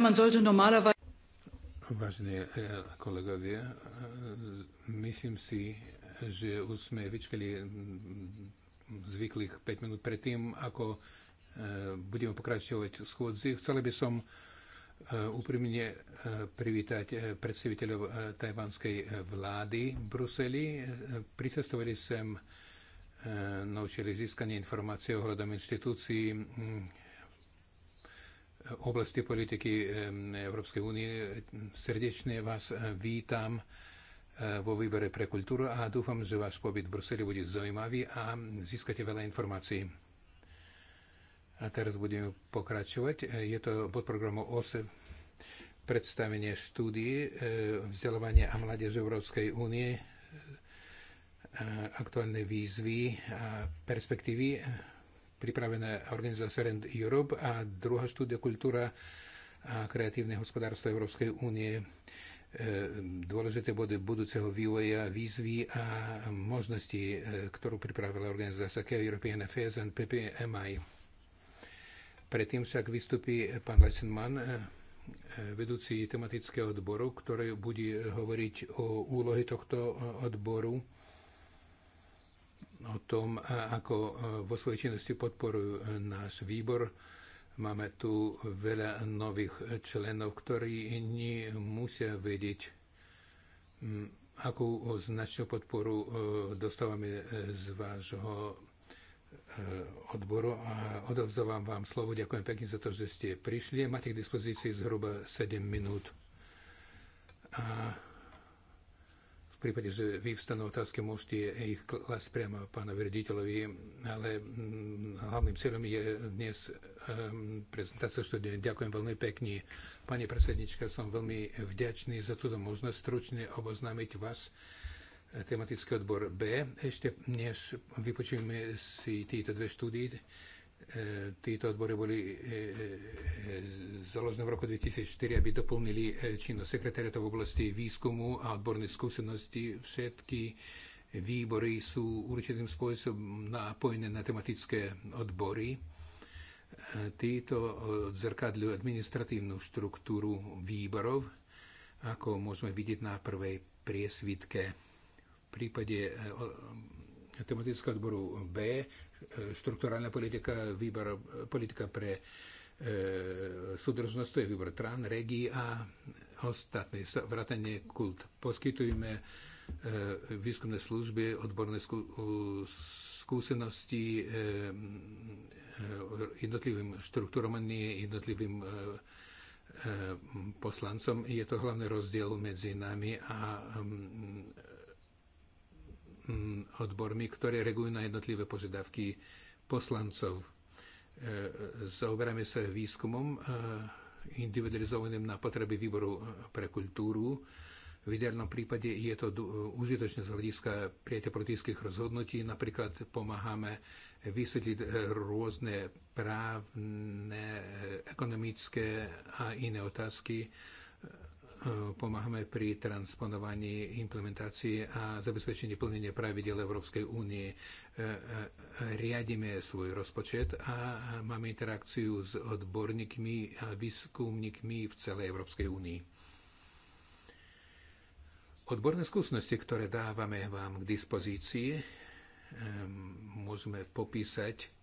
Man sollte normalerweise Vážne eh, kolegovia, eh, myslím si, že už sme vyčkali mm, zvyklých 5 minút predtým, ako eh, budeme pokračovať v schôdzi. Chcela by som úprimne privítať predstaviteľov tajvanskej vlády v Bruseli. Pricestovali sem naučili získanie informácie ohľadom inštitúcií mm, oblasti politiky Európskej únie. Srdečne vás eh, vítam eh, vo výbere pre kultúru a dúfam, že váš pobyt v Bruseli bude zaujímavý a získate veľa informácií. A teraz budeme pokračovať. Je to pod programu OSE predstavenie štúdie eh, vzdelávania a mládež Európskej únie, aktuálne výzvy a perspektívy pripravená organizácia Rend Europe a druhá štúdia kultúra a kreatívne hospodárstvo Európskej únie. E, dôležité body budúceho vývoja, výzvy a možnosti, e, ktorú pripravila organizácia Care European Affairs and PPMI. Predtým však vystupí pán Leisenmann, e, vedúci tematického odboru, ktorý bude hovoriť o úlohe tohto odboru o tom, ako e, vo svojej činnosti podporujú e, náš výbor. Máme tu veľa nových členov, ktorí musia vedieť, akú značnú podporu e, dostávame z vášho odboru a odovzdávam vám slovo. Ďakujem pekne za to, že ste prišli. Máte k dispozícii zhruba 7 minút. A prípade, že vyvstanú otázky, môžete ich klasť priamo pána rediteľovi, ale mm, hlavným cieľom je dnes ehm, prezentácia štúdie. Ďakujem veľmi pekne. Pani predsednička, som veľmi vďačný za túto možnosť stručne oboznámiť vás e, tematický odbor B. Ešte než vypočujeme si tieto dve štúdie, E, títo odbory boli e, e, založené v roku 2004, aby doplnili činnosť sekretariatu v oblasti výskumu a odbornej skúsenosti. Všetky výbory sú určitým spôsobom napojené na tematické odbory. Títo zrkadľujú administratívnu štruktúru výborov, ako môžeme vidieť na prvej priesvitke. V prípade tematického odboru B E, štrukturálna politika, výbor, e, politika pre e, súdržnosť, to je výbor TRAN, REGI a ostatné, vrátanie kult. Poskytujeme e, výskumné služby, odborné skú, skúsenosti e, e, jednotlivým štruktúrom a nie jednotlivým e, e, poslancom. Je to hlavný rozdiel medzi nami a Mm, odbormi, ktoré reagujú na jednotlivé požiadavky poslancov. E, zaoberáme sa výskumom e, individualizovaným na potreby výboru e, pre kultúru. V ideálnom prípade je to užitočné z hľadiska prijatia politických rozhodnutí. Napríklad pomáhame vysvetliť rôzne právne, ekonomické a iné otázky pomáhame pri transponovaní, implementácii a zabezpečení plnenia pravidel Európskej únie. E, e, Riadime svoj rozpočet a máme interakciu s odborníkmi a výskumníkmi v celej Európskej únii. Odborné skúsenosti, ktoré dávame vám k dispozícii, e, môžeme popísať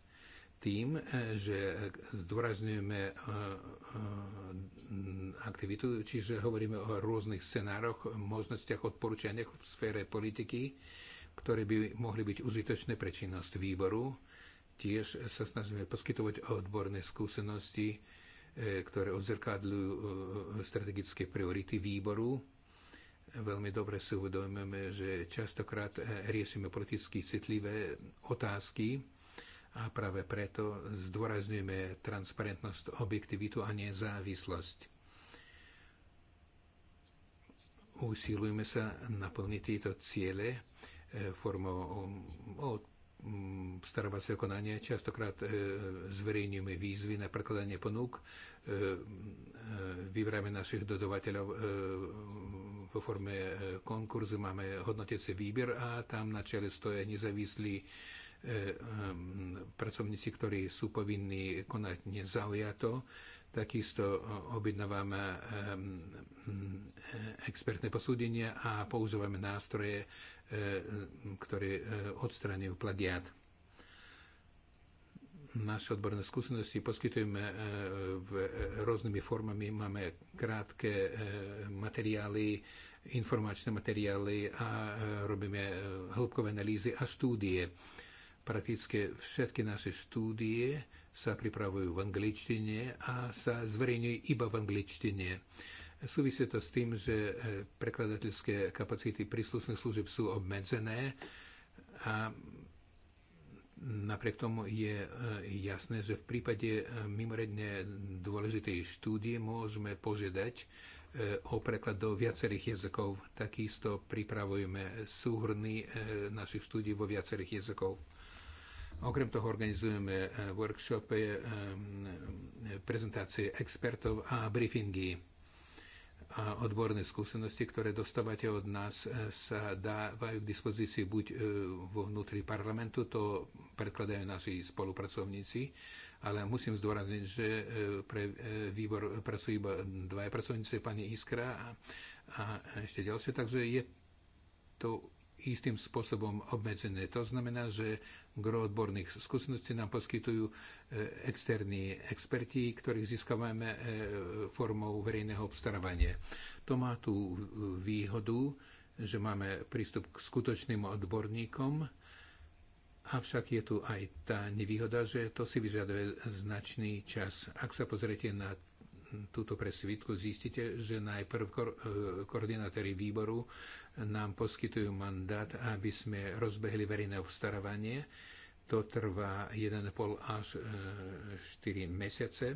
tým, e, že e, zdôrazňujeme e, aktivitu, čiže hovoríme o rôznych scenároch, možnostiach, odporúčaniach v sfére politiky, ktoré by mohli byť užitočné pre činnosť výboru. Tiež sa snažíme poskytovať odborné skúsenosti, ktoré odzrkadľujú strategické priority výboru. Veľmi dobre si uvedomujeme, že častokrát riešime politicky citlivé otázky, a práve preto zdôrazňujeme transparentnosť, objektivitu a nezávislosť. Usilujeme sa naplniť tieto ciele e, formou starobacieho konania. Častokrát e, zverejňujeme výzvy na prekladanie ponúk, e, vyberáme našich dodovateľov vo forme konkurzu, máme hodnotece výber a tam na čele stoja nezávislí E, e, pracovníci, ktorí sú povinní konať nezaujato. Takisto e, objednávame expertné posúdenia a používame nástroje, ktoré odstraňujú plagiat naše odborné skúsenosti poskytujeme v rôznymi formami. Máme krátke materiály, informačné materiály a robíme hĺbkové analýzy a štúdie. Prakticky všetky naše štúdie sa pripravujú v angličtine a sa zverejňujú iba v angličtine. Súvisí to s tým, že e, prekladateľské kapacity príslušných služieb sú obmedzené a Napriek tomu je e, jasné, že v prípade e, mimoriadne dôležitej štúdie môžeme požiadať o preklad do viacerých jazykov. Takisto pripravujeme súhrny našich štúdí vo viacerých jazykov. Okrem toho organizujeme e, workshopy, e, e, prezentácie expertov a briefingy. A odborné skúsenosti, ktoré dostávate od nás, sa dávajú k dispozícii buď vo vnútri parlamentu, to predkladajú naši spolupracovníci, ale musím zdôrazniť, že pre výbor pracujú iba dvaja pracovníci, pani Iskra a, a ešte ďalšie, takže je to istým spôsobom obmedzené. To znamená, že gro odborných skúseností nám poskytujú e, externí experti, ktorých získavame e, formou verejného obstarávania. To má tú e, výhodu, že máme prístup k skutočným odborníkom, avšak je tu aj tá nevýhoda, že to si vyžaduje značný čas. Ak sa pozriete na túto presvitku, zistíte, že najprv ko- e, koordinátori výboru nám poskytujú mandát, aby sme rozbehli verejné obstarávanie. To trvá 1,5 až 4 e, mesiace.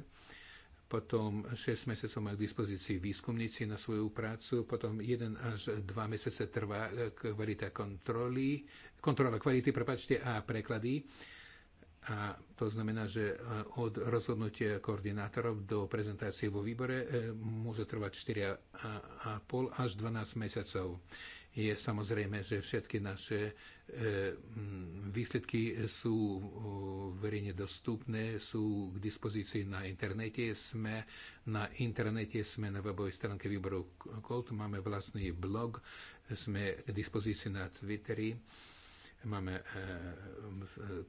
Potom 6 mesiacov majú k dispozícii výskumníci na svoju prácu, potom 1 až 2 mesiace trvá e, kvalita kontroly, kontrola kvality, prepačte, a preklady a to znamená, že e, od rozhodnutia koordinátorov do prezentácie vo výbore e, môže trvať 4,5 až 12 mesiacov. Je samozrejme, že všetky naše e, výsledky sú verejne dostupné, sú k dispozícii na internete. Sme na internete, sme na webovej stránke výboru Kolt, máme vlastný blog, sme k dispozícii na Twitteri máme eh, eh,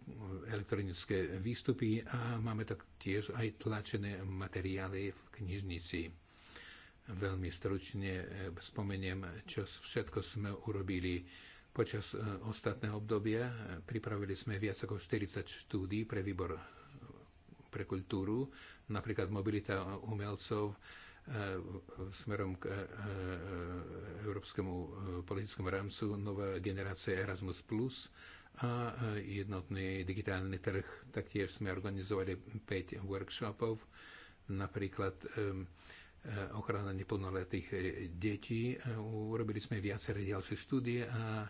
elektronické výstupy a máme tak tiež aj tlačené materiály v knižnici. Veľmi stručne eh, spomeniem, čo všetko sme urobili počas ostatného obdobia. Pripravili sme viac ako 40 štúdí pre výbor pre kultúru, napríklad mobilita umelcov, E, e, smerom k e, európskemu politickému rámcu nová generácia Erasmus+, Plus a jednotný digitálny trh. Taktiež sme organizovali 5 workshopov, napríklad ochrana neplnoletých detí. Urobili sme viaceré ďalšie štúdie a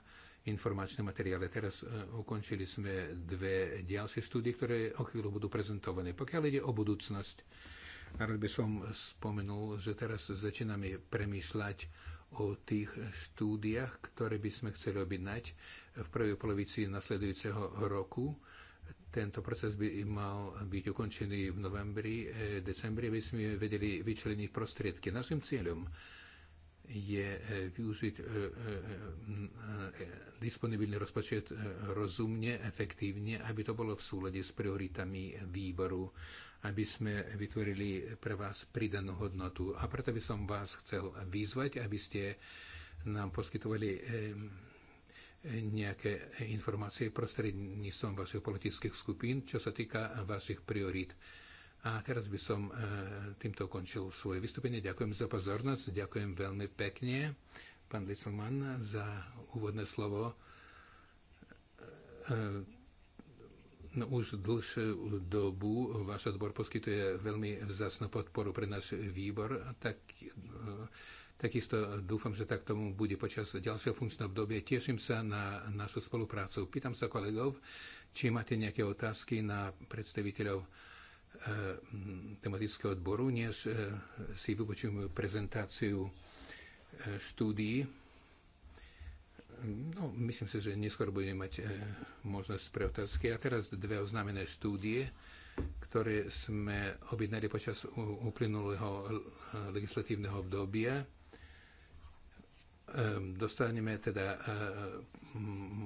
informačné materiály. Teraz ukončili sme dve ďalšie štúdie, ktoré o chvíľu budú prezentované. Pokiaľ ide o budúcnosť, Rád by som spomenul, že teraz začíname premýšľať o tých štúdiách, ktoré by sme chceli objednať v prvej polovici nasledujúceho roku. Tento proces by mal byť ukončený v novembri, eh, decembri, aby sme vedeli vyčleniť prostriedky. Našim cieľom je eh, využiť eh, disponibilný rozpočet rozumne, efektívne, aby to bolo v súlade s prioritami výboru aby sme vytvorili pre vás pridanú hodnotu. A preto by som vás chcel vyzvať, aby ste nám poskytovali eh, nejaké informácie prostredníctvom vašich politických skupín, čo sa týka vašich priorít. A teraz by som eh, týmto ukončil svoje vystúpenie. Ďakujem za pozornosť, ďakujem veľmi pekne, pán Litzelman, za úvodné slovo. Eh, No, už dlhšiu dobu váš odbor poskytuje veľmi vzácnu podporu pre náš výbor. Tak, eh, takisto dúfam, že tak tomu bude počas ďalšieho funkčného obdobia. Teším sa na našu spoluprácu. Pýtam sa kolegov, či máte nejaké otázky na predstaviteľov eh, tematického odboru, než eh, si vypočujeme prezentáciu štúdií. No, myslím si, že neskôr budeme mať e, možnosť pre otázky. A teraz dve oznámené štúdie, ktoré sme objednali počas uplynulého e, legislatívneho obdobia. E, Dostaneme teda e,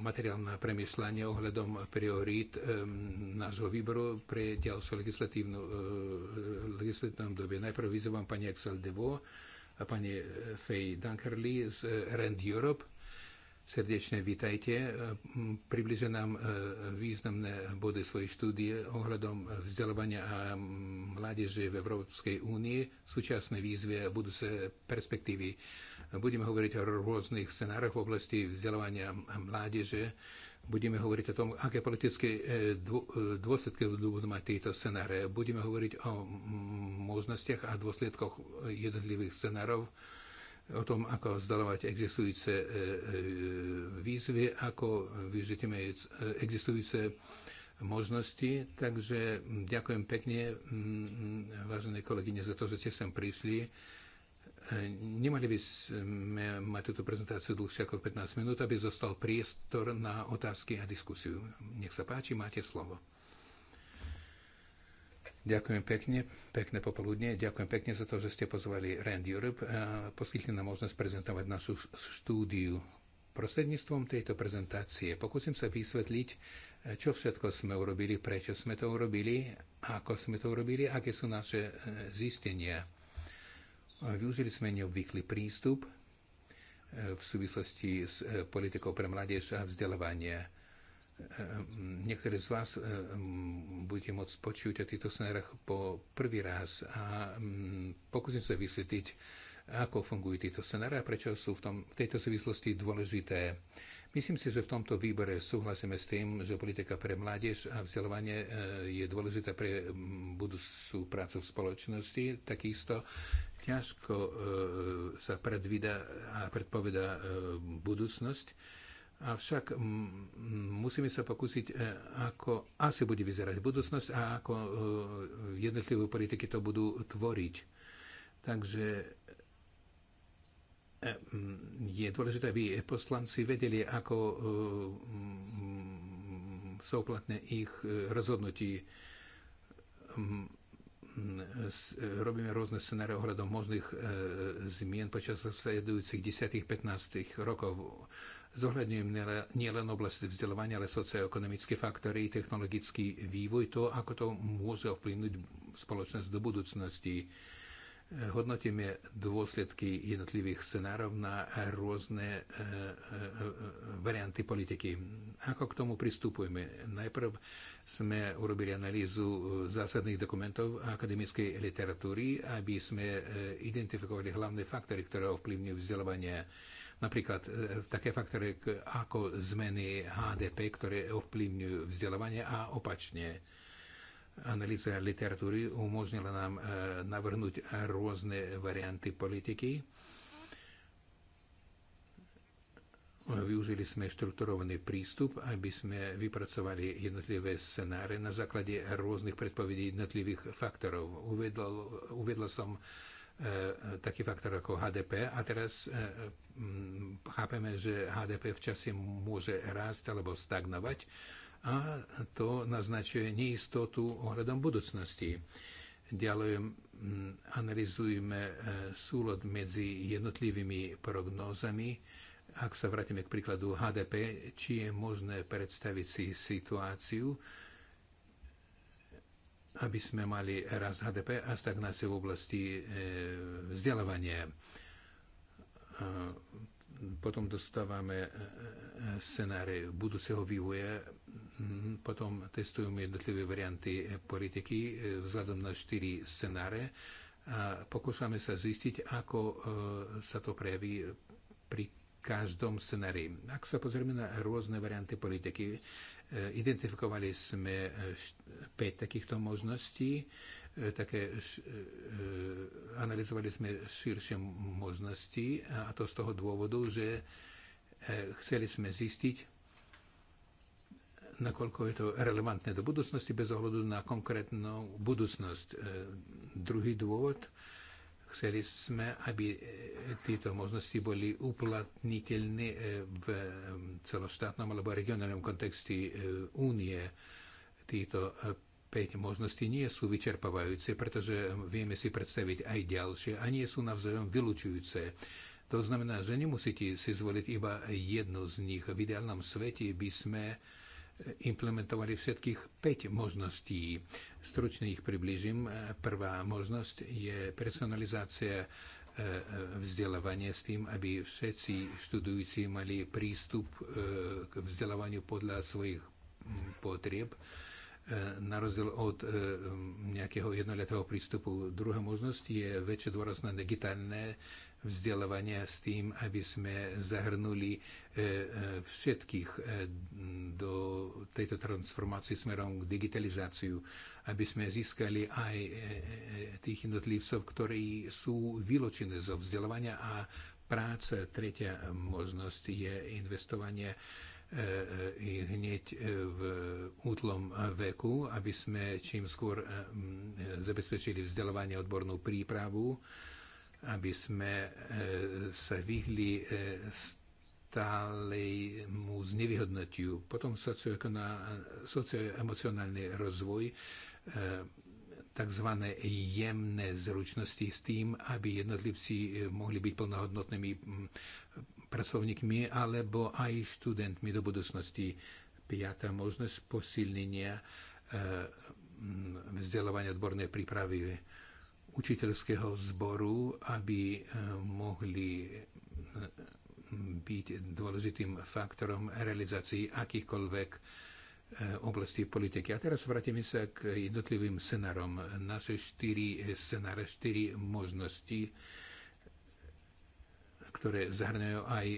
materiál na premyšľanie ohľadom priorít e, nášho výboru pre ďalšie e, legislatívne obdobie. Najprv vyzývam pani Axel Devo a pani e, Fej Dankerli z Rand Europe, Srdečne vítajte. E, Približe nám e, významné body svojej štúdie ohľadom vzdelávania a mládeže v Európskej únii, súčasné výzvy a budúce perspektívy. Budeme hovoriť o rôznych scenároch v oblasti vzdelávania a mládeže. Budeme hovoriť o tom, aké politické e, dôsledky budú mať tieto scenáre. Budeme hovoriť o možnostiach a dôsledkoch jednotlivých scenárov o tom, ako vzdalovať existujúce e, e, výzvy, ako využitíme e, existujúce možnosti. Takže ďakujem pekne, vážené kolegyne, za to, že ste sem prišli. Nemali by sme mať túto prezentáciu dlhšie ako 15 minút, aby zostal priestor na otázky a diskusiu. Nech sa páči, máte slovo. Ďakujem pekne, pekné popoludne. Ďakujem pekne za to, že ste pozvali Rand Europe poskytli nám možnosť prezentovať našu štúdiu. Prostredníctvom tejto prezentácie pokúsim sa vysvetliť, čo všetko sme urobili, prečo sme to urobili, ako sme to urobili, aké sú naše e, zistenia. Využili sme neobvyklý prístup e, v súvislosti s e, politikou pre mládež a vzdelávanie niektorí z vás eh, budete môcť počuť o týchto snérach po prvý raz a mm, pokúsim sa vysvetliť, ako fungujú tieto scenáre a prečo sú v, tom, v tejto súvislosti dôležité. Myslím si, že v tomto výbore súhlasíme s tým, že politika pre mládež a vzdelávanie eh, je dôležitá pre mm, budúcu prácu v spoločnosti. Takisto ťažko eh, sa predvída a predpoveda budúcnosť Avšak musíme sa pokúsiť, e, ako asi bude vyzerať budúcnosť a ako e, jednotlivé politiky to budú tvoriť. Takže e, je dôležité, aby poslanci vedeli, ako sú platné ich rozhodnutí Mm, e, robíme rôzne scenáre ohľadom možných e, zmien počas sledujúcich 10-15 rokov. Zohľadňujem nielen oblasti vzdelávania, ale socioekonomické faktory, technologický vývoj, to, ako to môže ovplyvniť spoločnosť do budúcnosti hodnotíme dôsledky jednotlivých scenárov na rôzne e, e, e, varianty politiky. Ako k tomu pristupujeme? Najprv sme urobili analýzu zásadných dokumentov akademickej literatúry, aby sme identifikovali hlavné faktory, ktoré ovplyvňujú vzdelávanie. Napríklad také faktory ako zmeny HDP, ktoré ovplyvňujú vzdelávanie a opačne Analýza literatúry umožnila nám e, navrhnúť rôzne varianty politiky. Využili sme štrukturovaný prístup, aby sme vypracovali jednotlivé scenáre na základe rôznych predpovedí jednotlivých faktorov. Uvedl, uvedla som e, taký faktor ako HDP a teraz e, chápeme, že HDP v čase môže rásť alebo stagnovať a to naznačuje neistotu ohľadom budúcnosti. Ďalej analizujeme súlod medzi jednotlivými prognózami. Ak sa vrátime k príkladu HDP, či je možné predstaviť si situáciu, aby sme mali raz HDP a stagnáciu v oblasti e, vzdelávania. E, potom dostávame e, scenáre budúceho vývoja Mhm, potom testujeme jednotlivé varianty eh, politiky eh, vzhľadom na štyri scenáre a pokúšame sa zistiť, ako eh, sa to prejaví pri každom scenári. Ak sa pozrieme na rôzne varianty politiky, identifikovali sme 5 takýchto možností, také, analyzovali sme širšie možnosti a to z toho dôvodu, že chceli sme zistiť, nakoľko je to relevantné do budúcnosti, bez ohľadu na konkrétnu budúcnosť. E, druhý dôvod, chceli sme, aby e, tieto možnosti boli uplatniteľné e, v celoštátnom alebo regionálnom kontexte únie. Tieto 5 možností nie sú vyčerpávajúce, pretože vieme si predstaviť aj ďalšie a nie sú navzájom vylučujúce. To znamená, že nemusíte si zvoliť iba jednu z nich. V ideálnom svete by sme implementovali všetkých 5 možností. Stručne ich približím. Prvá možnosť je personalizácia e, e, vzdelávania s tým, aby všetci študujúci mali prístup e, k vzdelávaniu podľa svojich potrieb na rozdiel od nejakého jednoletého prístupu. Druhá možnosť je väčšie dôraz na digitálne vzdelávania s tým, aby sme zahrnuli e, e, všetkých e, do tejto transformácie smerom k digitalizáciu, aby sme získali aj tých jednotlivcov, ktorí sú vyločené zo vzdelávania a práca. Tretia možnosť je investovanie hneď v útlom veku, aby sme čím skôr zabezpečili vzdelávanie odbornú prípravu aby sme e, sa vyhli e, stálejmu znevyhodnotiu. Potom socioemocionálny rozvoj, e, tzv. jemné zručnosti s tým, aby jednotlivci mohli byť plnohodnotnými pracovníkmi alebo aj študentmi do budúcnosti. Piatá možnosť posilnenia vzdelávania odborné prípravy učiteľského zboru, aby eh, mohli eh, byť dôležitým faktorom realizácií akýchkoľvek eh, oblasti politiky. A teraz vrátime sa k jednotlivým scenárom. Naše štyri scenáre, štyri možnosti, ktoré zahrňajú aj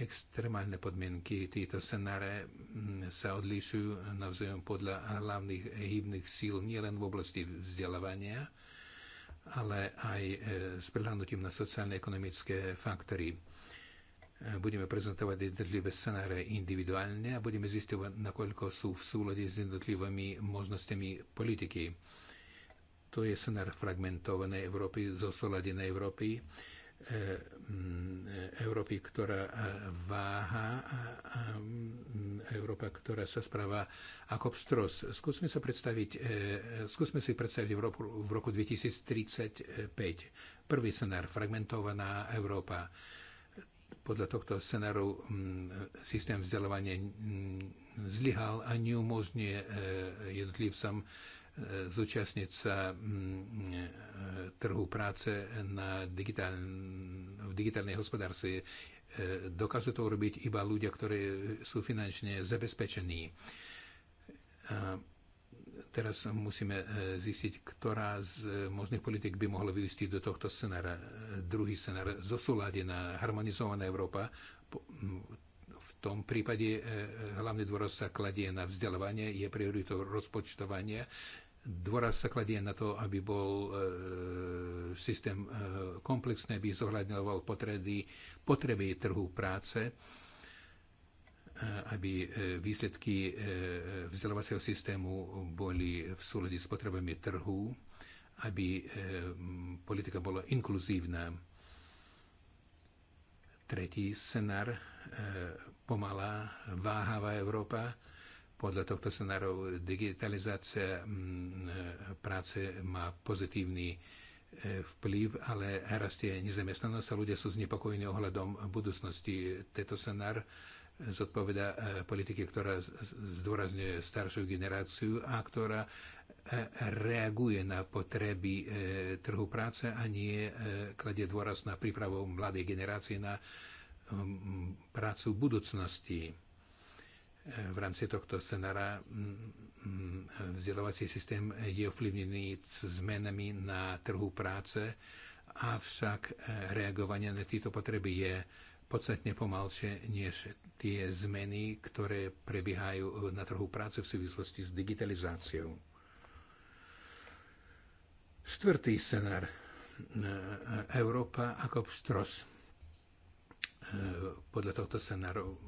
extrémne podmienky. Tieto scenáre hm, sa odlišujú navzájom podľa hlavných hybných síl nielen v oblasti vzdelávania, ale aj e, s prihľadnutím na sociálne-ekonomické faktory. E, budeme prezentovať jednotlivé scenáre individuálne a budeme zistiovať, nakoľko sú v súlade s jednotlivými možnosťami politiky. To je scenár fragmentovanej Európy, zosoladenej Európy, Európy E, e, Európy, ktorá e, váha, a Európa, ktorá sa správa ako pstros. Skúsme, sa predstaviť, skúsme si predstaviť v roku, v roku 2035 prvý scenár, fragmentovaná Európa. Podľa tohto scenáru systém vzdelávania zlyhal a neumožňuje jednotlivcom zúčastniť sa mm, e, trhu práce na digitál, v digitálnej hospodárstve. E, dokážu to urobiť iba ľudia, ktorí sú finančne zabezpečení. A e, teraz musíme zistiť, ktorá z možných politik by mohla vyústiť do tohto scenára. Druhý scenár, zosúladená, harmonizovaná Európa, v tom prípade hlavný dôraz sa kladie na vzdelávanie, je prioritou rozpočtovania, Dôraz sa kladie na to, aby bol e, systém e, komplexný, aby zohľadňoval potreby, potreby trhu práce, e, aby e, výsledky e, vzdelávacieho systému boli v súlade s potrebami trhu, aby e, politika bola inkluzívna. Tretí scenár, e, pomalá, váhavá Európa, podľa tohto scenárov digitalizácia mm, e, práce má pozitívny e, vplyv, ale rastie nezamestnanosť a ľudia sú znepokojení ohľadom budúcnosti. Tento scenár zodpoveda e, politike, ktorá zdôrazňuje staršiu generáciu a ktorá reaguje na potreby trhu práce a nie kladie dôraz na prípravu mladej generácie na prácu budúcnosti v rámci tohto scenára mm, mm, vzdelávací systém je ovplyvnený zmenami na trhu práce, avšak eh, reagovanie na tieto potreby je podstatne pomalšie než tie zmeny, ktoré prebiehajú eh, na trhu práce v súvislosti s digitalizáciou. Štvrtý scenár. Eh, Európa ako pštros. Podľa tohto scenáru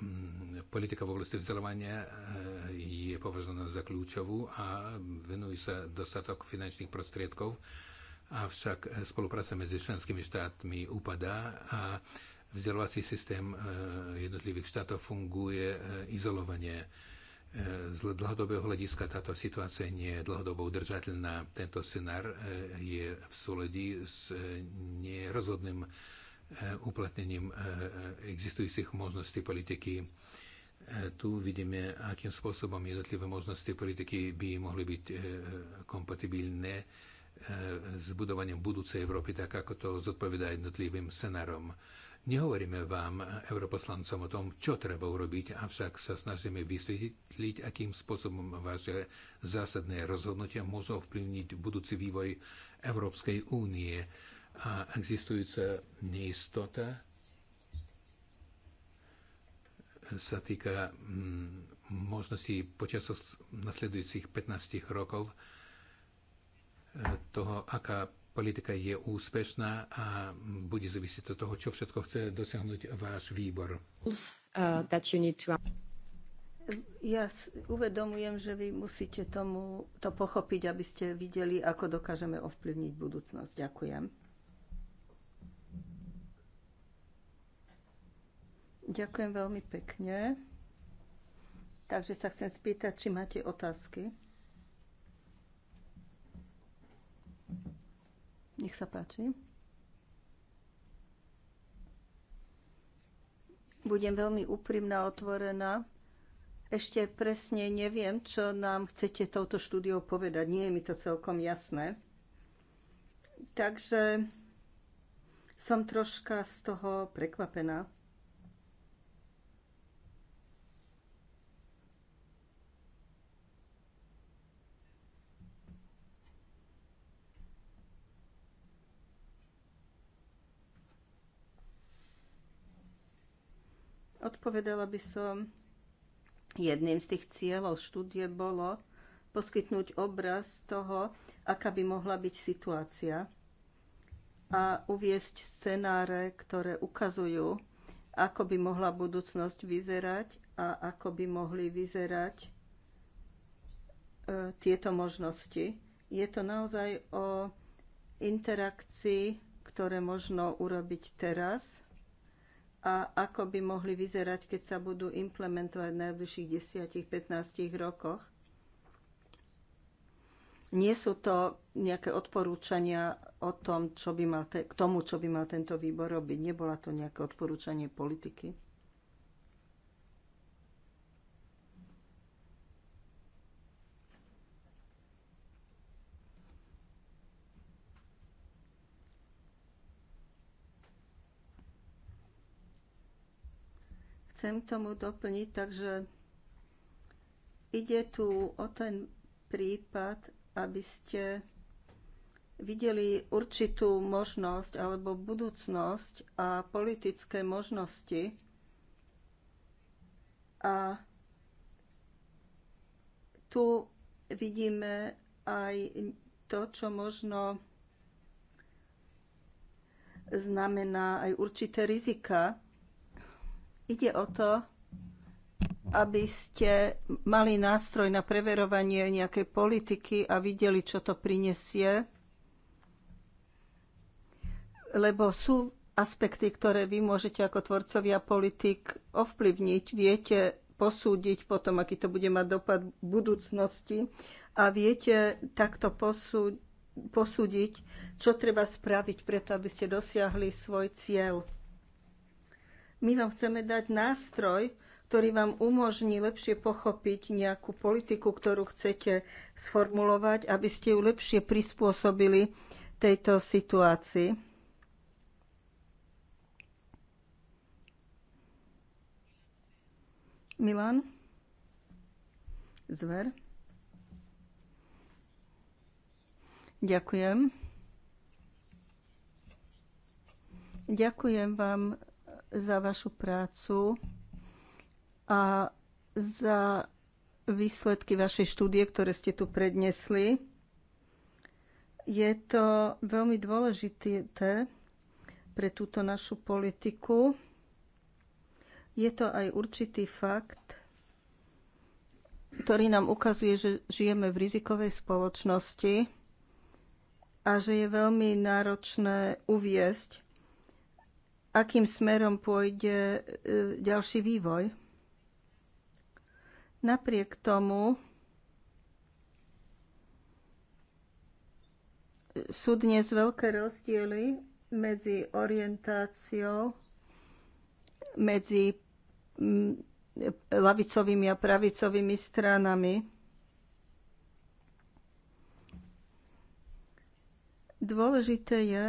Mm, politika v oblasti vzdelávania eh, je považovaná za kľúčovú a venuje sa dostatok finančných prostriedkov, avšak eh, spolupráca medzi členskými štátmi upadá a vzdelávací systém eh, jednotlivých štátov funguje izolovanie. Z dlhodobého hľadiska táto situácia nie je dlhodobo udržateľná. Tento scenár je v súledi s nerozhodným E, uplatnením e, e, existujúcich možností politiky. Tu vidíme, akým spôsobom jednotlivé možnosti politiky by mohli byť kompatibilné s budovaním budúcej Európy, tak ako to zodpovedá jednotlivým scenárom. Nehovoríme vám, europoslancom, o tom, čo treba urobiť, avšak sa snažíme vysvetliť, akým spôsobom vaše zásadné rozhodnutia môžu ovplyvniť budúci vývoj Európskej únie a existujúca neistota sa týka mm, možnosti počas nasledujúcich 15 rokov e, toho, aká politika je úspešná a bude závisieť od toho, čo všetko chce dosiahnuť váš výbor. E, ja uvedomujem, že vy musíte tomu to pochopiť, aby ste videli, ako dokážeme ovplyvniť budúcnosť. Ďakujem. Ďakujem veľmi pekne. Takže sa chcem spýtať, či máte otázky. Nech sa páči. Budem veľmi úprimná, otvorená. Ešte presne neviem, čo nám chcete touto štúdiou povedať. Nie je mi to celkom jasné. Takže som troška z toho prekvapená. Povedala by som, jedným z tých cieľov štúdie bolo poskytnúť obraz toho, aká by mohla byť situácia a uviesť scenáre, ktoré ukazujú, ako by mohla budúcnosť vyzerať a ako by mohli vyzerať e, tieto možnosti. Je to naozaj o interakcii, ktoré možno urobiť teraz a ako by mohli vyzerať, keď sa budú implementovať v najbližších 10-15 rokoch. Nie sú to nejaké odporúčania o tom, čo by mal te, k tomu, čo by mal tento výbor robiť. Nebola to nejaké odporúčanie politiky. chcem k tomu doplniť, takže ide tu o ten prípad, aby ste videli určitú možnosť alebo budúcnosť a politické možnosti a tu vidíme aj to, čo možno znamená aj určité rizika, Ide o to, aby ste mali nástroj na preverovanie nejakej politiky a videli, čo to prinesie. Lebo sú aspekty, ktoré vy môžete ako tvorcovia politik ovplyvniť. Viete posúdiť potom, aký to bude mať dopad v budúcnosti a viete takto posúdiť, posúdiť, čo treba spraviť preto, aby ste dosiahli svoj cieľ. My vám chceme dať nástroj, ktorý vám umožní lepšie pochopiť nejakú politiku, ktorú chcete sformulovať, aby ste ju lepšie prispôsobili tejto situácii. Milan? Zver? Ďakujem. Ďakujem vám za vašu prácu a za výsledky vašej štúdie, ktoré ste tu prednesli. Je to veľmi dôležité pre túto našu politiku. Je to aj určitý fakt, ktorý nám ukazuje, že žijeme v rizikovej spoločnosti a že je veľmi náročné uviesť, akým smerom pôjde e, ďalší vývoj. Napriek tomu sú dnes veľké rozdiely medzi orientáciou, medzi lavicovými a pravicovými stranami. Dôležité je,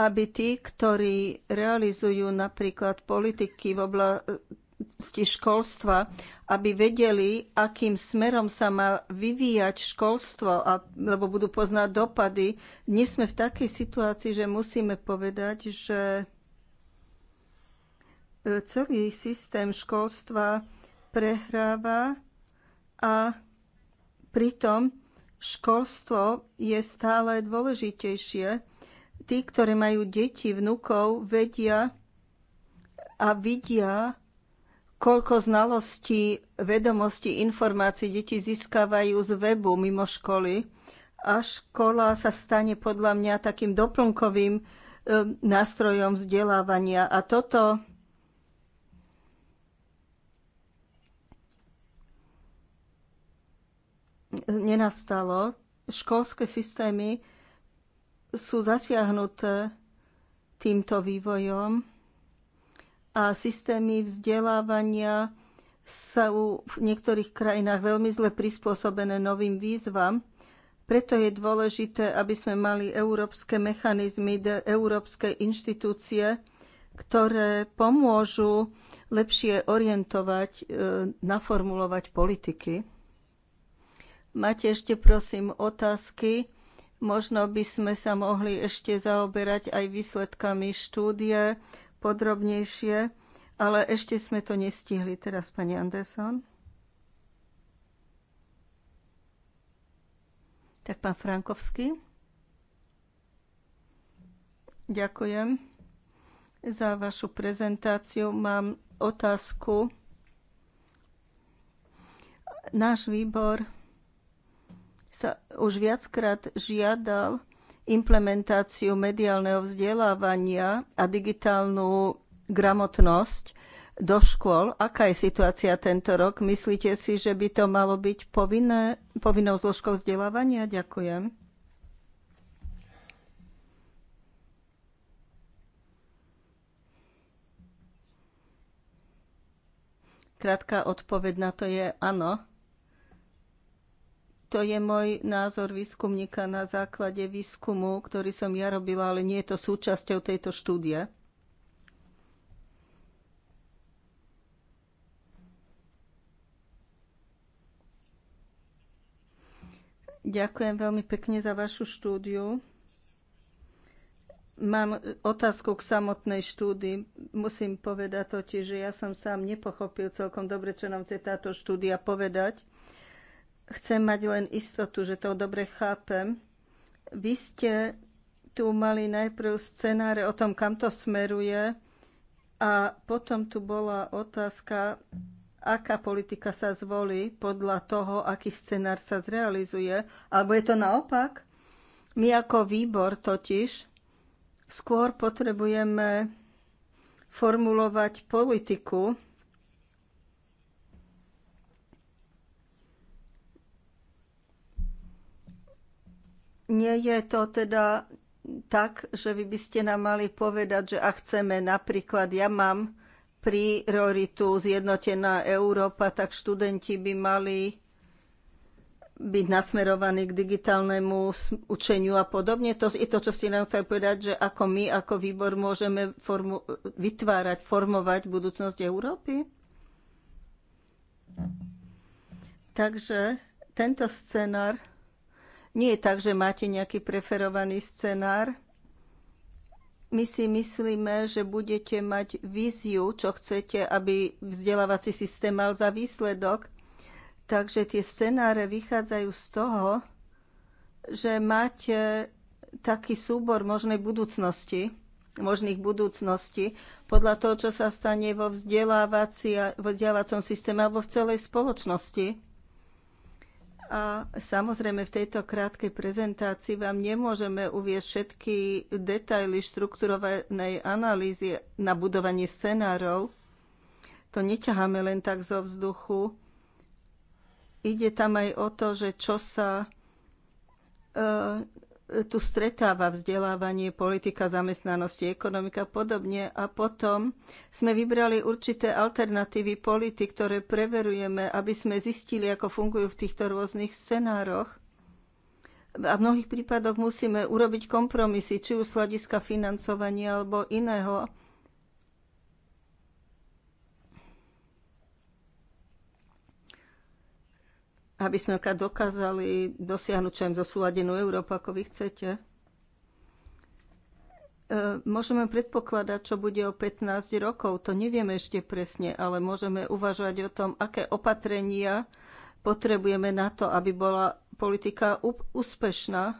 aby tí, ktorí realizujú napríklad politiky v oblasti školstva, aby vedeli, akým smerom sa má vyvíjať školstvo, a, lebo budú poznať dopady. Dnes sme v takej situácii, že musíme povedať, že e, celý systém školstva prehráva a pritom školstvo je stále dôležitejšie tí, ktorí majú deti, vnúkov, vedia a vidia, koľko znalostí, vedomostí, informácií deti získavajú z webu mimo školy. A škola sa stane podľa mňa takým doplnkovým e, nástrojom vzdelávania. A toto nenastalo. Školské systémy sú zasiahnuté týmto vývojom a systémy vzdelávania sú v niektorých krajinách veľmi zle prispôsobené novým výzvam. Preto je dôležité, aby sme mali európske mechanizmy, európske inštitúcie, ktoré pomôžu lepšie orientovať, e, naformulovať politiky. Máte ešte, prosím, otázky? Možno by sme sa mohli ešte zaoberať aj výsledkami štúdie podrobnejšie, ale ešte sme to nestihli teraz, pani Anderson. Tak pán Frankovský. Ďakujem za vašu prezentáciu. Mám otázku. Náš výbor sa už viackrát žiadal implementáciu mediálneho vzdelávania a digitálnu gramotnosť do škôl. Aká je situácia tento rok? Myslíte si, že by to malo byť povinné, povinnou zložkou vzdelávania? Ďakujem. Krátka odpoveď na to je áno. To je môj názor výskumníka na základe výskumu, ktorý som ja robila, ale nie je to súčasťou tejto štúdie. Ďakujem veľmi pekne za vašu štúdiu. Mám otázku k samotnej štúdii. Musím povedať totiž, že ja som sám nepochopil celkom dobre, čo nám chce táto štúdia povedať. Chcem mať len istotu, že to dobre chápem. Vy ste tu mali najprv scenáre o tom, kam to smeruje a potom tu bola otázka, aká politika sa zvolí podľa toho, aký scenár sa zrealizuje. Alebo je to naopak? My ako výbor totiž skôr potrebujeme formulovať politiku, Nie je to teda tak, že vy by ste nám mali povedať, že ak chceme napríklad, ja mám prioritu zjednotená Európa, tak študenti by mali byť nasmerovaní k digitálnemu učeniu a podobne. To je to, čo ste nám chceli povedať, že ako my, ako výbor môžeme formu- vytvárať, formovať budúcnosť Európy? Takže tento scenár nie je tak, že máte nejaký preferovaný scenár. My si myslíme, že budete mať víziu, čo chcete, aby vzdelávací systém mal za výsledok. Takže tie scenáre vychádzajú z toho, že máte taký súbor možnej budúcnosti, možných budúcností, podľa toho, čo sa stane vo vzdelávacom systéme alebo v celej spoločnosti a samozrejme v tejto krátkej prezentácii vám nemôžeme uvieť všetky detaily štrukturovanej analýzy na budovanie scenárov. To neťaháme len tak zo vzduchu. Ide tam aj o to, že čo sa e, tu stretáva vzdelávanie, politika zamestnanosti, ekonomika podobne a potom sme vybrali určité alternatívy politik, ktoré preverujeme, aby sme zistili, ako fungujú v týchto rôznych scenároch. A v mnohých prípadoch musíme urobiť kompromisy, či už z hľadiska financovania alebo iného aby sme dokázali dosiahnuť čo im zosúladenú Európu, ako vy chcete? E, môžeme predpokladať, čo bude o 15 rokov. To nevieme ešte presne, ale môžeme uvažovať o tom, aké opatrenia potrebujeme na to, aby bola politika úspešná.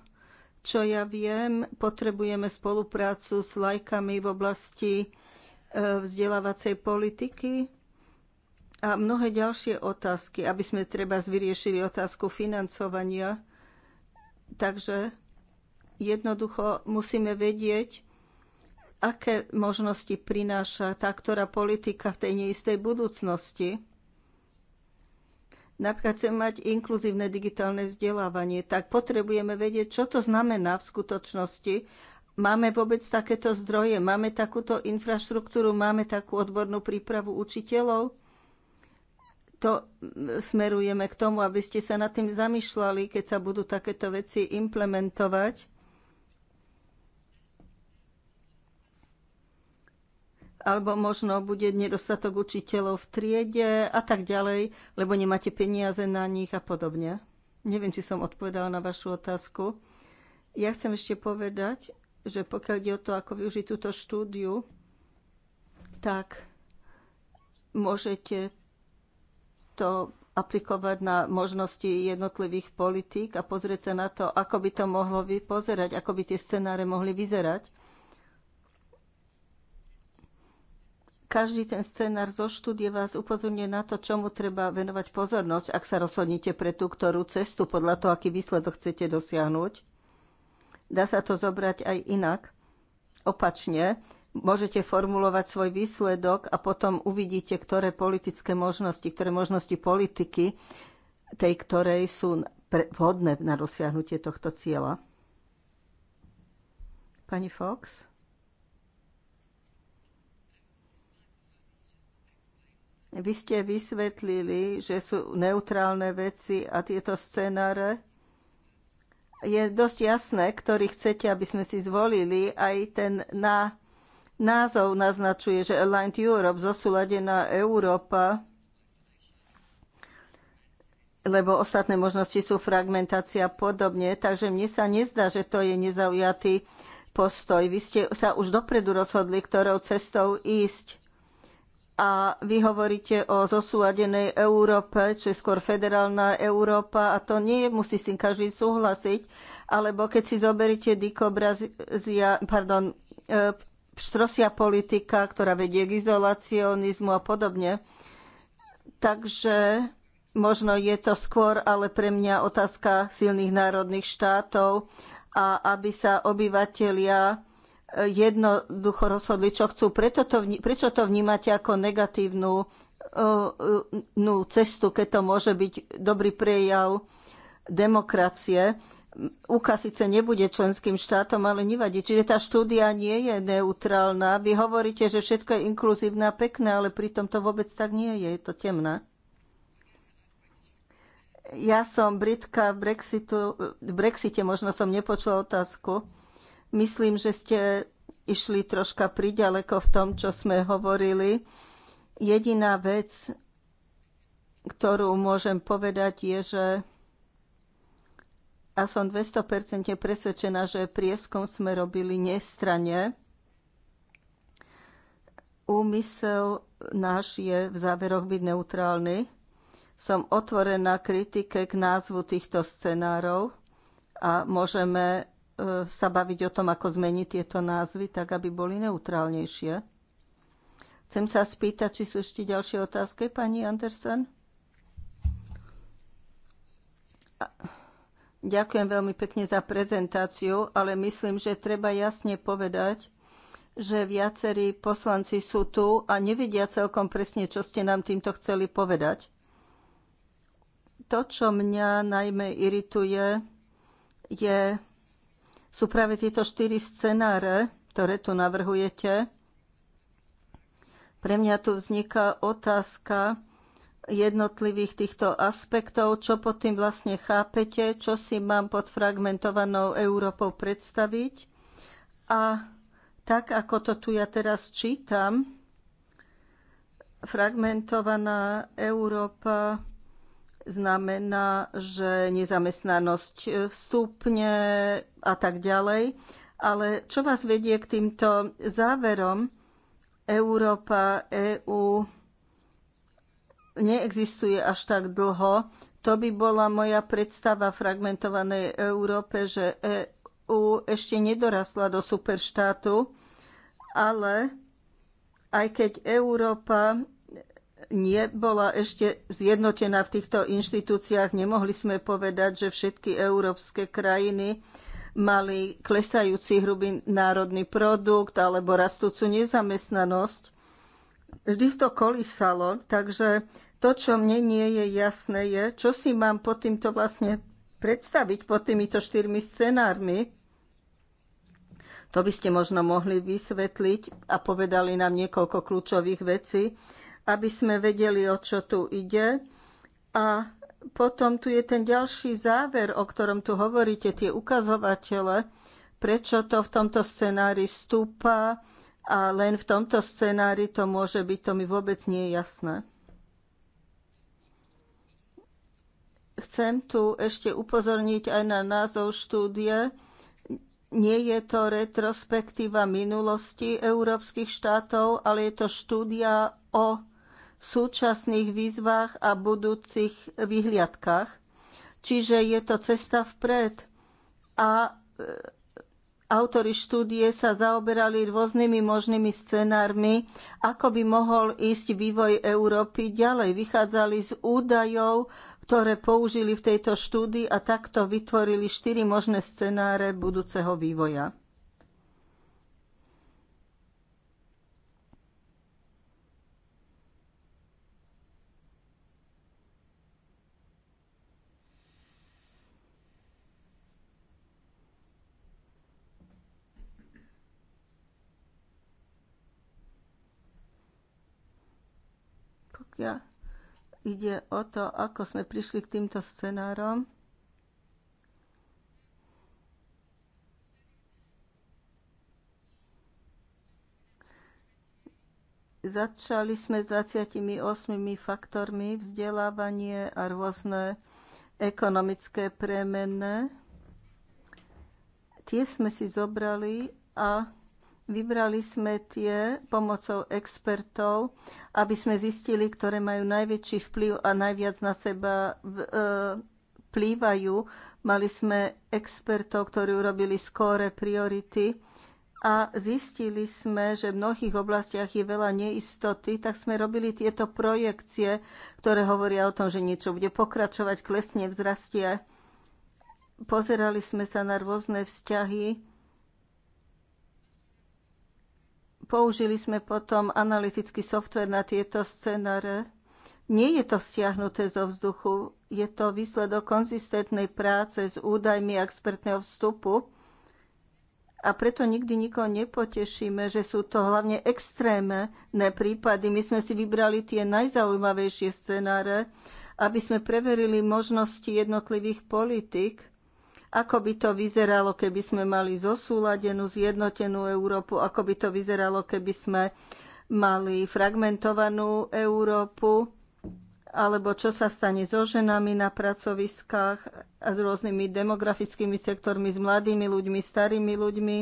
Čo ja viem, potrebujeme spoluprácu s lajkami v oblasti e, vzdelávacej politiky, a mnohé ďalšie otázky, aby sme treba vyriešili otázku financovania. Takže jednoducho musíme vedieť, aké možnosti prináša tá, ktorá politika v tej neistej budúcnosti. Napríklad chceme mať inkluzívne digitálne vzdelávanie, tak potrebujeme vedieť, čo to znamená v skutočnosti. Máme vôbec takéto zdroje, máme takúto infraštruktúru, máme takú odbornú prípravu učiteľov to mm, smerujeme k tomu, aby ste sa nad tým zamýšľali, keď sa budú takéto veci implementovať. Alebo možno bude nedostatok učiteľov v triede a tak ďalej, lebo nemáte peniaze na nich a podobne. Neviem, či som odpovedala na vašu otázku. Ja chcem ešte povedať, že pokiaľ ide o to, ako využiť túto štúdiu, tak môžete to aplikovať na možnosti jednotlivých politík a pozrieť sa na to, ako by to mohlo vypozerať, ako by tie scenáre mohli vyzerať. Každý ten scenár zo štúdie vás upozorňuje na to, čomu treba venovať pozornosť, ak sa rozhodnete pre tú ktorú cestu, podľa toho, aký výsledok chcete dosiahnuť. Dá sa to zobrať aj inak, opačne môžete formulovať svoj výsledok a potom uvidíte, ktoré politické možnosti, ktoré možnosti politiky tej ktorej sú vhodné na dosiahnutie tohto cieľa. Pani Fox? Vy ste vysvetlili, že sú neutrálne veci a tieto scenáre je dosť jasné, ktorý chcete, aby sme si zvolili. Aj ten na Názov naznačuje, že Aligned Europe, zosúladená Európa, lebo ostatné možnosti sú fragmentácia a podobne. Takže mne sa nezdá, že to je nezaujatý postoj. Vy ste sa už dopredu rozhodli, ktorou cestou ísť. A vy hovoríte o zosúladenej Európe, čo je skôr federálna Európa a to nie musí s tým každý súhlasiť. Alebo keď si zoberiete Dikobrazia, Brazia, pardon, e, pštrosia politika, ktorá vedie k izolacionizmu a podobne. Takže možno je to skôr ale pre mňa otázka silných národných štátov a aby sa obyvatelia eh, jednoducho rozhodli, čo chcú. Preto to, prečo to vnímate ako negatívnu eh, eh, cestu, keď to môže byť dobrý prejav demokracie. UK síce nebude členským štátom, ale nevadí. Čiže tá štúdia nie je neutrálna. Vy hovoríte, že všetko je inkluzívne a pekné, ale pritom to vôbec tak nie je. Je to temné. Ja som Britka v, Brexitu, v Brexite, možno som nepočula otázku. Myslím, že ste išli troška priďaleko v tom, čo sme hovorili. Jediná vec, ktorú môžem povedať, je, že a som 200% presvedčená, že prieskom sme robili nestranne. Úmysel náš je v záveroch byť neutrálny. Som otvorená kritike k názvu týchto scenárov a môžeme e, sa baviť o tom, ako zmeniť tieto názvy, tak aby boli neutrálnejšie. Chcem sa spýtať, či sú ešte ďalšie otázky, pani Andersen? Ďakujem veľmi pekne za prezentáciu, ale myslím, že treba jasne povedať, že viacerí poslanci sú tu a nevedia celkom presne, čo ste nám týmto chceli povedať. To, čo mňa najmä irituje, je, sú práve tieto štyri scenáre, ktoré tu navrhujete. Pre mňa tu vzniká otázka, jednotlivých týchto aspektov, čo pod tým vlastne chápete, čo si mám pod fragmentovanou Európou predstaviť. A tak, ako to tu ja teraz čítam, fragmentovaná Európa znamená, že nezamestnanosť vstúpne a tak ďalej. Ale čo vás vedie k týmto záverom? Európa, EÚ, EU, neexistuje až tak dlho. To by bola moja predstava fragmentovanej Európe, že EU ešte nedorasla do superštátu, ale aj keď Európa nebola ešte zjednotená v týchto inštitúciách, nemohli sme povedať, že všetky európske krajiny mali klesajúci hrubý národný produkt alebo rastúcu nezamestnanosť. Vždy to kolísalo, takže to, čo mne nie je jasné, je, čo si mám pod týmto vlastne predstaviť, pod týmito štyrmi scenármi. To by ste možno mohli vysvetliť a povedali nám niekoľko kľúčových vecí, aby sme vedeli, o čo tu ide. A potom tu je ten ďalší záver, o ktorom tu hovoríte, tie ukazovatele, prečo to v tomto scenári stúpa a len v tomto scenári to môže byť, to mi vôbec nie je jasné. Chcem tu ešte upozorniť aj na názov štúdie. Nie je to retrospektíva minulosti európskych štátov, ale je to štúdia o súčasných výzvach a budúcich vyhliadkách. Čiže je to cesta vpred. A e, autori štúdie sa zaoberali rôznymi možnými scenármi, ako by mohol ísť vývoj Európy ďalej. Vychádzali z údajov ktoré použili v tejto štúdii a takto vytvorili štyri možné scenáre budúceho vývoja. Yeah ide o to, ako sme prišli k týmto scenárom. Začali sme s 28 faktormi vzdelávanie a rôzne ekonomické premenné. Tie sme si zobrali a Vybrali sme tie pomocou expertov, aby sme zistili, ktoré majú najväčší vplyv a najviac na seba e, vplývajú. Mali sme expertov, ktorí urobili skóre priority a zistili sme, že v mnohých oblastiach je veľa neistoty, tak sme robili tieto projekcie, ktoré hovoria o tom, že niečo bude pokračovať, klesne, vzrastie. Pozerali sme sa na rôzne vzťahy Použili sme potom analytický software na tieto scenáre. Nie je to stiahnuté zo vzduchu, je to výsledok konzistentnej práce s údajmi a expertného vstupu. A preto nikdy nikoho nepotešíme, že sú to hlavne extrémne prípady. My sme si vybrali tie najzaujímavejšie scenáre, aby sme preverili možnosti jednotlivých politik ako by to vyzeralo, keby sme mali zosúladenú, zjednotenú Európu? Ako by to vyzeralo, keby sme mali fragmentovanú Európu? Alebo čo sa stane so ženami na pracoviskách a s rôznymi demografickými sektormi, s mladými ľuďmi, starými ľuďmi?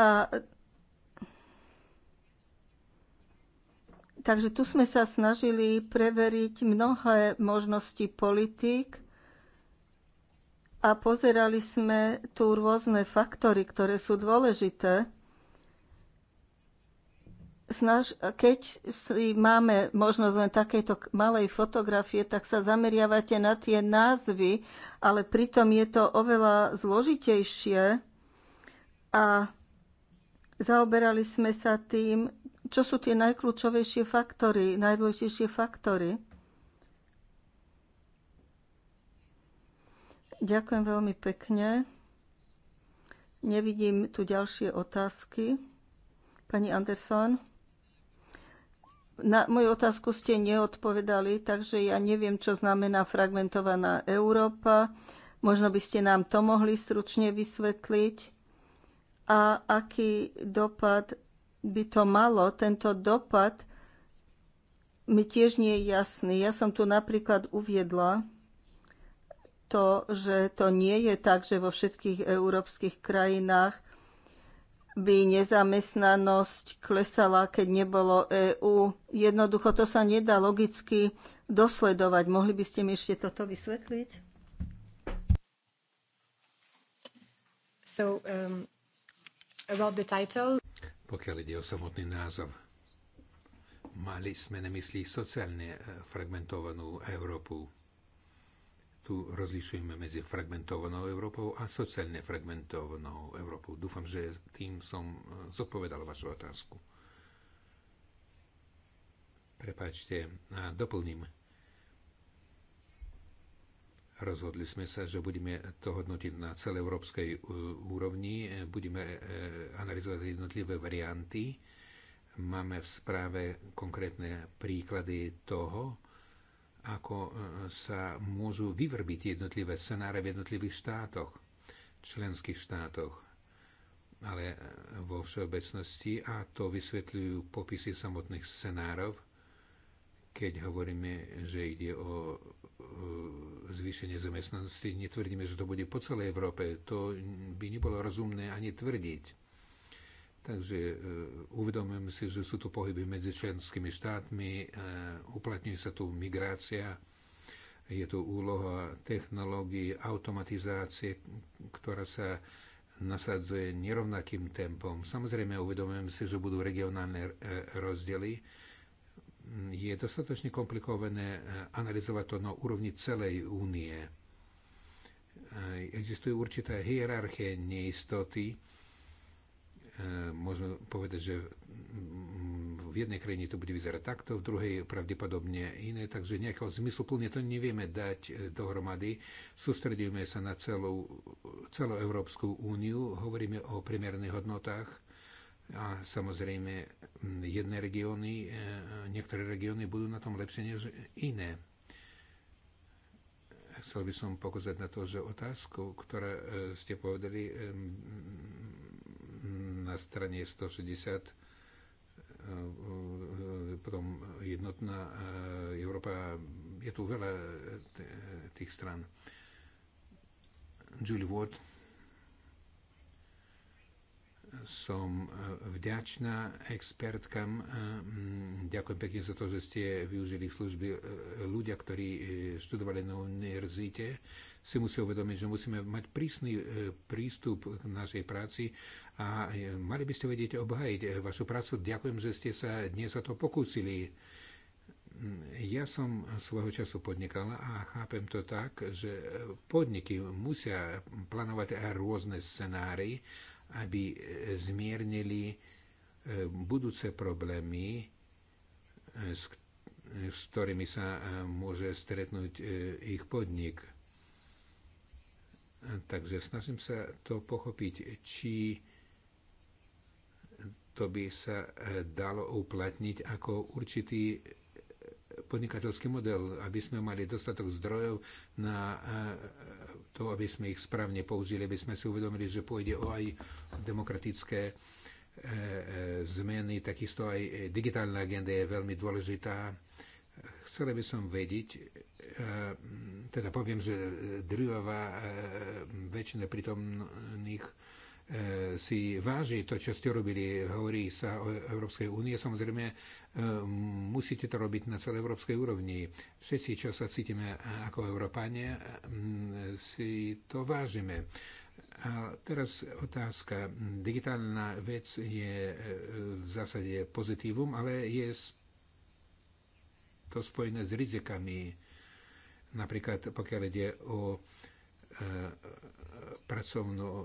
A Takže tu sme sa snažili preveriť mnohé možnosti politík a pozerali sme tu rôzne faktory, ktoré sú dôležité. Snaž, keď si máme možnosť len takéto malej fotografie, tak sa zameriavate na tie názvy, ale pritom je to oveľa zložitejšie a zaoberali sme sa tým, čo sú tie najkľúčovejšie faktory, najdôležitejšie faktory. Ďakujem veľmi pekne. Nevidím tu ďalšie otázky. Pani Anderson, na moju otázku ste neodpovedali, takže ja neviem, čo znamená fragmentovaná Európa. Možno by ste nám to mohli stručne vysvetliť. A aký dopad by to malo, tento dopad mi tiež nie je jasný. Ja som tu napríklad uviedla to, že to nie je tak, že vo všetkých európskych krajinách by nezamestnanosť klesala, keď nebolo EÚ. Jednoducho to sa nedá logicky dosledovať. Mohli by ste mi ešte toto vysvetliť? So, um, about the title pokiaľ ide o samotný názov. Mali sme na mysli sociálne e, fragmentovanú Európu. Tu rozlišujeme medzi fragmentovanou Európou a sociálne fragmentovanou Európou. Dúfam, že tým som e, zodpovedal vašu otázku. Prepačte, a doplním Rozhodli sme sa, že budeme to hodnotiť na celej európskej e, úrovni, budeme e, analyzovať jednotlivé varianty. Máme v správe konkrétne príklady toho, ako e, sa môžu vyvrbiť jednotlivé scenáre v jednotlivých štátoch, členských štátoch, ale vo všeobecnosti a to vysvetľujú popisy samotných scenárov keď hovoríme, že ide o zvýšenie zamestnanosti, netvrdíme, že to bude po celej Európe. To by nebolo rozumné ani tvrdiť. Takže e, uvedomujem si, že sú tu pohyby medzi členskými štátmi, e, uplatňuje sa tu migrácia, je tu úloha technológií, automatizácie, ktorá sa nasadzuje nerovnakým tempom. Samozrejme, uvedomujem si, že budú regionálne e, rozdiely, je dostatočne komplikované e, analyzovať to na úrovni celej únie. E, Existuje určitá hierarchia neistoty. E, môžeme povedať, že v jednej krajine to bude vyzerať takto, v druhej pravdepodobne iné, takže nejakého zmysluplne to nevieme dať dohromady. Sústredíme sa na celú, celú Európsku úniu, hovoríme o primerných hodnotách, a samozrejme, jedné regióny, e, niektoré regióny budú na tom lepšie než iné. Chcel by som pokazať na to, že otázku, ktorá e, ste povedali e, na strane 160, potom jednotná Európa, je tu veľa tých stran. Julie Ward som e, vďačná expertkám. E, ďakujem pekne za to, že ste využili služby e, ľudia, ktorí študovali na univerzite. Si musí uvedomiť, že musíme mať prísny prístup k našej práci a mali by ste vedieť obhajiť vašu prácu. Ďakujem, že ste sa dnes za to pokúsili. Ja som svojho času podnikala a chápem to tak, že podniky musia plánovať rôzne scenári aby e, zmiernili e, budúce problémy, e, s, ktorými sa môže stretnúť ich podnik. Takže snažím sa to pochopiť, či to by sa dalo uplatniť ako určitý podnikateľský model, aby sme mali dostatok zdrojov na to, aby sme ich správne použili, aby sme si uvedomili, že pôjde o aj demokratické e, e, zmeny, takisto aj digitálna agenda je veľmi dôležitá. Chcela by som vedieť, e, teda poviem, že drvivá väčšina prítomných E, si váži to, čo ste robili. Hovorí sa o Európskej únie. Samozrejme, e, musíte to robiť na celej európskej úrovni. Všetci, čo sa cítime ako Európanie, e, si to vážime. A teraz otázka. Digitálna vec je v zásade pozitívum, ale je to spojené s rizikami. Napríklad, pokiaľ ide o pracovnú e,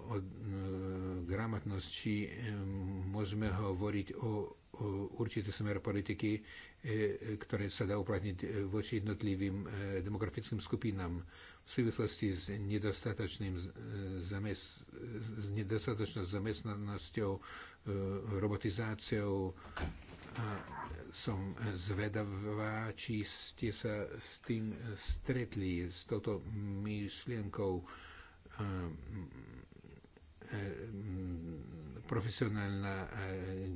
gramotnosť, či e, môžeme hovoriť o určitý smer politiky, e, ktoré sa dá uplatniť voči jednotlivým demografickým skupinám v súvislosti s, nedostatočným zamest, s nedostatočnou zamestnanosťou, robotizáciou. A som zvedavá, či ste sa s tým stretli, s touto myšlienkou E, profesionálna e,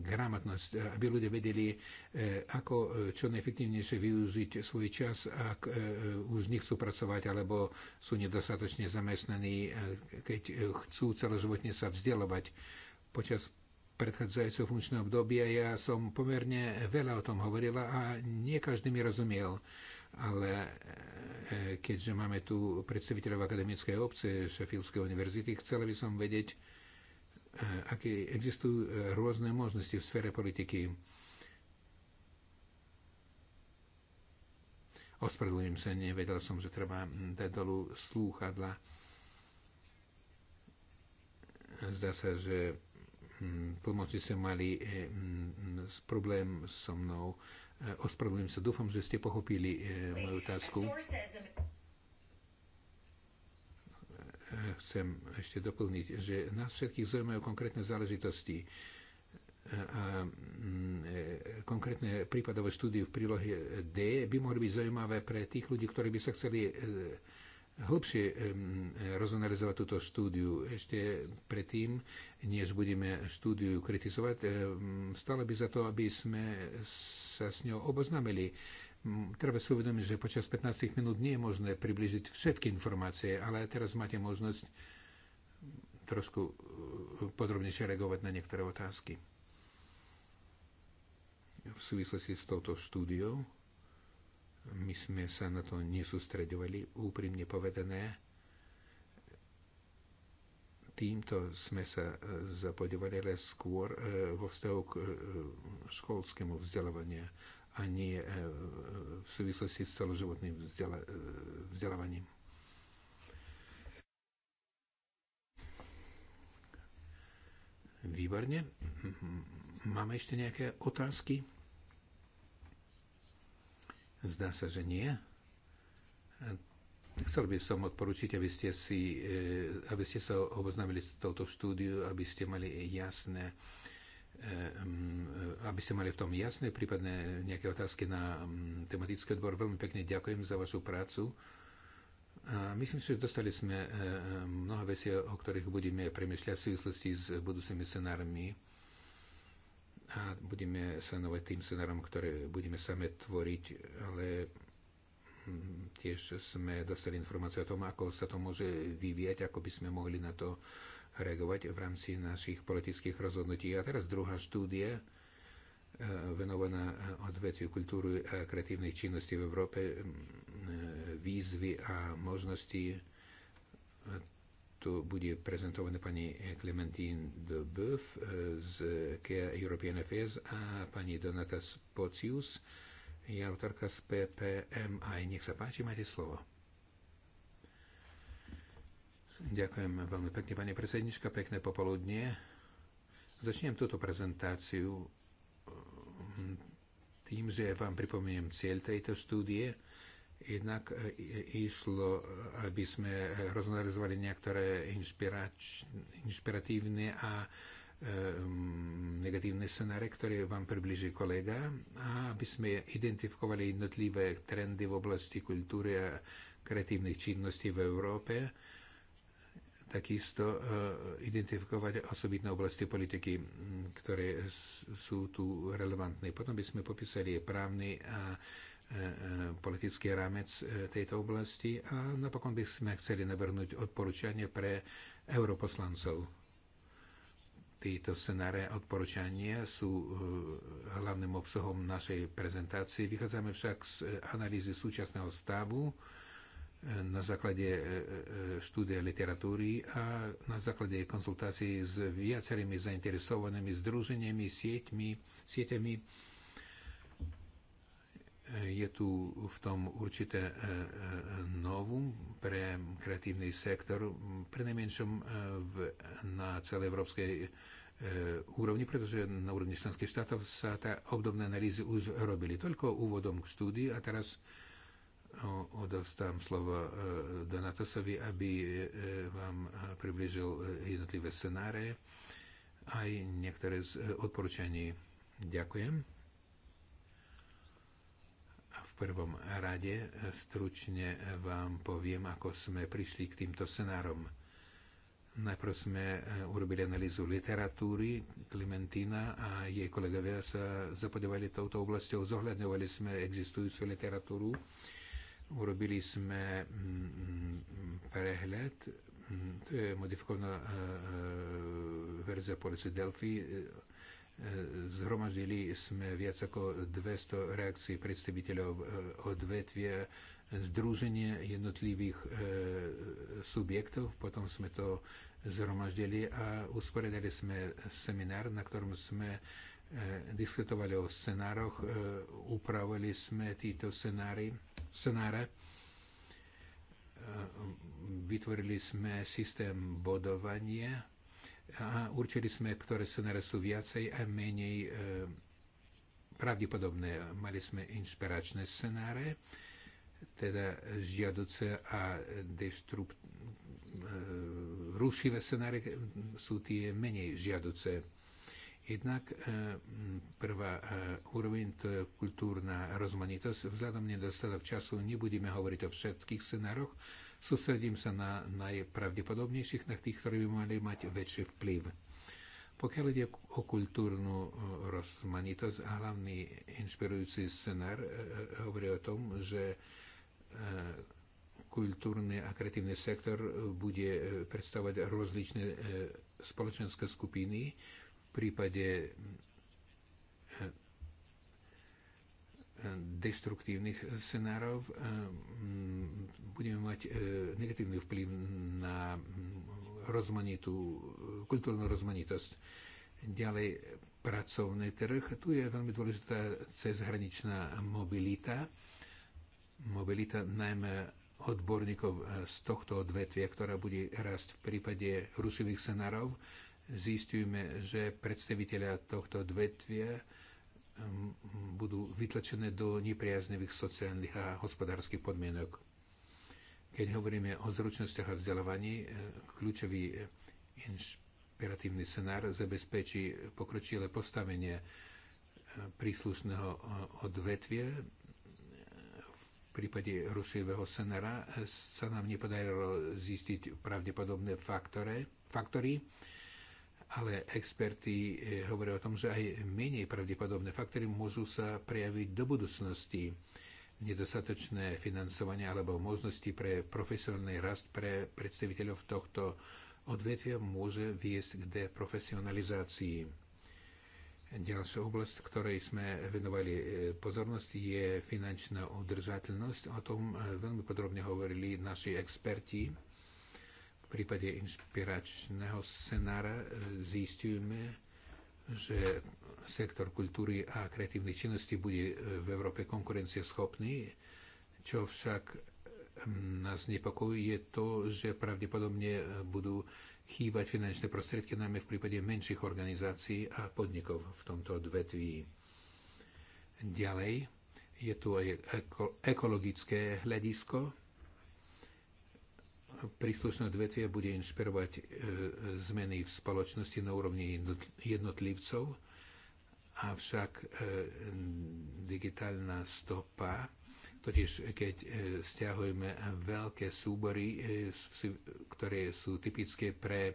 gramotnosť, aby ľudia vedeli, e, ako čo najefektívnejšie využiť svoj čas, ak už nechcú pracovať alebo sú nedostatočne zamestnaní, keď chcú celoživotne sa vzdelovať. Počas predchádzajúceho funkčného obdobia ja som pomerne veľa o tom hovorila a nie každý mi rozumiel ale e, e, keďže máme tu predstaviteľov akademickej obce Šefilskej univerzity, chcela by som vedieť, e, aké existujú rôzne možnosti v sfére politiky. Ospravedlňujem sa, nevedel som, že treba dať dolu slúchadla. Zdá sa, že sa mali problém so mnou E, ospravedlňujem sa, dúfam, že ste pochopili e, moju otázku. E, e, chcem ešte doplniť, že nás všetkých zaujímajú konkrétne záležitosti a mm, konkrétne prípadové štúdie v prílohe D by mohli byť zaujímavé pre tých ľudí, ktorí by sa chceli hlbšie rozanalizovať túto štúdiu. Ešte predtým, než budeme štúdiu kritizovať, stalo by za to, aby sme sa s ňou oboznámili. Treba si uvedomiť, že počas 15 minút nie je možné približiť všetky informácie, ale teraz máte možnosť trošku e, podrobnejšie reagovať na niektoré otázky v súvislosti s touto štúdiou my sme sa na to nesústredovali, úprimne povedané. Týmto sme sa e, zapodívali ale skôr e, vo vzťahu k e, školskému vzdelávaniu a nie v súvislosti s celoživotným vzdelávaním. Výborne. Máme ešte nejaké otázky? Zdá sa, že nie. Chcel by som odporučiť, aby ste, si, e, aby ste sa oboznámili s touto štúdiu, aby ste mali jasné e, e, aby ste mali v tom jasné, prípadne nejaké otázky na tematický odbor. Veľmi pekne ďakujem za vašu prácu. A myslím si, že dostali sme mnoho vecí, o ktorých budeme premyšľať v súvislosti s budúcimi scenármi a budeme sa novať tým scenárom, ktoré budeme same tvoriť, ale hm, tiež sme dostali informáciu o tom, ako sa to môže vyvíjať, ako by sme mohli na to reagovať v rámci našich politických rozhodnutí. A teraz druhá štúdia e, venovaná e, odvetviu kultúry a kreatívnej činnosti v Európe, hm, e, výzvy a možnosti to bude prezentované pani Clementine de Boeuf eh, z KEA European Affairs a pani Donata Spocius je autorka z PPM. Aj Nech sa páči, máte slovo. Ďakujem veľmi pekne, pani predsednička, pekné popoludnie. Začnem túto prezentáciu mm, tým, že vám pripomeniem cieľ tejto štúdie – Jednak e, išlo, aby sme rozanalizovali niektoré inšpiratívne a e, negatívne scenáre, ktoré vám približí kolega, a aby sme identifikovali jednotlivé trendy v oblasti kultúry a kreatívnych činností v Európe, takisto e, identifikovať osobitné oblasti politiky, ktoré sú tu relevantné. Potom by sme popísali právny a E, e, politický rámec e, tejto oblasti a napokon by sme chceli navrhnúť odporúčanie pre europoslancov. Títo scenáre odporúčania sú hlavným obsahom našej prezentácie. Vychádzame však z analýzy súčasného stavu na základe štúdia literatúry a na základe konzultácií s viacerými zainteresovanými združeniami, sieťmi, sieťami, sieťami je tu v tom určité e, e, novum pre kreatívny sektor, pre najmenšom e, na celej európskej úrovni, pretože na úrovni členských štátov sa tá obdobné analýzy už robili. Toľko úvodom k štúdii a teraz odovzdám slovo Donatosovi, aby vám približil jednotlivé scenáre aj niektoré z odporúčaní. Ďakujem prvom rade e, stručne e, vám poviem, ako sme prišli k týmto scenárom. Najprv sme e, urobili analýzu literatúry Klementína a jej kolegovia sa zapodovali touto oblasťou. Zohľadňovali sme existujúcu literatúru, urobili sme mm, mm, prehľad, mm, to je modifikovaná verzia policy Delphi, Zhromaždili sme viac ako 200 reakcií predstaviteľov e, odvetvia, združenie jednotlivých e, subjektov, potom sme to zhromaždili a usporiadali sme seminár, na ktorom sme e, diskutovali o scenároch, upravili sme títo scenáre, vytvorili sme systém bodovania, a určili sme, ktoré scenáre sú viacej a menej e, pravdepodobné. Mali sme inšpiračné scenáre, teda žiaduce a e, rušivé scenáre e, sú tie menej žiaduce. Jednak e, prvá e, úroveň to je kultúrna rozmanitosť. Vzhľadom nedostatok času nebudeme hovoriť o všetkých scenároch, Sústredím sa na najpravdepodobnejších, na tých, ktorí by mali mať väčší vplyv. Pokiaľ ide o kultúrnu e, rozmanitosť a hlavný inšpirujúci scenár e, e, hovorí o tom, že kultúrny a kreatívny sektor bude predstavovať rozličné spoločenské skupiny v prípade deštruktívnych scenárov eh, budeme mať eh, negatívny vplyv na rozmanitú, kultúrnu rozmanitosť. Ďalej pracovný trh. Tu je veľmi dôležitá cezhraničná mobilita. Mobilita najmä odborníkov eh, z tohto odvetvia, ktorá bude rásť v prípade rušivých scenárov. Zistujeme, že predstaviteľia tohto odvetvia budú vytlačené do nepriaznevých sociálnych a hospodárskych podmienok. Keď hovoríme o zručnostiach a vzdelávaní, e, kľúčový inšpiratívny scenár zabezpečí pokročilé postavenie e, príslušného e, odvetvia. V prípade rušivého scenára sa nám nepodarilo zistiť pravdepodobné faktory, faktory ale experti eh, hovoria o tom, že aj menej pravdepodobné faktory môžu sa prejaviť do budúcnosti. Nedostatočné financovanie alebo možnosti pre profesionálny rast pre predstaviteľov tohto odvetvia môže viesť k deprofesionalizácii. Ďalšia oblasť, ktorej sme venovali eh, pozornosť, je finančná udržateľnosť. O tom eh, veľmi podrobne hovorili naši experti. V prípade inšpiračného scenára e, zistujeme, že sektor kultúry a kreatívnej činnosti bude e, v Európe konkurencieschopný, čo však e, nás nepokojí, je to, že pravdepodobne budú chýbať finančné prostriedky, najmä v prípade menších organizácií a podnikov v tomto odvetví. Ďalej je tu aj ekologické hľadisko príslušné odvetvie bude inšpirovať e, zmeny v spoločnosti na úrovni jednotlivcov, avšak e, digitálna stopa, totiž keď e, stiahujeme veľké súbory, ktoré sú typické pre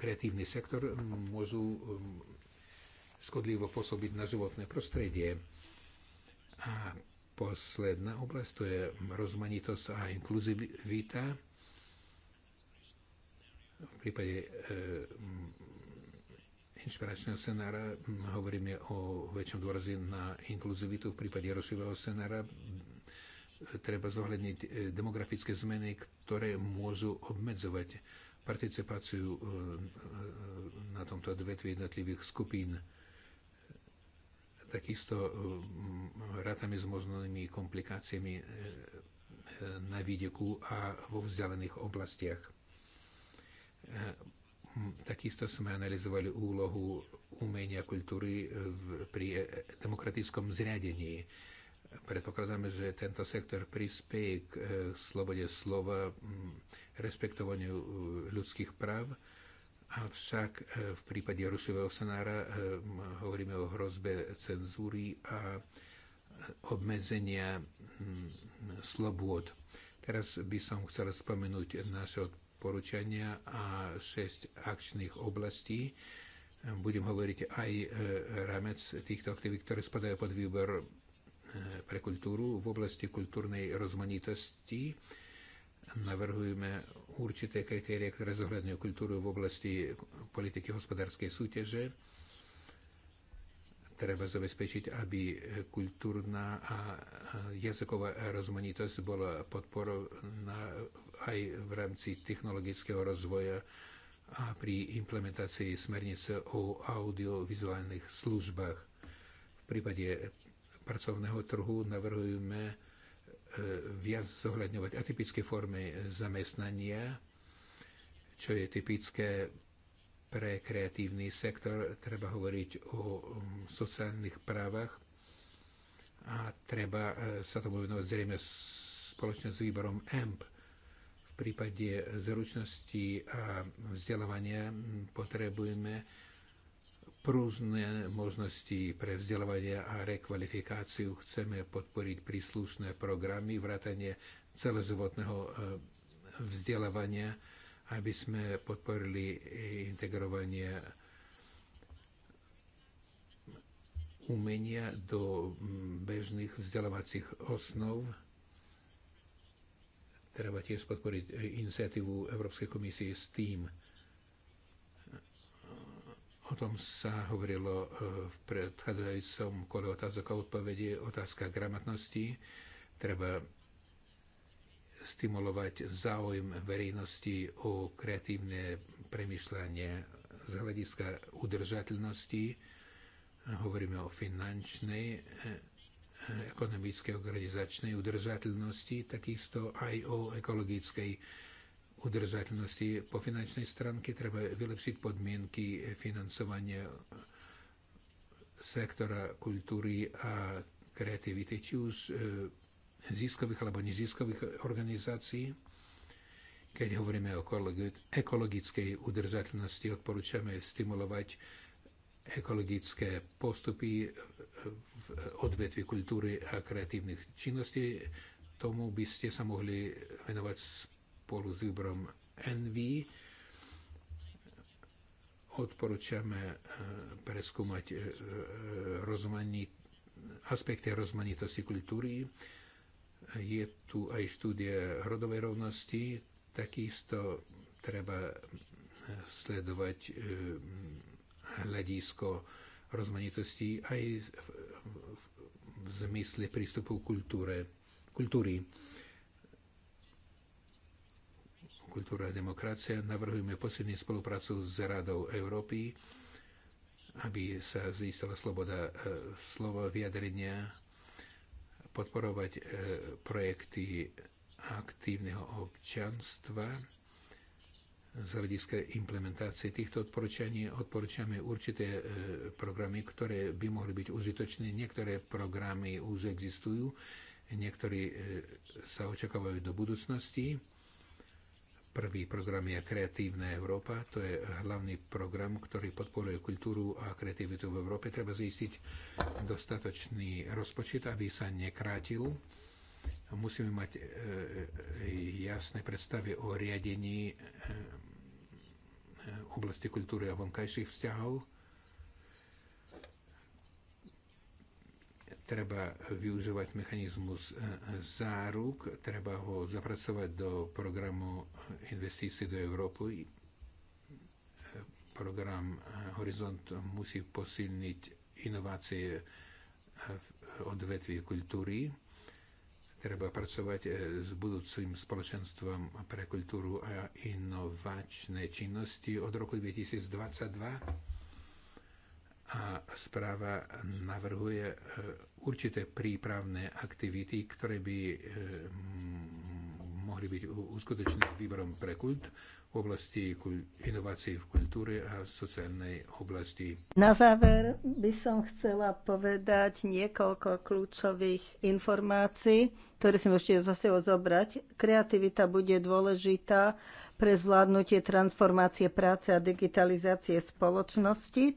kreatívny sektor, môžu škodlivo pôsobiť na životné prostredie. A posledná oblasť, to je rozmanitosť a inkluzivita. V prípade e, inšpiračného scenára hovoríme o väčšom dôrazi na inkluzivitu. V prípade rozšírového scenára treba zohľadniť eh, demografické zmeny, ktoré môžu obmedzovať participáciu eh, na tomto odvetvi jednotlivých skupín takisto e, rátame s možnými komplikáciami e, e, na výdeku a vo vzdialených oblastiach. Takisto sme analyzovali úlohu umenia kultúry pri demokratickom zriadení. Predpokladáme, že tento sektor prispieje k slobode slova, respektovaniu ľudských práv Avšak e, v prípade rušivého senára e, hovoríme o hrozbe cenzúry a e, obmedzenia slobôd. Teraz by som chcel spomenúť naše odporúčania a šesť akčných oblastí. Budem hovoriť aj rámec týchto aktivít, ktoré spadajú pod výbor pre kultúru v oblasti kultúrnej rozmanitosti Navrhujeme určité kritérie, ktoré zohľadňujú kultúru v oblasti politiky hospodárskej súťaže. Treba zabezpečiť, aby kultúrna a jazyková rozmanitosť bola podporovaná aj v rámci technologického rozvoja a pri implementácii smernice o audiovizuálnych službách. V prípade pracovného trhu navrhujeme E, viac zohľadňovať atypické formy zamestnania, čo je typické pre kreatívny sektor. Treba hovoriť o um, sociálnych právach a treba e, sa tomu venovať zrejme spoločne s výborom EMP. V prípade zručnosti a vzdelávania potrebujeme prúžne možnosti pre vzdelávanie a rekvalifikáciu. Chceme podporiť príslušné programy, vrátanie celoživotného e, vzdelávania, aby sme podporili integrovanie umenia do bežných vzdelávacích osnov. Treba tiež podporiť e, iniciatívu Európskej komisie s tým, O tom sa hovorilo e, v predchádzajúcom kole otázok a odpovedí. Otázka gramatnosti. Treba stimulovať záujem verejnosti o kreatívne premyšľanie z hľadiska udržateľnosti. Hovoríme o finančnej, e, ekonomickej, organizačnej udržateľnosti, takisto aj o ekologickej udržateľnosti. Po finančnej stránke treba vylepšiť podmienky financovania sektora kultúry a kreativity, či už e, ziskových alebo neziskových organizácií. Keď hovoríme o ekologickej udržateľnosti, odporúčame stimulovať ekologické postupy v odvetvi kultúry a kreatívnych činností. Tomu by ste sa mohli venovať spolu s výborom NV odporúčame e, preskúmať e, e, aspekty rozmanitosti kultúry. Je tu aj štúdia rodovej rovnosti, takisto treba sledovať hľadisko rozmanitosti aj v, zmysle prístupu kultúre, kultúry kultúra a demokracia navrhujeme posilniť spoluprácu s Radou Európy, aby sa zistila sloboda e, slova vyjadrenia, podporovať e, projekty aktívneho občanstva. Z hľadiska implementácie týchto odporúčaní odporúčame určité e, programy, ktoré by mohli byť užitočné. Niektoré programy už existujú, niektorí sa očakávajú do budúcnosti. Prvý program je Kreatívna Európa, to je hlavný program, ktorý podporuje kultúru a kreativitu v Európe. Treba zistiť dostatočný rozpočet, aby sa nekrátil. Musíme mať e, e, jasné predstavy o riadení e, oblasti kultúry a vonkajších vzťahov Treba využívať mechanizmus e, e, záruk, treba ho zapracovať do programu e, investícií do Európy. Program Horizont musí posilniť inovácie v odvetvi kultúry. Treba pracovať s budúcim spoločenstvom pre kultúru a inovačné činnosti od roku 2022 a správa navrhuje e, určité prípravné aktivity, ktoré by e, mohli byť uskutočné výborom pre kult v oblasti inovácií v kultúre a sociálnej oblasti. Na záver by som chcela povedať niekoľko kľúčových informácií, ktoré si môžete zo sebou zobrať. Kreativita bude dôležitá pre zvládnutie transformácie práce a digitalizácie spoločnosti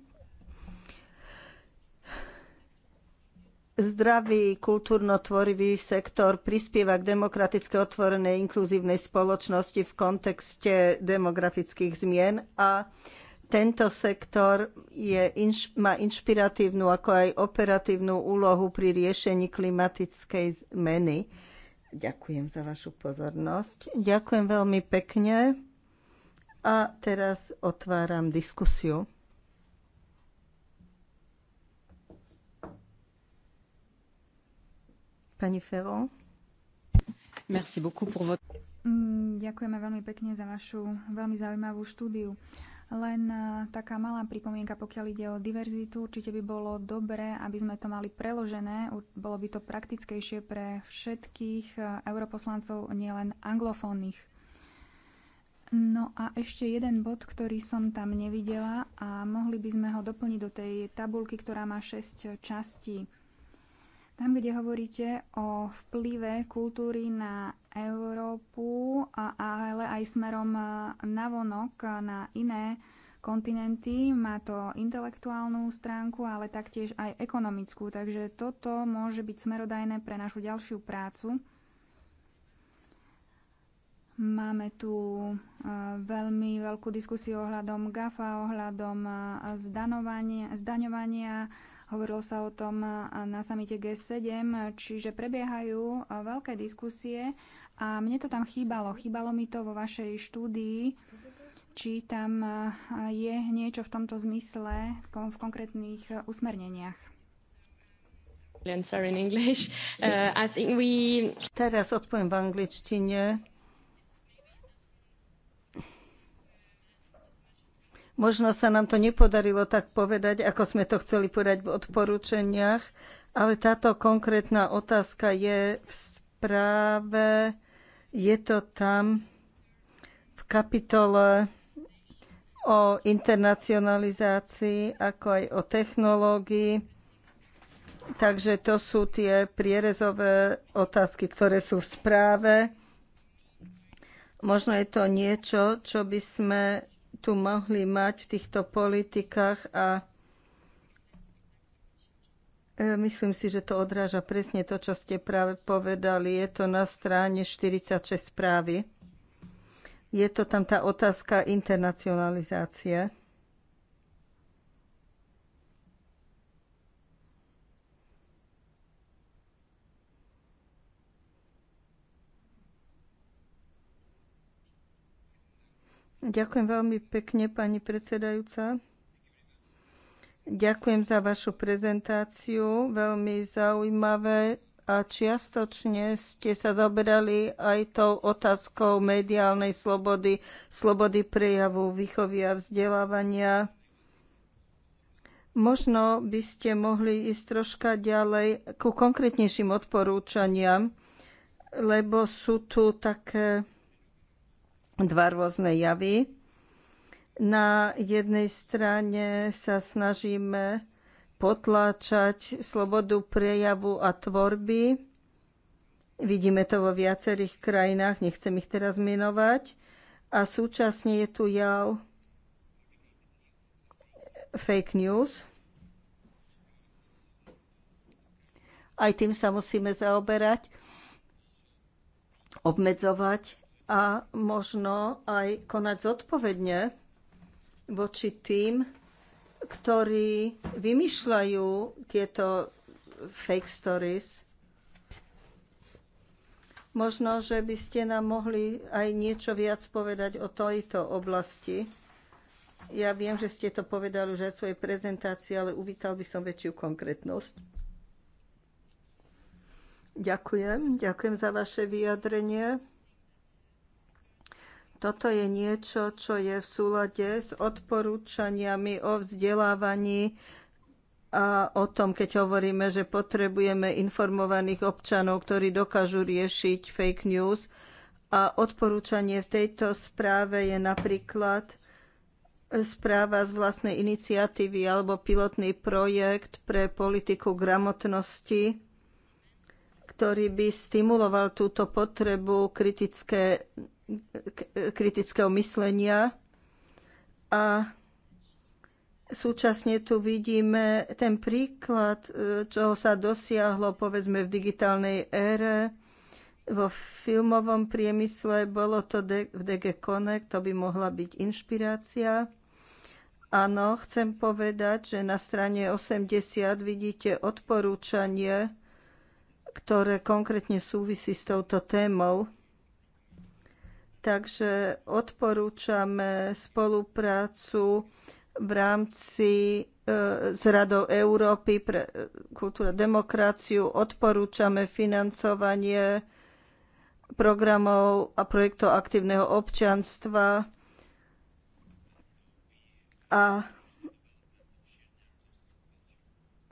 Zdravý, kultúrno-tvorivý sektor prispieva k demokraticky otvorenej inkluzívnej spoločnosti v kontexte demografických zmien a tento sektor je, inš, má inšpiratívnu ako aj operatívnu úlohu pri riešení klimatickej zmeny. Ďakujem za vašu pozornosť. Ďakujem veľmi pekne. A teraz otváram diskusiu. Pani Ferro. Merci beaucoup pour votre... Mm, ďakujeme veľmi pekne za vašu veľmi zaujímavú štúdiu. Len e, taká malá pripomienka, pokiaľ ide o diverzitu, určite by bolo dobré, aby sme to mali preložené. Bolo by to praktickejšie pre všetkých e, europoslancov, nielen anglofónnych. No a ešte jeden bod, ktorý som tam nevidela a mohli by sme ho doplniť do tej tabulky, ktorá má 6 častí. Tam, kde hovoríte o vplyve kultúry na Európu, ale aj smerom e, navonok e, na iné kontinenty, má to intelektuálnu stránku, ale taktiež aj ekonomickú. Takže toto môže byť smerodajné pre našu ďalšiu prácu. Máme tu e, veľmi veľkú diskusiu ohľadom GAFA, ohľadom zdaňovania, Hovorilo sa o tom na samite G7, čiže prebiehajú veľké diskusie a mne to tam chýbalo. Chýbalo mi to vo vašej štúdii, či tam je niečo v tomto zmysle v konkrétnych usmerneniach. Uh, Teraz odpoviem v angličtine. Možno sa nám to nepodarilo tak povedať, ako sme to chceli povedať v odporúčaniach, ale táto konkrétna otázka je v správe, je to tam v kapitole o internacionalizácii, ako aj o technológii. Takže to sú tie prierezové otázky, ktoré sú v správe. Možno je to niečo, čo by sme tu mohli mať v týchto politikách a e, myslím si, že to odráža presne to, čo ste práve povedali. Je to na stráne 46 správy. Je to tam tá otázka internacionalizácie. Ďakujem veľmi pekne, pani predsedajúca. Ďakujem za vašu prezentáciu, veľmi zaujímavé a čiastočne ste sa zaoberali aj tou otázkou mediálnej slobody, slobody prejavu, výchovy a vzdelávania. Možno by ste mohli ísť troška ďalej ku konkrétnejším odporúčaniam, lebo sú tu také dva rôzne javy. Na jednej strane sa snažíme potláčať slobodu prejavu a tvorby. Vidíme to vo viacerých krajinách, nechcem ich teraz menovať. A súčasne je tu jav fake news. Aj tým sa musíme zaoberať, obmedzovať a možno aj konať zodpovedne voči tým, ktorí vymýšľajú tieto fake stories. Možno, že by ste nám mohli aj niečo viac povedať o tejto oblasti. Ja viem, že ste to povedali už aj v svojej prezentácii, ale uvítal by som väčšiu konkrétnosť. Ďakujem. Ďakujem za vaše vyjadrenie. Toto je niečo, čo je v súlade s odporúčaniami o vzdelávaní a o tom, keď hovoríme, že potrebujeme informovaných občanov, ktorí dokážu riešiť fake news. A odporúčanie v tejto správe je napríklad správa z vlastnej iniciatívy alebo pilotný projekt pre politiku gramotnosti, ktorý by stimuloval túto potrebu kritické kritického myslenia a Súčasne tu vidíme ten príklad, e, čo sa dosiahlo povedzme v digitálnej ére. Vo filmovom priemysle bolo to v DG Connect, to by mohla byť inšpirácia. Áno, chcem povedať, že na strane 80 vidíte odporúčanie, ktoré konkrétne súvisí s touto témou. Takže odporúčame spoluprácu v rámci e, s Radou Európy pre e, kultúru a demokraciu. Odporúčame financovanie programov a projektov aktívneho občianstva a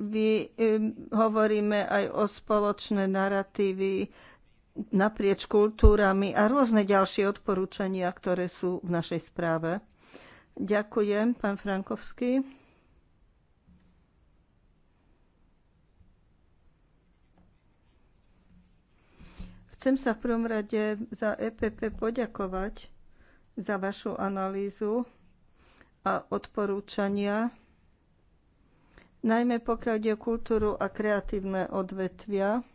vy, e, hovoríme aj o spoločné narratívy naprieč kultúrami a rôzne ďalšie odporúčania, ktoré sú v našej správe. Ďakujem, pán Frankovský. Chcem sa v prvom rade za EPP poďakovať za vašu analýzu a odporúčania, najmä pokiaľ ide o kultúru a kreatívne odvetvia.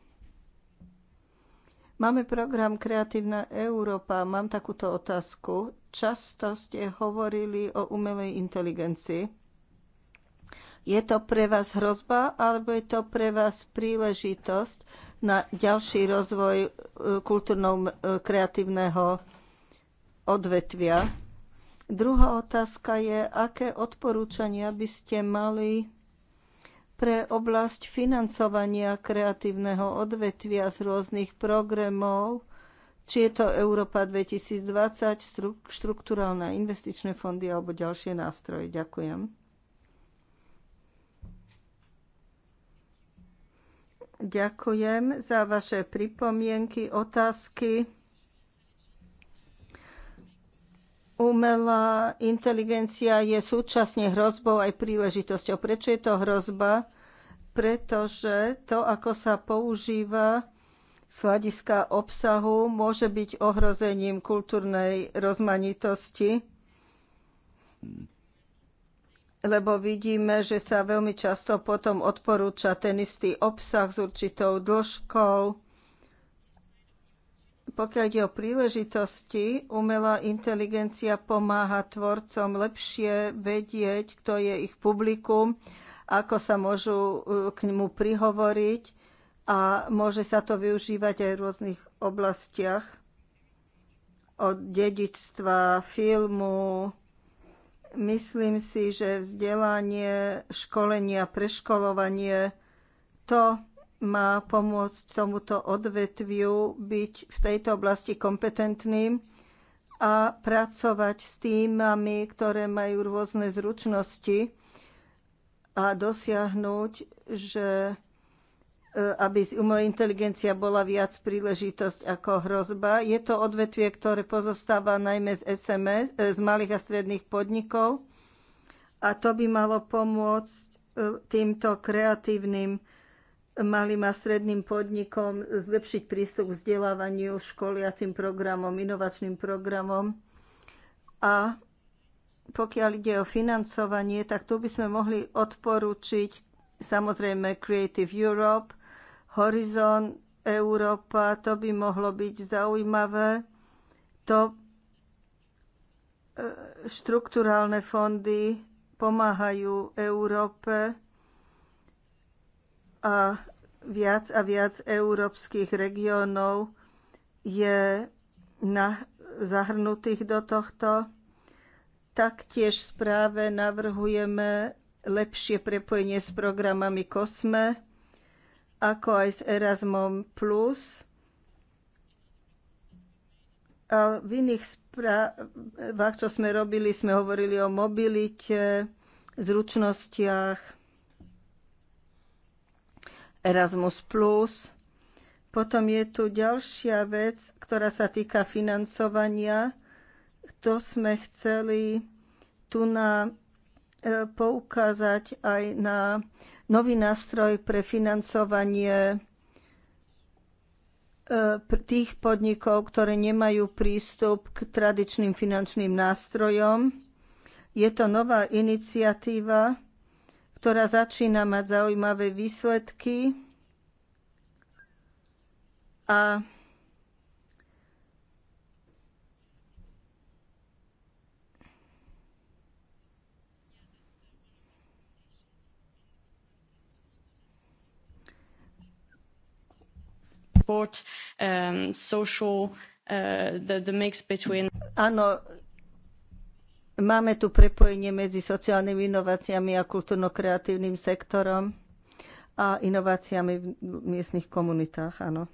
Máme program Kreatívna Európa. Mám takúto otázku. Často ste hovorili o umelej inteligencii. Je to pre vás hrozba alebo je to pre vás príležitosť na ďalší rozvoj e, kultúrno-kreatívneho e, odvetvia? Druhá otázka je, aké odporúčania by ste mali pre oblasť financovania kreatívneho odvetvia z rôznych programov, či je to Európa 2020, štru, štruktúralné investičné fondy alebo ďalšie nástroje. Ďakujem. Ďakujem za vaše pripomienky, otázky. Umelá inteligencia je súčasne hrozbou aj príležitosťou. Prečo je to hrozba? Pretože to, ako sa používa z hľadiska obsahu, môže byť ohrozením kultúrnej rozmanitosti, lebo vidíme, že sa veľmi často potom odporúča ten istý obsah s určitou dĺžkou, pokiaľ ide o príležitosti, umelá inteligencia pomáha tvorcom lepšie vedieť, kto je ich publikum, ako sa môžu e, k nemu prihovoriť a môže sa to využívať aj v rôznych oblastiach od dedičstva, filmu. Myslím si, že vzdelanie, školenie a preškolovanie to má pomôcť tomuto odvetviu byť v tejto oblasti kompetentným a pracovať s týmami, ktoré majú rôzne zručnosti a dosiahnuť, že e, aby umelá inteligencia bola viac príležitosť ako hrozba. Je to odvetvie, ktoré pozostáva najmä z SMS, e, z malých a stredných podnikov a to by malo pomôcť e, týmto kreatívnym malým a stredným podnikom zlepšiť prístup k vzdelávaniu, školiacim programom, inovačným programom. A pokiaľ ide o financovanie, tak tu by sme mohli odporučiť samozrejme Creative Europe, Horizon Európa, to by mohlo byť zaujímavé. To e, štruktúrálne fondy pomáhajú Európe a viac a viac európskych regiónov je na, zahrnutých do tohto. Taktiež v správe navrhujeme lepšie prepojenie s programami COSME, ako aj s Erasmom+. A v iných správach, čo sme robili, sme hovorili o mobilite, zručnostiach, Erasmus+. Plus. Potom je tu ďalšia vec, ktorá sa týka financovania. To sme chceli tu na, e, poukázať aj na nový nástroj pre financovanie e, tých podnikov, ktoré nemajú prístup k tradičným finančným nástrojom. Je to nová iniciatíva, ktorá začína mať zaujímavé výsledky a um, social uh, the, the mix between Áno, Máme tu prepojenie medzi sociálnymi inováciami a kultúrno-kreatívnym sektorom a inováciami v miestnych komunitách, áno.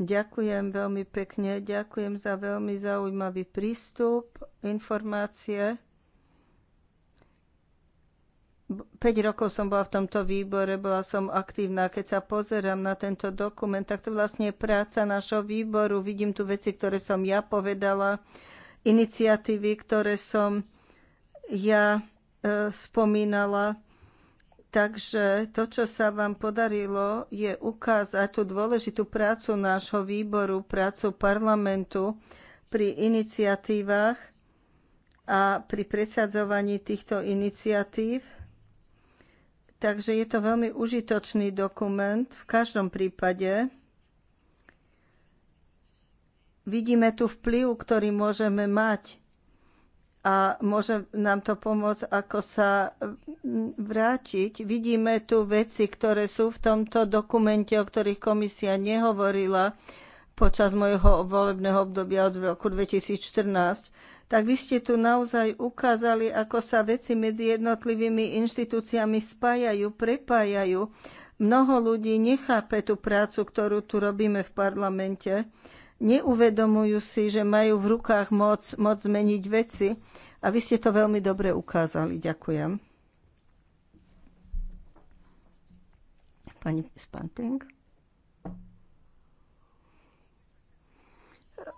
Ďakujem veľmi pekne, ďakujem za veľmi zaujímavý prístup, informácie. 5 rokov som bola v tomto výbore, bola som aktívna. Keď sa pozerám na tento dokument, tak to vlastne je práca nášho výboru. Vidím tu veci, ktoré som ja povedala, iniciatívy, ktoré som ja e, spomínala. Takže to, čo sa vám podarilo, je ukázať tú dôležitú prácu nášho výboru, prácu parlamentu pri iniciatívach a pri presadzovaní týchto iniciatív Takže je to veľmi užitočný dokument. V každom prípade vidíme tu vplyv, ktorý môžeme mať a môže nám to pomôcť, ako sa vrátiť. Vidíme tu veci, ktoré sú v tomto dokumente, o ktorých komisia nehovorila počas môjho volebného obdobia od roku 2014 tak vy ste tu naozaj ukázali, ako sa veci medzi jednotlivými inštitúciami spájajú, prepájajú. Mnoho ľudí nechápe tú prácu, ktorú tu robíme v parlamente. Neuvedomujú si, že majú v rukách moc, moc zmeniť veci. A vy ste to veľmi dobre ukázali. Ďakujem. Pani Spanting.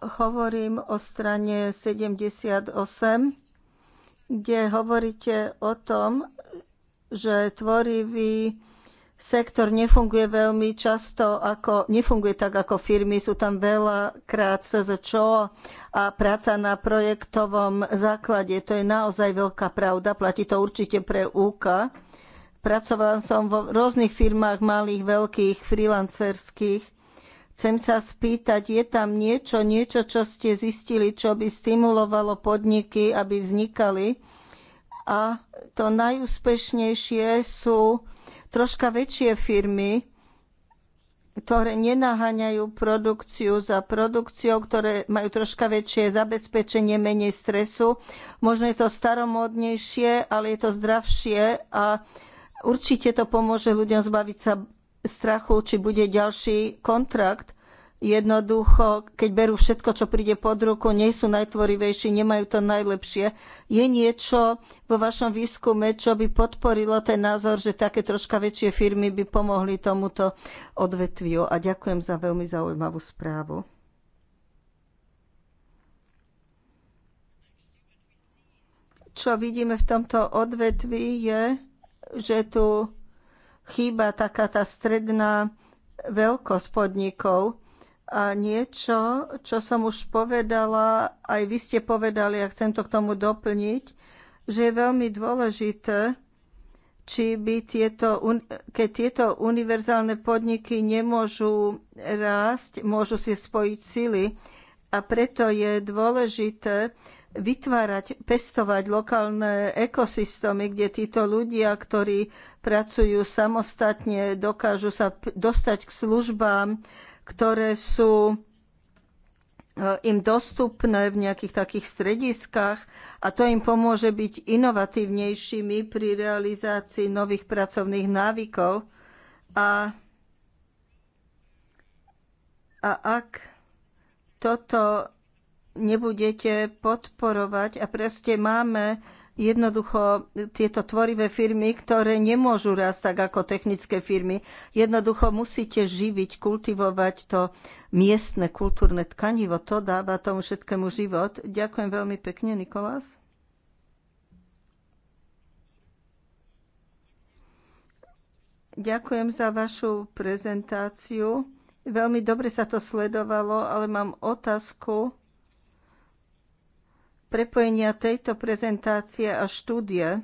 hovorím o strane 78, kde hovoríte o tom, že tvorivý sektor nefunguje veľmi často, ako, nefunguje tak ako firmy, sú tam veľa krát SZČO a práca na projektovom základe. To je naozaj veľká pravda, platí to určite pre UK. Pracovala som vo rôznych firmách, malých, veľkých, freelancerských Chcem sa spýtať, je tam niečo, niečo, čo ste zistili, čo by stimulovalo podniky, aby vznikali? A to najúspešnejšie sú troška väčšie firmy, ktoré nenaháňajú produkciu za produkciou, ktoré majú troška väčšie zabezpečenie, menej stresu. Možno je to staromódnejšie, ale je to zdravšie a určite to pomôže ľuďom zbaviť sa strachu, či bude ďalší kontrakt. Jednoducho, keď berú všetko, čo príde pod ruku, nie sú najtvorivejší, nemajú to najlepšie. Je niečo vo vašom výskume, čo by podporilo ten názor, že také troška väčšie firmy by pomohli tomuto odvetviu? A ďakujem za veľmi zaujímavú správu. Čo vidíme v tomto odvetvi je, že tu chýba taká tá stredná veľkosť podnikov. A niečo, čo som už povedala, aj vy ste povedali, a chcem to k tomu doplniť, že je veľmi dôležité, či by tieto, keď tieto univerzálne podniky nemôžu rásť, môžu si spojiť sily. A preto je dôležité, vytvárať, pestovať lokálne ekosystémy, kde títo ľudia, ktorí pracujú samostatne, dokážu sa dostať k službám, ktoré sú e, im dostupné v nejakých takých strediskách a to im pomôže byť inovatívnejšími pri realizácii nových pracovných návykov. A, a ak toto nebudete podporovať a proste máme jednoducho tieto tvorivé firmy, ktoré nemôžu rásť tak ako technické firmy. Jednoducho musíte živiť, kultivovať to miestne kultúrne tkanivo. To dáva tomu všetkému život. Ďakujem veľmi pekne, Nikolás. Ďakujem za vašu prezentáciu. Veľmi dobre sa to sledovalo, ale mám otázku prepojenia tejto prezentácie a štúdie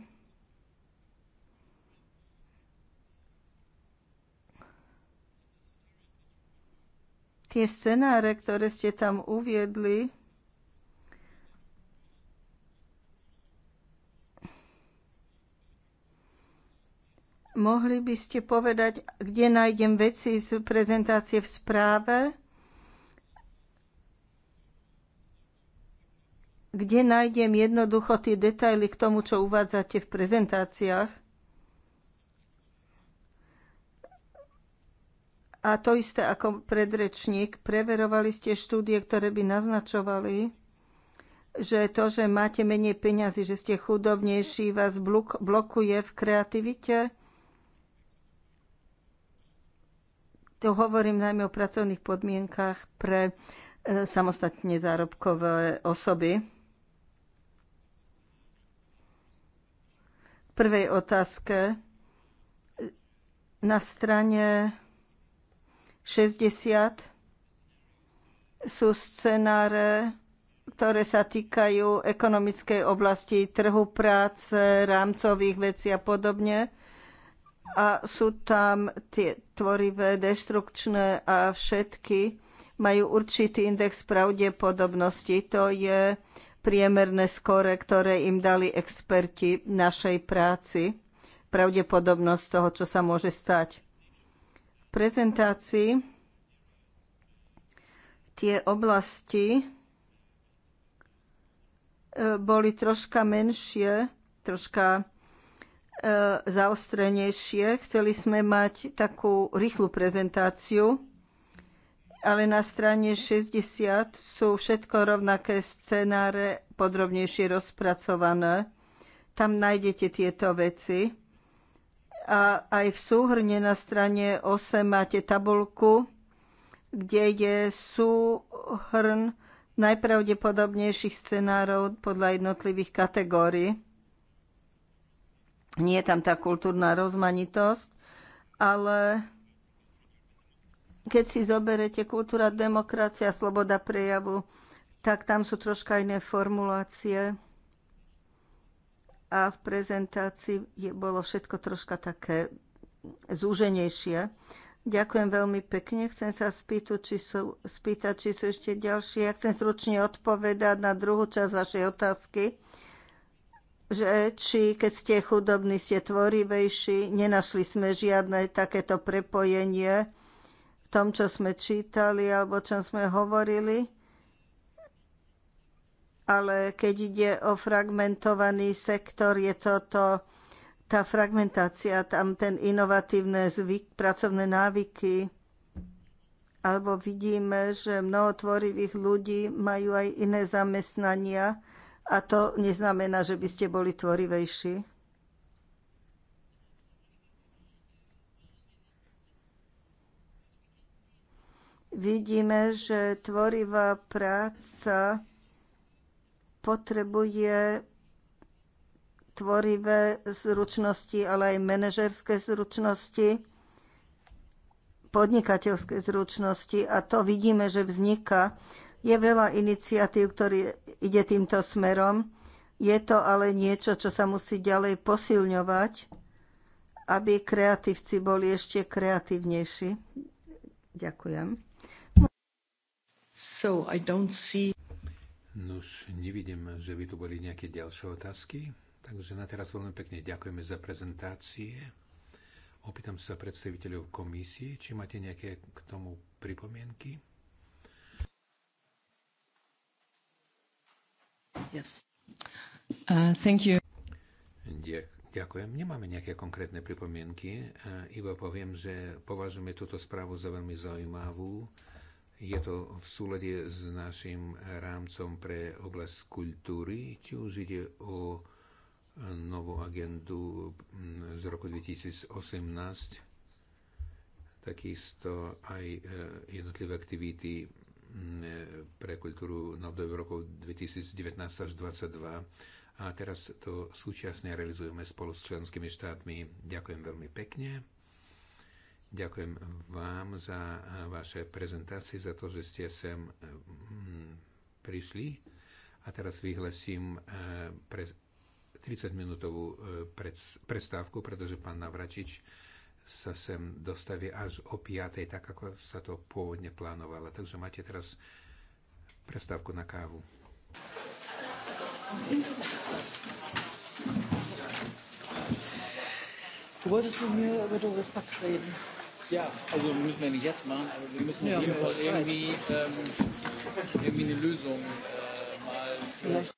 tie scenáre, ktoré ste tam uviedli, mohli by ste povedať, kde nájdem veci z prezentácie v správe? Kde nájdem jednoducho tie detaily k tomu, čo uvádzate v prezentáciách? A to isté ako predrečník, preverovali ste štúdie, ktoré by naznačovali, že to, že máte menej peňazí, že ste chudobnejší, vás blokuje v kreativite? To hovorím najmä o pracovných podmienkach pre e, samostatne zárobkové osoby. prvej otázke. Na strane 60 sú scenáre, ktoré sa týkajú ekonomickej oblasti, trhu práce, rámcových vecí a podobne. A sú tam tie tvorivé, deštrukčné a všetky majú určitý index pravdepodobnosti. To je priemerné skore, ktoré im dali experti našej práci, pravdepodobnosť toho, čo sa môže stať. V prezentácii tie oblasti e, boli troška menšie, troška e, zaostrenejšie. Chceli sme mať takú rýchlu prezentáciu, ale na strane 60 sú všetko rovnaké scenáre podrobnejšie rozpracované. Tam nájdete tieto veci. A aj v súhrne na strane 8 máte tabulku, kde je súhrn najpravdepodobnejších scenárov podľa jednotlivých kategórií. Nie je tam tá kultúrna rozmanitosť, ale keď si zoberete kultúra, demokracia, sloboda prejavu, tak tam sú troška iné formulácie a v prezentácii je, bolo všetko troška také zúženejšie. Ďakujem veľmi pekne. Chcem sa spýtať, či sú, spýtať, či sú ešte ďalšie. Ja chcem stručne odpovedať na druhú časť vašej otázky, že či keď ste chudobní, ste tvorivejší. Nenašli sme žiadne takéto prepojenie tom, čo sme čítali alebo čo sme hovorili, ale keď ide o fragmentovaný sektor, je toto tá fragmentácia, tam ten inovatívne zvyk, pracovné návyky, alebo vidíme, že mnoho tvorivých ľudí majú aj iné zamestnania a to neznamená, že by ste boli tvorivejší. vidíme, že tvorivá práca potrebuje tvorivé zručnosti, ale aj manažerské zručnosti, podnikateľské zručnosti a to vidíme, že vzniká. Je veľa iniciatív, ktorý ide týmto smerom. Je to ale niečo, čo sa musí ďalej posilňovať, aby kreatívci boli ešte kreatívnejší. Ďakujem. So I don't see... Nuž, nevidím, že by tu boli nejaké ďalšie otázky. Takže na teraz veľmi pekne ďakujeme za prezentácie. Opýtam sa predstaviteľov komisie, či máte nejaké k tomu pripomienky. Yes. Uh, thank you. Ďakujem. Nemáme nejaké konkrétne pripomienky, uh, iba poviem, že považujeme túto správu za veľmi zaujímavú je to v súlade s našim rámcom pre oblasť kultúry, či už ide o novú agendu z roku 2018, takisto aj e, jednotlivé aktivity pre kultúru na obdobie rokov 2019 až 2022. A teraz to súčasne realizujeme spolu s členskými štátmi. Ďakujem veľmi pekne. Ďakujem vám za eh, vaše prezentácie, za to, že ste sem eh, hm, prišli. A teraz vyhlasím 30-minútovú eh, prestávku, pretože pán Navračič sa sem dostaví až o 5, tak ako sa to pôvodne plánovalo. Takže máte teraz prestávku na kávu. Du wolltest mit mir über Doris Back reden. Ja, also müssen wir nicht jetzt machen, aber wir müssen ja, auf jeden Fall irgendwie, ähm, irgendwie eine Lösung äh, mal. Vielleicht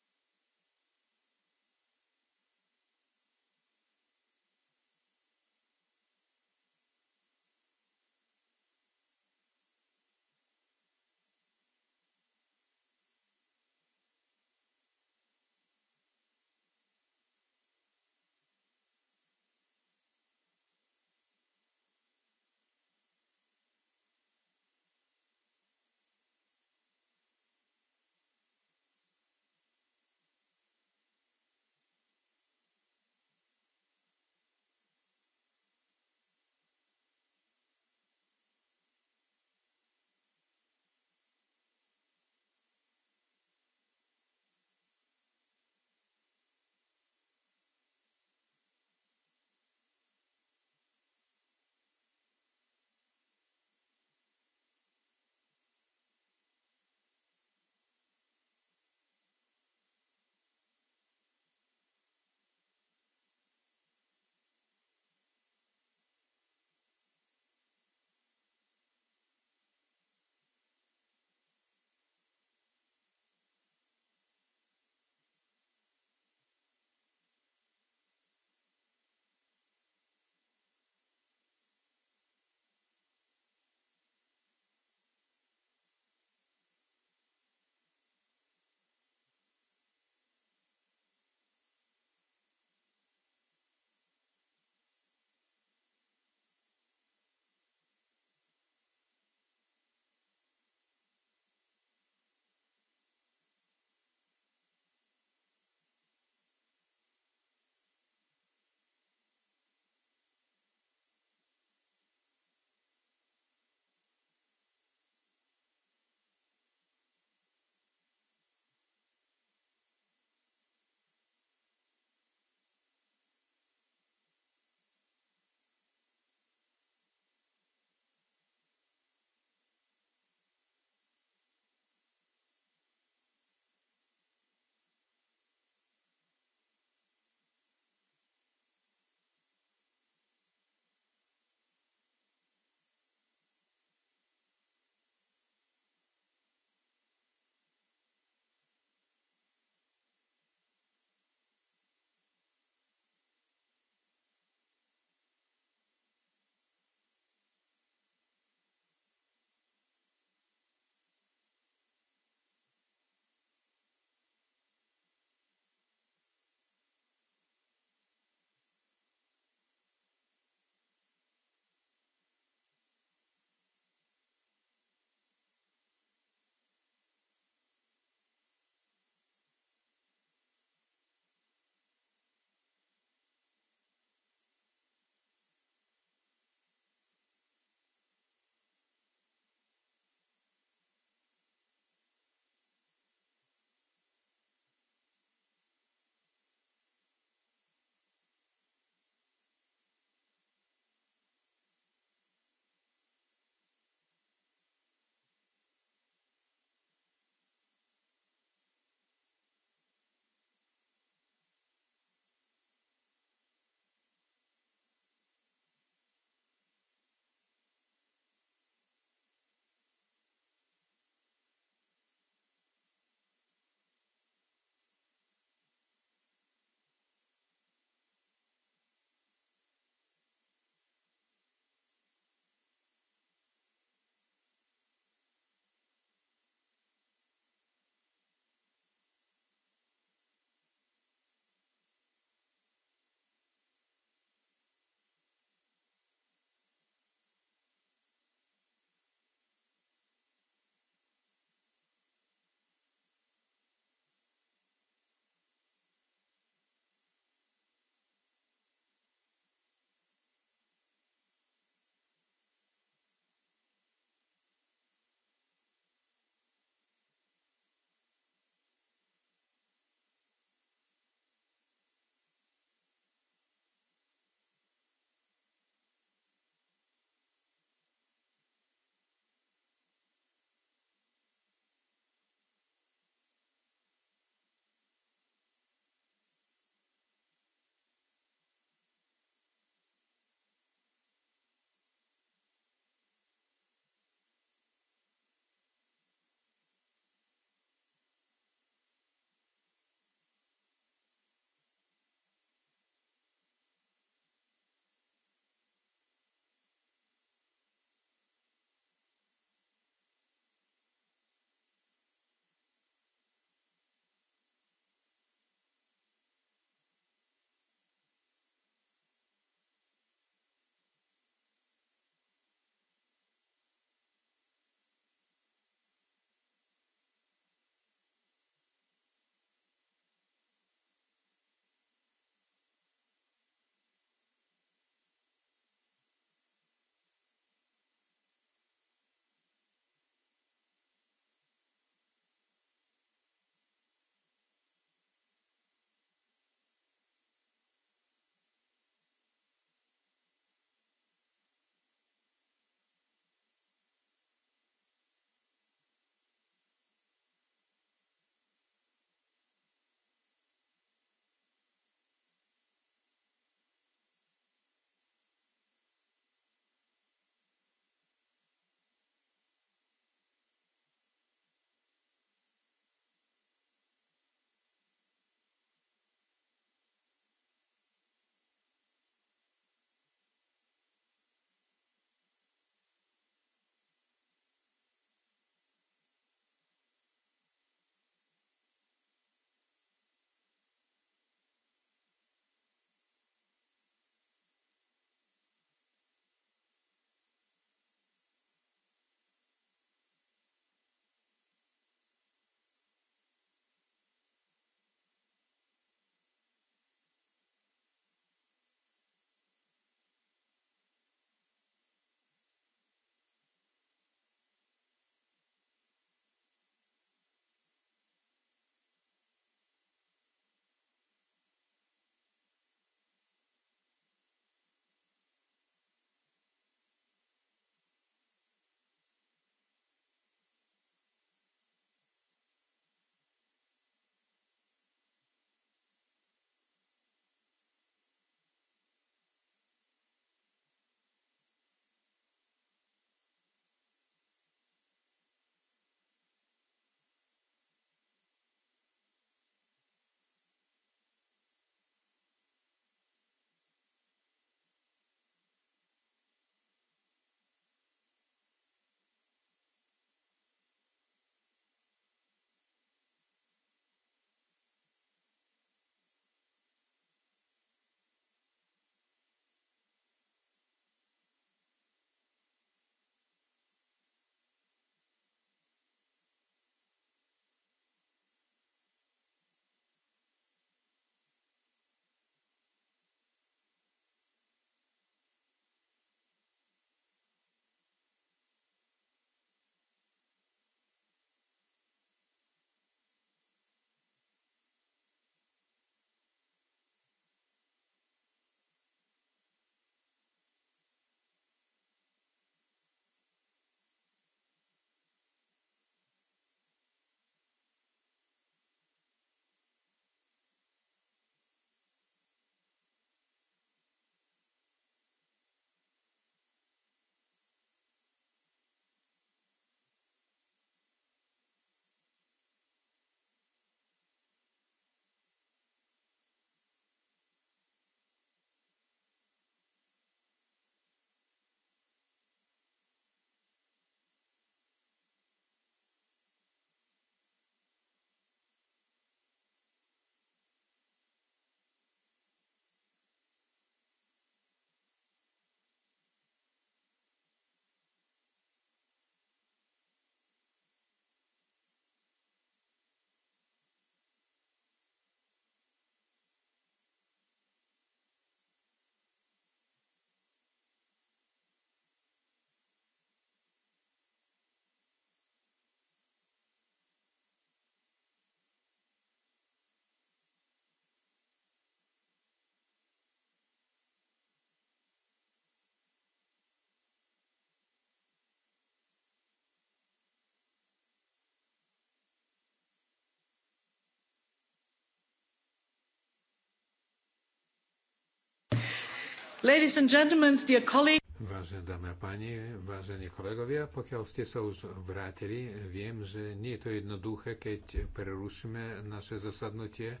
Ladies and gentlemen, dear colleagues. Vážené dámy a páni, vážení kolegovia, pokiaľ ste sa už vrátili, viem, že nie je to jednoduché, keď prerušíme naše zasadnutie.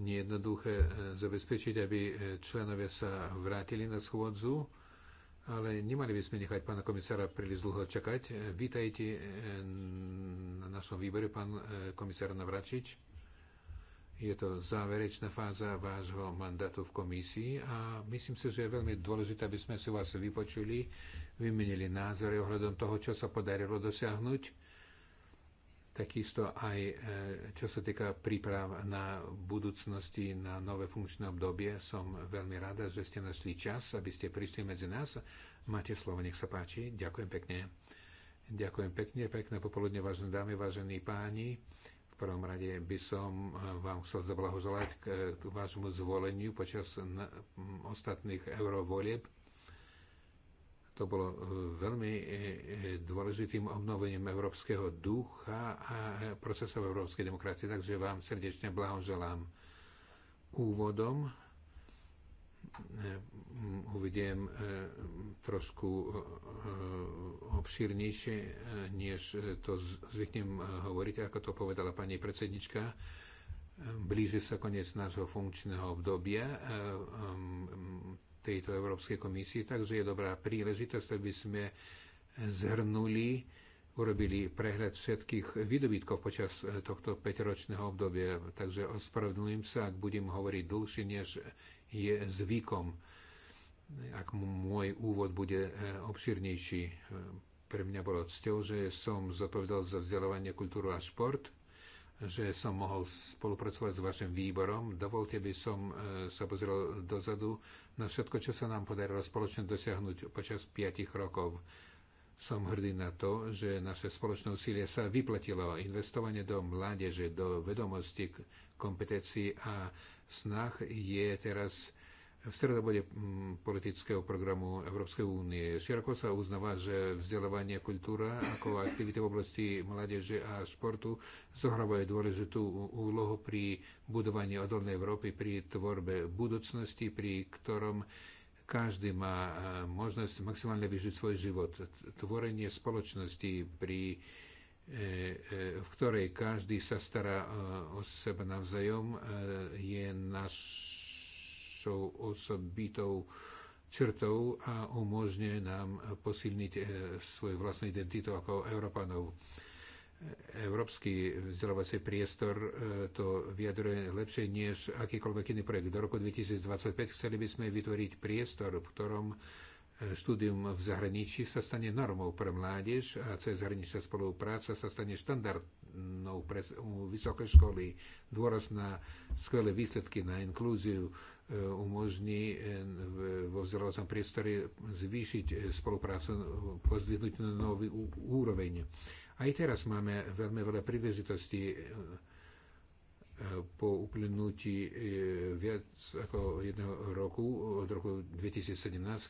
Nie je jednoduché eh, zabezpečiť, aby eh, členovia sa vrátili na schôdzu, ale nemali by sme nechať pána komisára príliš dlho čakať. Eh, vítajte na našom výbore, pán komisár Navračič. Je to záverečná fáza vášho mandátu v komisii a myslím si, že je veľmi dôležité, aby sme si vás vypočuli, vymenili názory ohľadom toho, čo sa podarilo dosiahnuť. Takisto aj e, čo sa týka príprav na budúcnosti, na nové funkčné obdobie, som veľmi rada, že ste našli čas, aby ste prišli medzi nás. Máte slovo, nech sa páči. Ďakujem pekne. Ďakujem pekne, pekné popoludne, vážené dámy, vážení páni prvom rade by som eh, vám chcel zablahoželať k eh, vášmu zvoleniu počas ostatných eurovolieb. To bolo eh, veľmi dôležitým obnovením európskeho ducha a procesov európskej demokracie, takže vám srdečne blahoželám úvodom Eh, uvediem eh, trošku eh, obšírnejšie, než to zvyknem hovoriť, ako to povedala pani predsednička. Blíži sa koniec nášho funkčného obdobia tejto Európskej komisie, takže je dobrá príležitosť, aby sme zhrnuli, urobili prehľad všetkých výdobytkov počas tohto 5-ročného obdobia. Takže ospravedlňujem sa, ak budem hovoriť dlhšie, než je zvykom. Ak môj úvod bude e, obširnejší, e, pre mňa bolo cťou, že som zodpovedal za vzdelávanie, kultúru a šport, že som mohol spolupracovať s vašim výborom. Dovolte, by som e, sa pozrel dozadu na všetko, čo sa nám podarilo spoločne dosiahnuť počas piatich rokov. Som hrdý na to, že naše spoločné úsilie sa vyplatilo. Investovanie do mládeže, do vedomosti, kompetencií a snah je teraz v stredobode mm, politického programu Európskej únie. Široko sa uznáva, že vzdelávanie kultúra ako aktivity v oblasti mládeže a športu zohrávajú dôležitú úlohu pri budovaní odolnej Európy, pri tvorbe budúcnosti, pri ktorom každý má e, možnosť maximálne vyžiť svoj život. Tvorenie spoločnosti pri E, e, v ktorej každý sa stará e, o seba navzájom, je našou osobitou črtou a umožňuje nám posilniť svoju vlastnú identitu ako Európanov. Európsky vzdelávací priestor to vyjadruje lepšie než akýkoľvek iný projekt. Do roku 2025 chceli by sme vytvoriť priestor, v ktorom štúdium v zahraničí sa stane normou pre mládež a cez zahraničná spolupráca sa stane štandardnou pre vysoké školy. Dôraz na skvelé výsledky, na inklúziu e, umožní e, vo vzdelávacom priestore zvýšiť e, spoluprácu, pozdvihnúť na nový úroveň. Aj teraz máme veľmi veľa príležitostí Eh, po uplynutí eh, viac ako jedného roku, od roku 2017,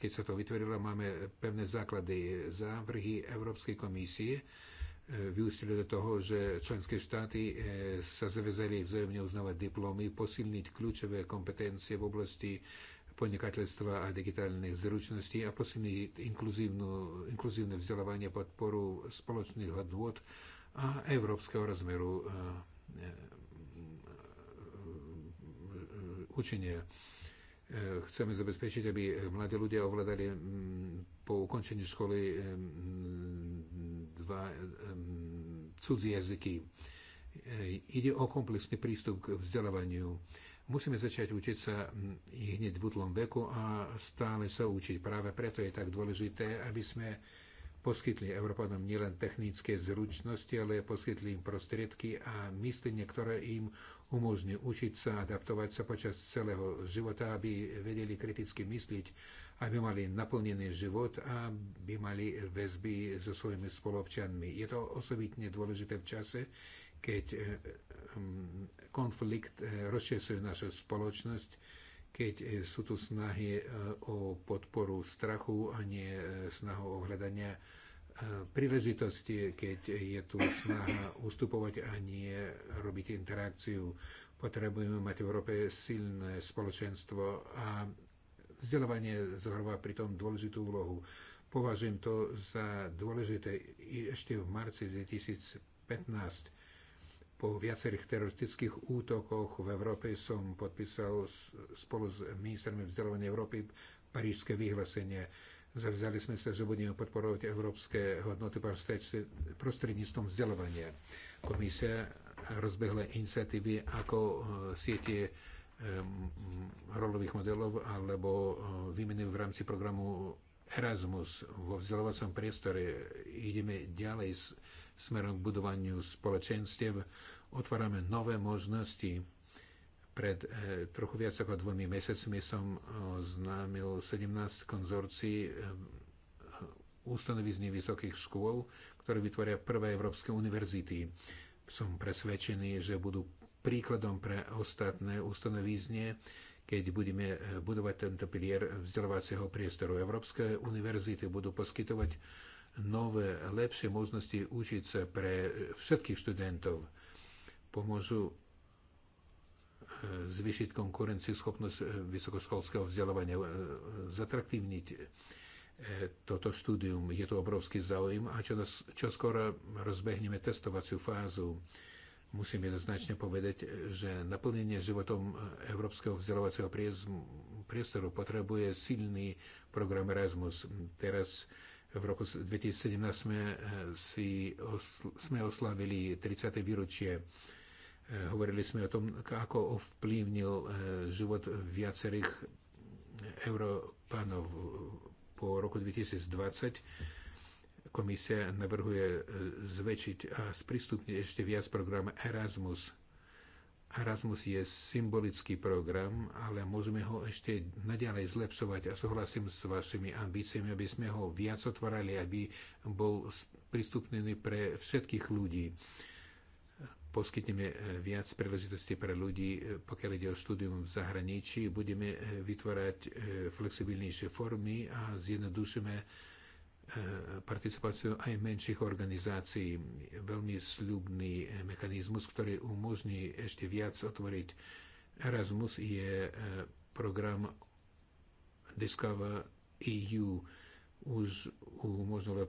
keď sa to vytvorilo, máme pevné základy závrhy Európskej komisie, eh, vyústili do toho, že členské štáty sa zavezali vzájomne uznávať diplomy, posilniť kľúčové kompetencie v oblasti podnikateľstva a digitálnych zručností a posilniť inkluzívne vzdelávanie podporu spoločných hodnôt a európskeho rozmeru učenia. E, chceme zabezpečiť, aby mladí ľudia ovládali po ukončení školy e, dva e, cudzí jazyky. Ide o komplexný prístup k vzdelávaniu. Musíme začať učiť sa i hneď v útlom veku a stále sa učiť. Práve preto je tak dôležité, aby sme poskytli Európanom nielen technické zručnosti, ale poskytli im prostriedky a myslenie, ktoré im umožní učiť sa, adaptovať sa počas celého života, aby vedeli kriticky mysliť, aby mali naplnený život a aby mali väzby so svojimi spolobčanmi. Je to osobitne dôležité v čase, keď eh, mm, konflikt eh, rozčesuje našu spoločnosť, keď eh, sú tu snahy o podporu strachu a nie snahu o hľadania príležitosti, keď je tu snaha ustupovať a nie robiť interakciu. Potrebujeme mať v Európe silné spoločenstvo a vzdelávanie zohráva tom dôležitú úlohu. Považujem to za dôležité ešte v marci 2015 po viacerých teroristických útokoch v Európe som podpísal spolu s ministrami vzdelávania Európy parížske vyhlásenie Zavzali sme sa, že budeme podporovať európske hodnoty prostredníctvom vzdelávania. Komisia rozbehla iniciatívy ako e, siete e, rolových modelov alebo e, výmeny v rámci programu Erasmus vo vzdelávacom priestore. Ideme ďalej smerom k budovaniu spoločenstiev, otvárame nové možnosti pred e, trochu viac ako dvomi mesiacmi som eh, oznámil 17 konzorcií ustanovizní eh, vysokých škôl, ktoré vytvoria prvé európske univerzity. Som presvedčený, že budú príkladom pre ostatné ustanovizne, keď budeme budovať tento pilier vzdelávacieho priestoru. Európske univerzity budú poskytovať nové, lepšie možnosti učiť sa pre všetkých študentov. Pomôžu zvýšiť konkurencieschopnosť eh, vysokoškolského vzdelávania, eh, zatraktívniť eh, toto štúdium. Je to obrovský záujem a čo, čo skoro rozbehneme testovaciu fázu. Musím jednoznačne povedať, že naplnenie životom európskeho vzdelávacieho priestoru potrebuje silný program Erasmus. Teraz v roku 2017 sme, si, osl sme oslavili 30. výročie E, hovorili sme o tom, ako ovplyvnil e, život viacerých e, Európanov po roku 2020. Komisia navrhuje zväčšiť a sprístupniť ešte viac program Erasmus. Erasmus je symbolický program, ale môžeme ho ešte naďalej zlepšovať a súhlasím s vašimi ambíciami, aby sme ho viac otvárali, aby bol prístupnený pre všetkých ľudí poskytneme eh, viac príležitostí pre ľudí, eh, pokiaľ ide o štúdium v zahraničí, budeme eh, vytvárať flexibilnejšie formy a zjednodušíme participáciu aj menších organizácií. Veľmi sľubný mechanizmus, ktorý umožní ešte viac otvoriť Erasmus, je program Discover EU už u možno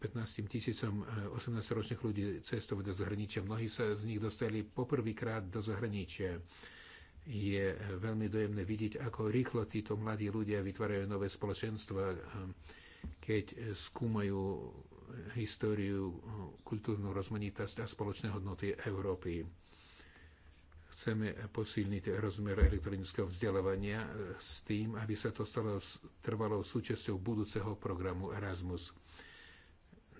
15 tisícom 18-ročných e, ľudí cestovať do zahraničia. Mnohí sa z nich dostali poprvýkrát do zahraničia. Je veľmi dojemné vidieť, ako rýchlo títo mladí ľudia vytvárajú nové spoločenstva, e, keď skúmajú históriu, e, kultúrnu rozmanitosť a spoločné hodnoty Európy Chceme posilniť rozmer elektronického vzdelávania e, s tým, aby sa to stalo trvalou súčasťou budúceho programu Erasmus.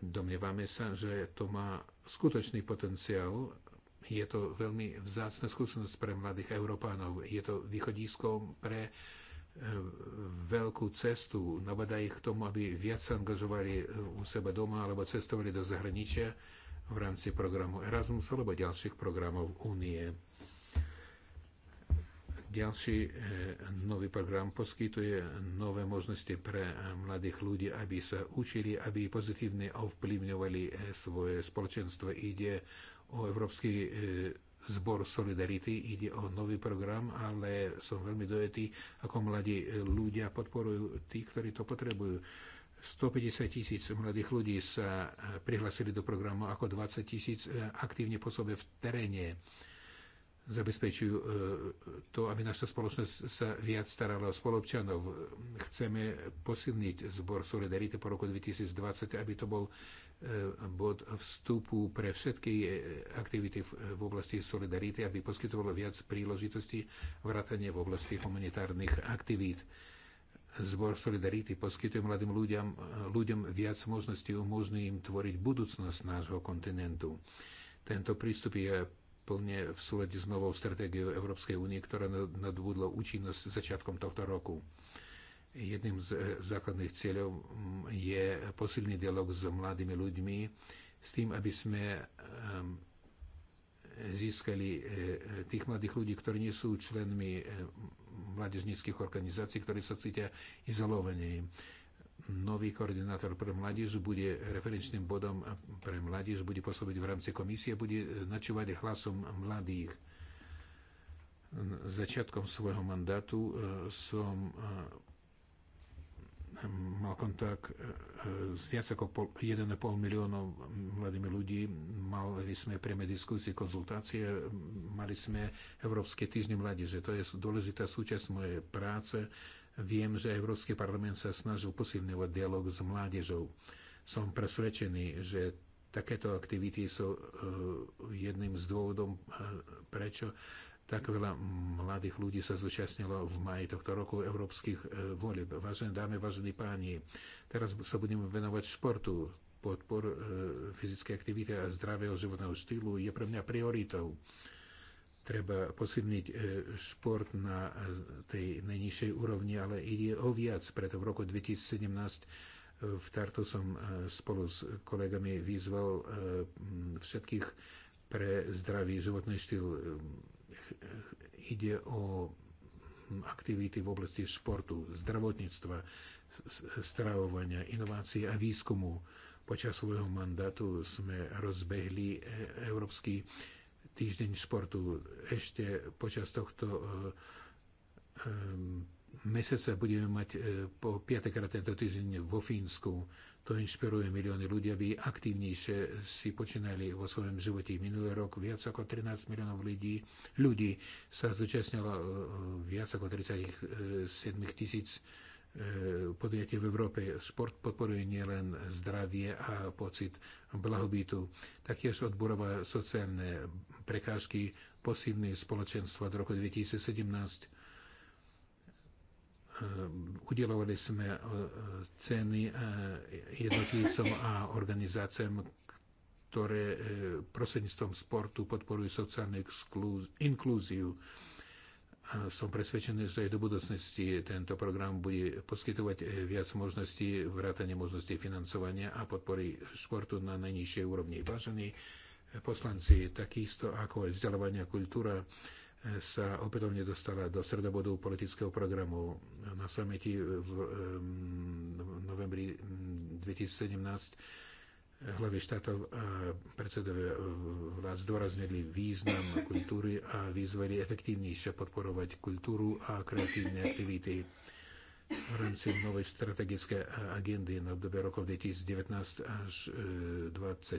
Domnievame sa, že to má skutočný potenciál. Je to veľmi vzácna skúsenosť pre mladých Európánov. Je to východisko pre e, veľkú cestu, nabadá ich k tomu, aby viac sa angažovali e, u seba doma alebo cestovali do zahraničia v rámci programu Erasmus alebo ďalších programov Únie. Ďalší eh, nový program poskytuje nové možnosti pre eh, mladých ľudí, aby sa učili, aby pozitívne ovplyvňovali eh, svoje spoločenstvo. Ide o Európsky zbor Solidarity, ide o nový program, ale som veľmi dojetý, ako mladí ľudia podporujú tí, ktorí to potrebujú. 150 tisíc mladých ľudí sa prihlasili do programu, ako 20 tisíc aktívne pôsobia v teréne zabezpečujú e, to, aby naša spoločnosť sa viac starala o spolobčanov. Chceme posilniť zbor Solidarity po roku 2020, aby to bol e, bod vstupu pre všetky e, aktivity v oblasti solidarity, aby poskytovalo viac príležitostí vrátane v oblasti humanitárnych aktivít. Zbor Solidarity poskytuje mladým ľuďom, ľuďom viac možností, umožní im tvoriť budúcnosť nášho kontinentu. Tento prístup je plne v súlade s novou stratégiou Európskej únie, ktorá nadobudla účinnosť začiatkom tohto roku. Jedným z eh, základných cieľov mm, je posilný dialog s mladými ľuďmi s tým, aby sme ehm, získali eh, eh, tých mladých ľudí, ktorí nie sú členmi mládežníckých organizácií, ktorí sa cítia izolovaní. Nový koordinátor pre mladiež bude referenčným bodom pre mladiež, bude pôsobiť v rámci komisie, bude načúvať hlasom mladých. Začiatkom svojho mandátu e, som e, mal kontakt e, s viac ako 1,5 miliónov mladými ľudí. Mali sme priame diskusie, konzultácie, mali sme Európske týždne mladí, že To je dôležitá súčasť mojej práce. Viem, že Európsky parlament sa snažil posilňovať dialog s mládežou. Som presvedčený, že takéto aktivity sú e, jedným z dôvodom, e, prečo tak veľa mladých ľudí sa zúčastnilo v maji tohto roku európskych e, volieb. Vážené dámy, vážení páni, teraz sa budeme venovať športu. Podpor fyzickej aktivity a zdravého životného štýlu je pre mňa prioritou. Treba posilniť e, šport na e, tej najnižšej úrovni, ale ide o viac. Preto v roku 2017 e, v Tartu som spolu s kolegami vyzval všetkých pre zdravý životný štýl. Ide o aktivity v oblasti športu, zdravotníctva, stravovania, inovácií a výskumu. Počas svojho mandátu sme rozbehli Európsky e- týždeň športu. Ešte počas tohto eh, eh, mesiaca budeme mať eh, po piatekrát krát tento týždeň vo Fínsku. To inšpiruje milióny ľudí, aby aktívnejšie si počínali vo svojom živote. Minulý rok viac ako 13 miliónov ľudí, ľudí sa zúčastnilo viac ako 37 tisíc 000 E, podujatie v Európe. Sport podporuje nielen zdravie a pocit blahobytu, taktiež odborová sociálne prekážky posilný spoločenstva od roku 2017. E, udelovali sme e, ceny jednotlivcom a organizáciám, ktoré prostredníctvom sportu podporujú sociálnu inklúziu som presvedčený, že aj do budúcnosti tento program bude poskytovať eh, viac možností, vrátanie možností financovania a podpory športu na najnižšej úrovni. Vážení eh, poslanci, takisto ako aj vzdelávania kultúra eh, sa opätovne dostala do sredobodu politického programu. Na samete v, v novembri 2017 mm, hlavy štátov a predsedovia e, vlád zdôraznili význam kultúry a vyzvali efektívnejšie podporovať kultúru a kreatívne aktivity v rámci novej strategické agendy na obdobie rokov 2019 až 2024.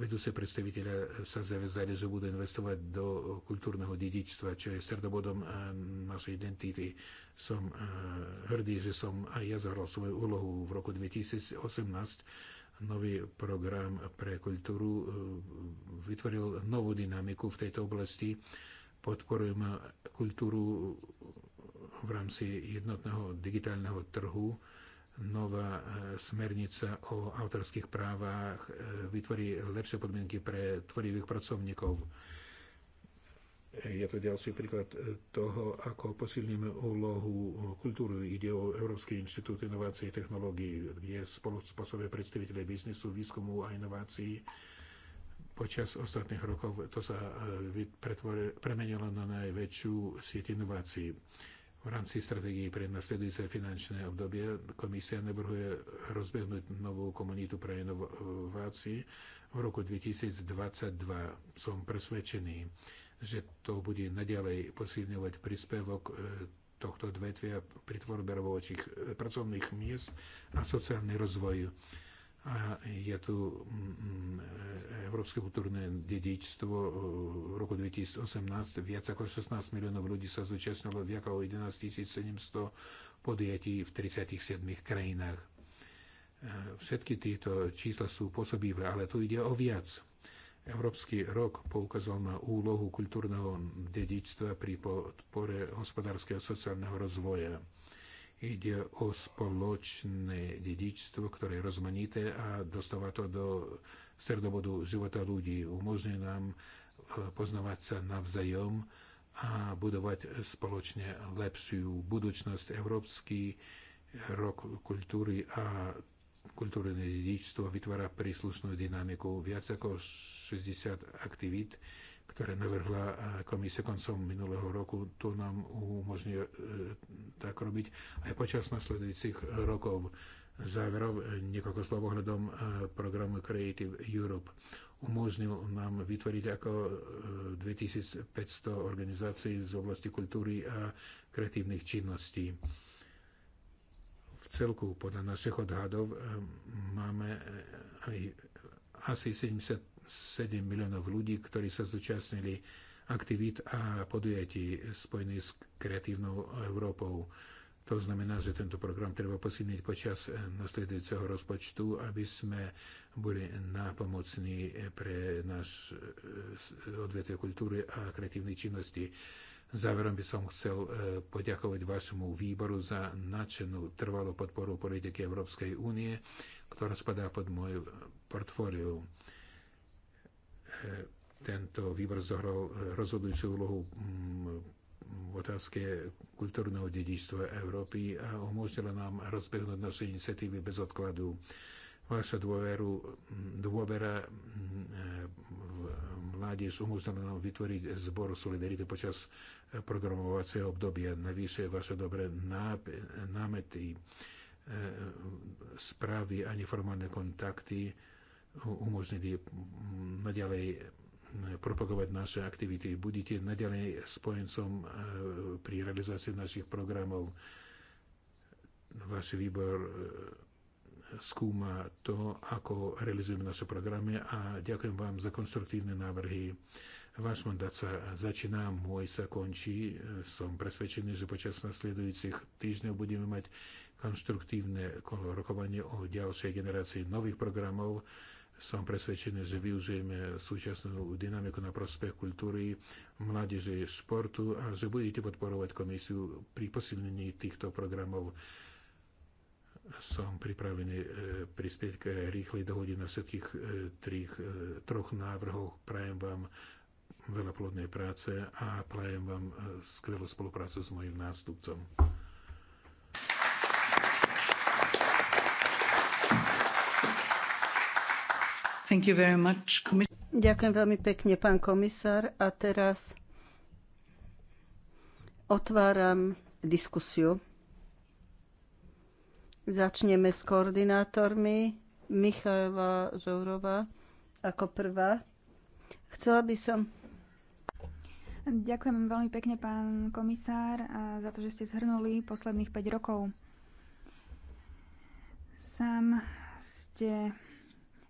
Vedúce predstaviteľe sa zavezali, že budú investovať do kultúrneho dedičstva, čo je srdobodom e, našej identity. Som e, hrdý, že som aj ja zahral svoju úlohu v roku 2018 nový program pre kultúru e, vytvoril novú dynamiku v tejto oblasti. Podporujeme kultúru v rámci jednotného digitálneho trhu. Nová e, smernica o autorských právach e, vytvorí lepšie podmienky pre tvorivých pracovníkov je to ďalší príklad e, toho, ako posilníme úlohu kultúry. Ide o Európsky inštitút inovácií a technológií, kde spolu spôsobia predstaviteľe biznisu, výskumu a inovácií počas ostatných rokov to sa e, premenilo na najväčšiu sieť inovácií. V rámci stratégie pre nasledujúce finančné obdobie komisia navrhuje rozbehnúť novú komunitu pre inovácii v roku 2022. Som presvedčený, že to bude naďalej posilňovať príspevok e, tohto dvetvia pri tvorbe robočích e, pracovných miest a sociálny rozvoj. A je tu mm, mm, Európske kultúrne dedičstvo. E, v roku 2018 viac ako 16 miliónov ľudí sa zúčastnilo v ako 11 700 podujatí v 37 krajinách. Všetky tieto čísla sú pôsobivé, ale tu ide o viac Európsky rok poukázal na úlohu kultúrneho dedičstva pri podpore hospodárskeho a sociálneho rozvoja. Ide o spoločné dedičstvo, ktoré je rozmanité a dostáva to do stredobodu života ľudí. Umožňuje nám e, poznávať sa navzájom a budovať spoločne lepšiu budúcnosť. Európsky rok kultúry a kultúrne dedičstvo vytvára príslušnú dynamiku. Viac ako 60 aktivít, ktoré navrhla eh, komisia koncom minulého roku, to nám umožňuje eh, tak robiť aj počas nasledujúcich rokov. Záverov eh, niekoľko slov ohľadom programu Creative Europe umožnil nám vytvoriť ako 2500 organizácií z oblasti kultúry a kreatívnych činností celku podľa našich odhadov eh, máme eh, aj asi 77 miliónov ľudí, ktorí sa zúčastnili aktivít a podujatí spojených s kreatívnou Európou. To znamená, že tento program treba posilniť počas eh, nasledujúceho rozpočtu, aby sme boli nápomocní pre náš odvetvie kultúry a kreatívnej činnosti. Záverom by som chcel e, poďakovať vašemu výboru za nadšenú trvalú podporu politiky Európskej únie, ktorá spadá pod moju portfóliu. E, tento výbor zohral rozhodujúcu úlohu mm, v otázke kultúrneho dedičstva Európy a umožnila nám rozbehnúť naše iniciatívy bez odkladu. Vaša dôveru, dôvera e, mládež umožnila nám vytvoriť zbor Solidarity počas programovacieho obdobia. Navyše vaše dobré námety, e, správy a neformálne kontakty umožnili naďalej propagovať naše aktivity. Budete naďalej spojencom e, pri realizácii našich programov. Váš výbor skúma to, ako realizujeme naše programy a ďakujem vám za konstruktívne návrhy. Váš mandát sa začína, môj sa končí. Som presvedčený, že počas nasledujúcich týždňov budeme mať konštruktívne rokovanie o ďalšej generácii nových programov. Som presvedčený, že využijeme súčasnú dynamiku na prospech kultúry, mládeže, športu a že budete podporovať komisiu pri posilnení týchto programov som pripravený e, prispieť k rýchlej dohode na všetkých e, trých, e, troch návrhoch. Prajem vám veľa plodnej práce a prajem vám skvelú spoluprácu s mojim nástupcom. Thank you very much, Ďakujem veľmi pekne, pán komisár. A teraz otváram diskusiu. Začneme s koordinátormi. Michaela Žourova ako prvá. Chcela by som... Ďakujem veľmi pekne, pán komisár, za to, že ste zhrnuli posledných 5 rokov. Sám ste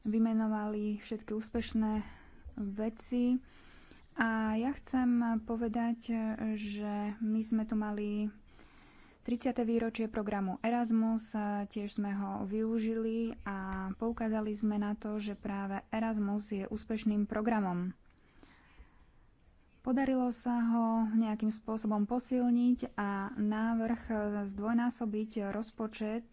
vymenovali všetky úspešné veci a ja chcem povedať, že my sme tu mali 30. výročie programu Erasmus, tiež sme ho využili a poukázali sme na to, že práve Erasmus je úspešným programom. Podarilo sa ho nejakým spôsobom posilniť a návrh zdvojnásobiť rozpočet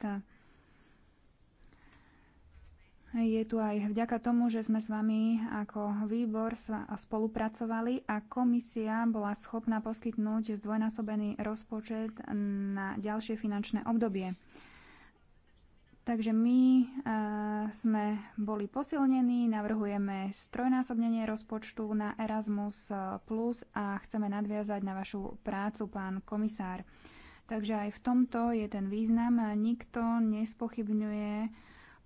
je tu aj vďaka tomu, že sme s vami ako výbor spolupracovali a komisia bola schopná poskytnúť zdvojnásobený rozpočet na ďalšie finančné obdobie. Takže my e, sme boli posilnení, navrhujeme strojnásobnenie rozpočtu na Erasmus e, Plus a chceme nadviazať na vašu prácu, pán komisár. Takže aj v tomto je ten význam. Nikto nespochybňuje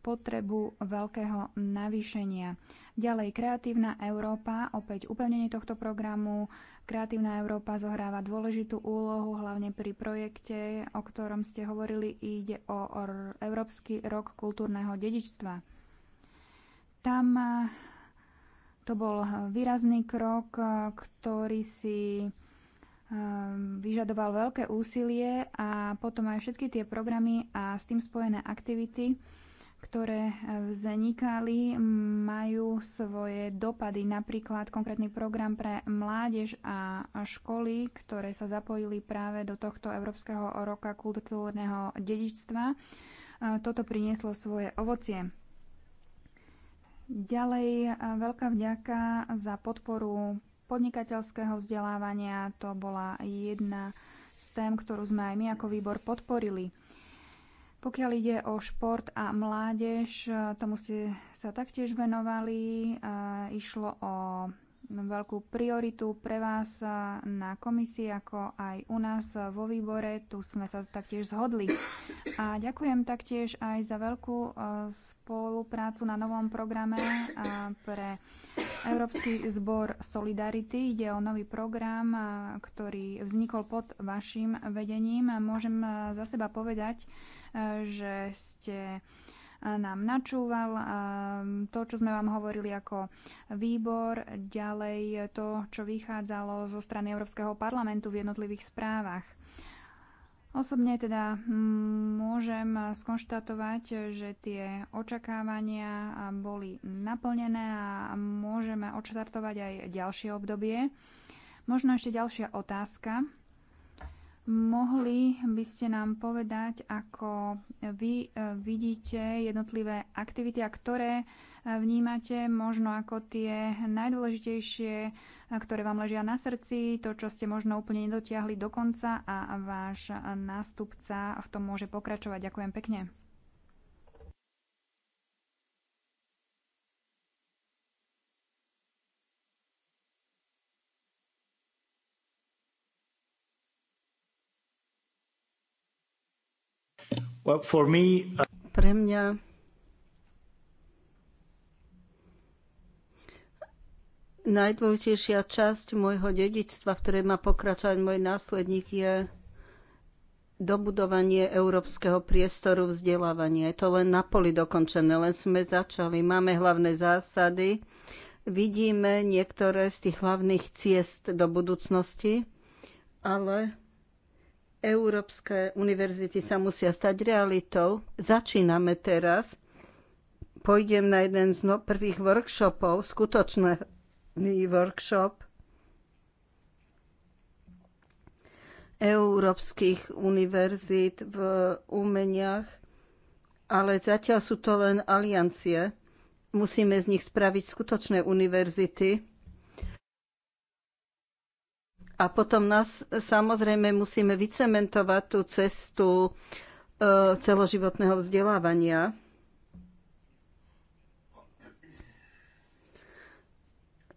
potrebu veľkého navýšenia. Ďalej, Kreatívna Európa, opäť upevnenie tohto programu. Kreatívna Európa zohráva dôležitú úlohu, hlavne pri projekte, o ktorom ste hovorili, ide o, o Európsky rok kultúrneho dedičstva. Tam e, to bol výrazný krok, e, ktorý si e, vyžadoval veľké úsilie a potom aj všetky tie programy a s tým spojené aktivity ktoré e, vznikali, majú svoje dopady. Napríklad konkrétny program pre mládež a školy, ktoré sa zapojili práve do tohto Európskeho roka kultúrneho dedičstva. E, toto prinieslo svoje ovocie. Ďalej e, veľká vďaka za podporu podnikateľského vzdelávania. To bola jedna z tém, ktorú sme aj my ako výbor podporili. Pokiaľ ide o šport a mládež, e, tomu ste sa taktiež venovali. E, išlo o veľkú prioritu pre vás e, na komisii, ako aj u nás vo výbore. Tu sme sa taktiež zhodli. A ďakujem taktiež aj za veľkú spoluprácu na novom programe pre Európsky zbor Solidarity. Ide o nový program, ktorý vznikol pod vašim vedením. Môžem za seba povedať, že ste nám načúval. To, čo sme vám hovorili ako výbor, ďalej to, čo vychádzalo zo strany Európskeho parlamentu v jednotlivých správach. Osobne teda môžem skonštatovať, že tie očakávania boli naplnené a môžeme odštartovať aj ďalšie obdobie. Možno ešte ďalšia otázka. Mohli by ste nám povedať, ako vy eh, vidíte jednotlivé aktivity a ktoré vnímate možno ako tie najdôležitejšie, ktoré vám ležia na srdci, to, čo ste možno úplne nedotiahli do konca a váš nástupca v tom môže pokračovať. Ďakujem pekne. Well, me... Uh Pre mňa najdôležitejšia časť môjho dedičstva, ktoré má pokračovať môj následník, je dobudovanie európskeho priestoru vzdelávania. Je to len na poli dokončené, len sme začali. Máme hlavné zásady, vidíme niektoré z tých hlavných ciest do budúcnosti, ale európske univerzity sa musia stať realitou. Začíname teraz. Pôjdem na jeden z no- prvých workshopov skutočného workshop európskych univerzít v umeniach, ale zatiaľ sú to len aliancie. Musíme z nich spraviť skutočné univerzity. A potom nás samozrejme musíme vycementovať tú cestu e, celoživotného vzdelávania.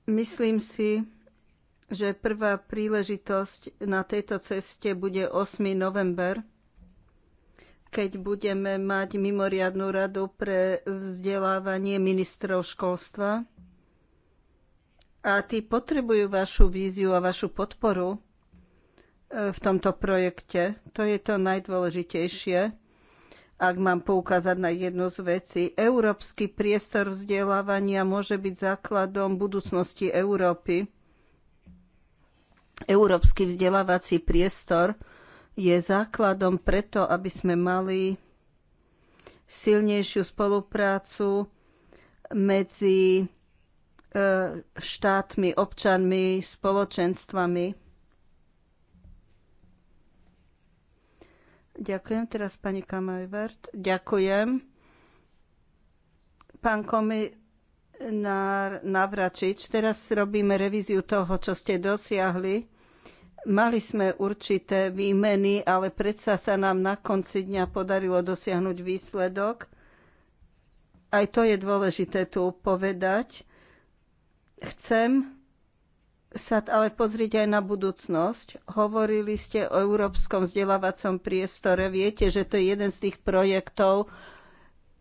Myslím si, že prvá príležitosť na tejto ceste bude 8. november, keď budeme mať mimoriadnú radu pre vzdelávanie ministrov školstva. A tí potrebujú vašu víziu a vašu podporu eh, v tomto projekte. To je to najdôležitejšie ak mám poukázať na jednu z vecí. Európsky priestor vzdelávania môže byť základom budúcnosti Európy. Európsky vzdelávací priestor je základom preto, aby sme mali silnejšiu spoluprácu medzi e, štátmi, občanmi, spoločenstvami Ďakujem. Teraz pani Kamajvert. Ďakujem. Pán komi, na Navračič. Teraz robíme revíziu toho, čo ste dosiahli. Mali sme určité výmeny, ale predsa sa nám na konci dňa podarilo dosiahnuť výsledok. Aj to je dôležité tu povedať. Chcem sa ale pozrieť aj na budúcnosť. Hovorili ste o európskom vzdelávacom priestore. Viete, že to je jeden z tých projektov,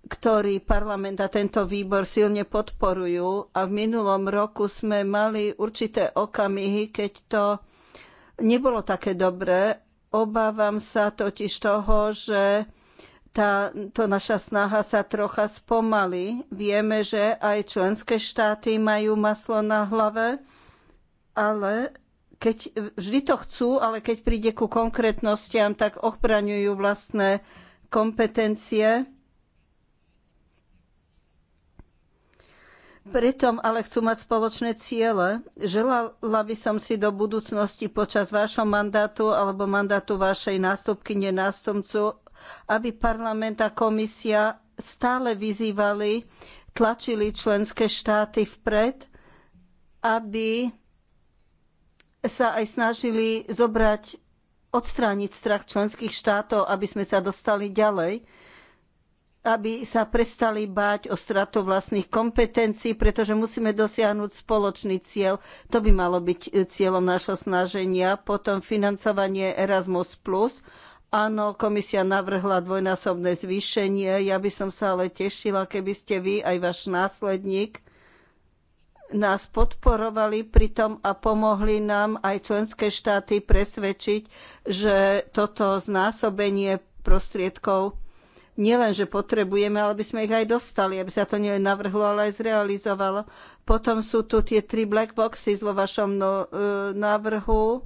ktorý parlament a tento výbor silne podporujú. A v minulom roku sme mali určité okamihy, keď to nebolo také dobré. Obávam sa totiž toho, že tá, to naša snaha sa trocha spomalí. Vieme, že aj členské štáty majú maslo na hlave ale keď vždy to chcú, ale keď príde ku konkrétnostiam, tak ochraňujú vlastné kompetencie. Preto ale chcú mať spoločné ciele. Želala by som si do budúcnosti počas vášho mandátu alebo mandátu vašej nástupky, nenástupcu, aby parlament a komisia stále vyzývali, tlačili členské štáty vpred, aby sa aj snažili zobrať, odstrániť strach členských štátov, aby sme sa dostali ďalej, aby sa prestali báť o stratu vlastných kompetencií, pretože musíme dosiahnuť spoločný cieľ. To by malo byť e, cieľom nášho snaženia. Potom financovanie Erasmus+, Áno, komisia navrhla dvojnásobné zvýšenie. Ja by som sa ale tešila, keby ste vy aj váš následník nás podporovali pritom a pomohli nám aj členské štáty presvedčiť, že toto znásobenie prostriedkov nielenže potrebujeme, ale by sme ich aj dostali, aby sa to nielen navrhlo, ale aj zrealizovalo. Potom sú tu tie tri black boxes vo vašom no, e, návrhu.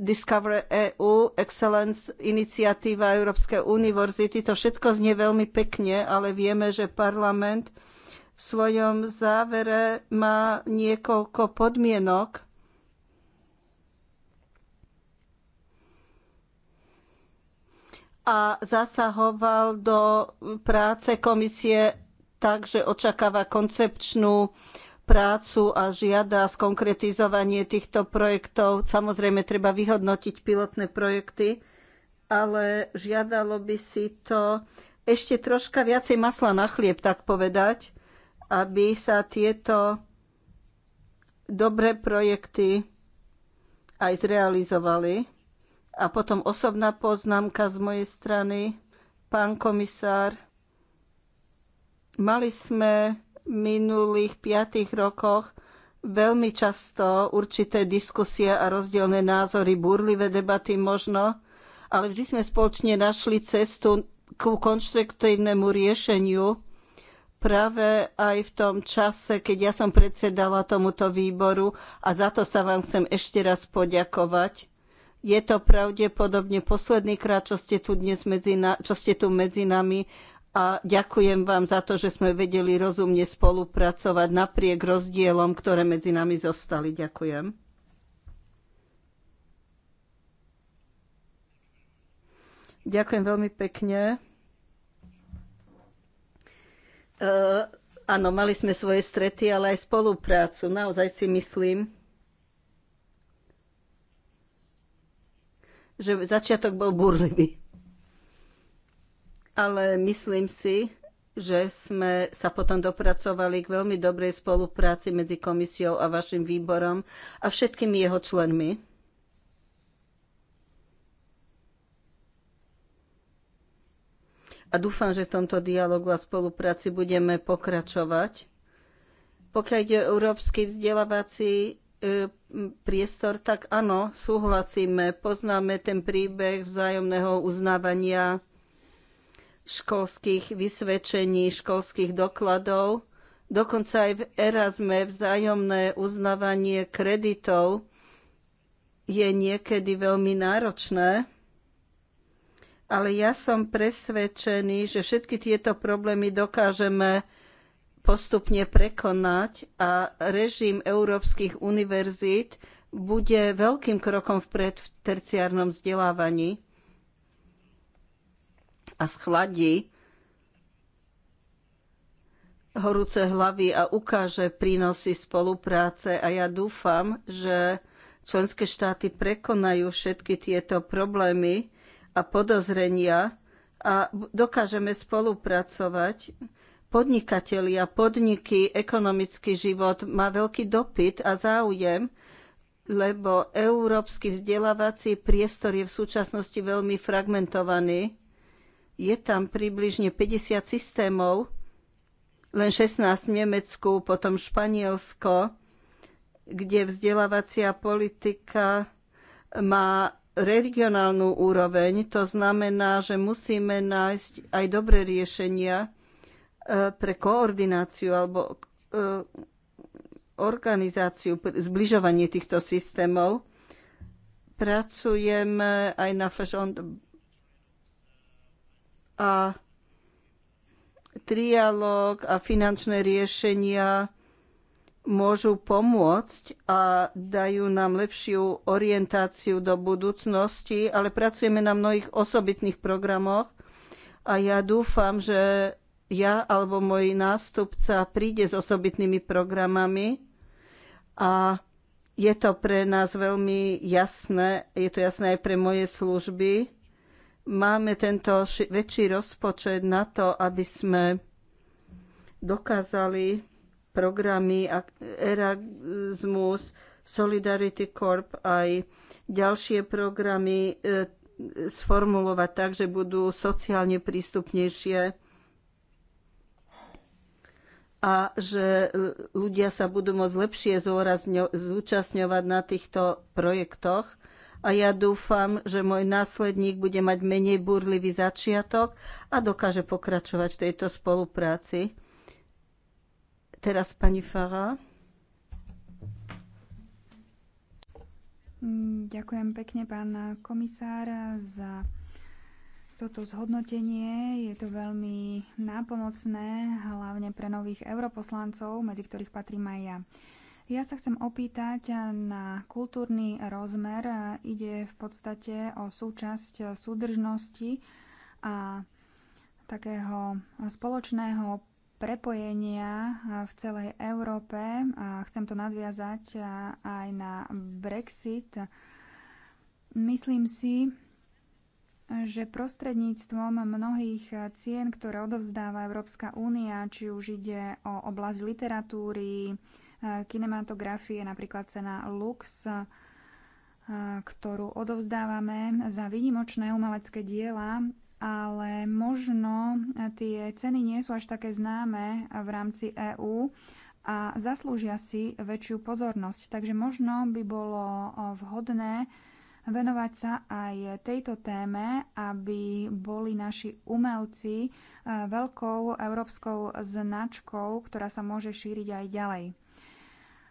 Discover EU, Excellence, iniciatíva Európskej univerzity, to všetko znie veľmi pekne, ale vieme, že parlament svojom závere má niekoľko podmienok. a zasahoval do práce komisie tak, že očakáva koncepčnú prácu a žiada skonkretizovanie týchto projektov. Samozrejme, treba vyhodnotiť pilotné projekty, ale žiadalo by si to ešte troška viacej masla na chlieb, tak povedať aby sa tieto dobré projekty aj zrealizovali. A potom osobná poznámka z mojej strany, pán komisár, mali sme v minulých piatých rokoch veľmi často určité diskusie a rozdielne názory, búrlivé debaty možno, ale vždy sme spoločne našli cestu ku konštruktívnemu riešeniu práve aj v tom čase, keď ja som predsedala tomuto výboru a za to sa vám chcem ešte raz poďakovať. Je to pravdepodobne posledný krát, čo ste tu dnes medzi, na, čo ste tu medzi nami a ďakujem vám za to, že sme vedeli rozumne spolupracovať napriek rozdielom, ktoré medzi nami zostali. Ďakujem. Ďakujem veľmi pekne. Eh, áno, mali sme svoje strety, ale aj spoluprácu. Naozaj si myslím, že začiatok bol burlivý. Ale myslím si, že sme sa potom dopracovali k veľmi dobrej spolupráci medzi komisiou a vašim výborom a všetkými jeho členmi. a dúfam, že v tomto dialogu a spolupráci budeme pokračovať. Pokiaľ ide o európsky vzdelávací e, priestor, tak áno, súhlasíme, poznáme ten príbeh vzájomného uznávania školských vysvedčení, školských dokladov, dokonca aj v Erasme vzájomné uznávanie kreditov je niekedy veľmi náročné ale ja som presvedčený, že všetky tieto problémy dokážeme postupne prekonať a režim európskych univerzít bude veľkým krokom vpred v terciárnom vzdelávaní a schladí horúce hlavy a ukáže prínosy spolupráce a ja dúfam, že členské štáty prekonajú všetky tieto problémy, a podozrenia a dokážeme spolupracovať. Podnikatelia, podniky, ekonomický život má veľký dopyt a záujem, lebo európsky vzdelávací priestor je v súčasnosti veľmi fragmentovaný. Je tam približne 50 systémov, len 16 v Nemecku, potom Španielsko, kde vzdelávacia politika má regionálnu úroveň. To znamená, že musíme nájsť aj dobré riešenia e, pre koordináciu alebo e, organizáciu, zbližovanie týchto systémov. Pracujeme aj na Fashion a trialog a finančné riešenia môžu pomôcť a dajú nám lepšiu orientáciu do budúcnosti, ale pracujeme na mnohých osobitných programoch a ja dúfam, že ja alebo môj nástupca príde s osobitnými programami a je to pre nás veľmi jasné, je to jasné aj pre moje služby. Máme tento väčší rozpočet na to, aby sme dokázali programy Erasmus, Solidarity Corp aj ďalšie programy e, sformulovať tak, že budú sociálne prístupnejšie a že e, ľudia sa budú môcť lepšie zúčastňovať na týchto projektoch. A ja dúfam, že môj následník bude mať menej burlivý začiatok a dokáže pokračovať v tejto spolupráci. Teraz pani Fara. Mm, ďakujem pekne, pán komisár, za toto zhodnotenie. Je to veľmi nápomocné, hlavne pre nových europoslancov, medzi ktorých patrím aj ja. Ja sa chcem opýtať na kultúrny rozmer. Ide v podstate o súčasť súdržnosti a takého spoločného prepojenia v celej Európe. A chcem to nadviazať aj na Brexit. Myslím si, že prostredníctvom mnohých cien, ktoré odovzdáva Európska únia, či už ide o oblasť literatúry, kinematografie, napríklad cena Lux, ktorú odovzdávame za výnimočné umelecké diela, ale možno e, tie ceny nie sú až také známe v rámci EÚ a zaslúžia si väčšiu pozornosť. Takže možno by bolo e, vhodné venovať sa aj tejto téme, aby boli naši umelci e, veľkou európskou značkou, ktorá sa môže šíriť aj ďalej.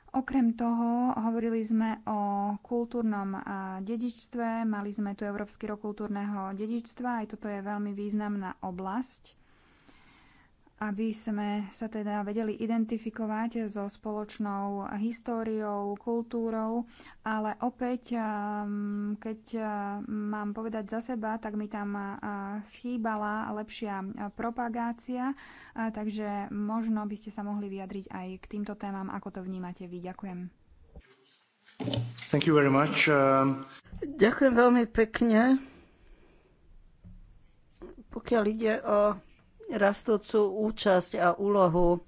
Okrem toho hovorili sme o kultúrnom dedičstve, mali sme tu Európsky rok kultúrneho dedičstva, aj toto je veľmi významná oblasť aby sme sa teda vedeli identifikovať so spoločnou históriou, kultúrou, ale opäť, um, keď uh, mám povedať za seba, tak mi tam uh, chýbala lepšia propagácia, uh, takže možno by ste sa mohli vyjadriť aj k týmto témam, ako to vnímate vy. Ďakujem. Thank you very much. Um... Ďakujem veľmi pekne. Pokiaľ ide o rastúcu účasť a úlohu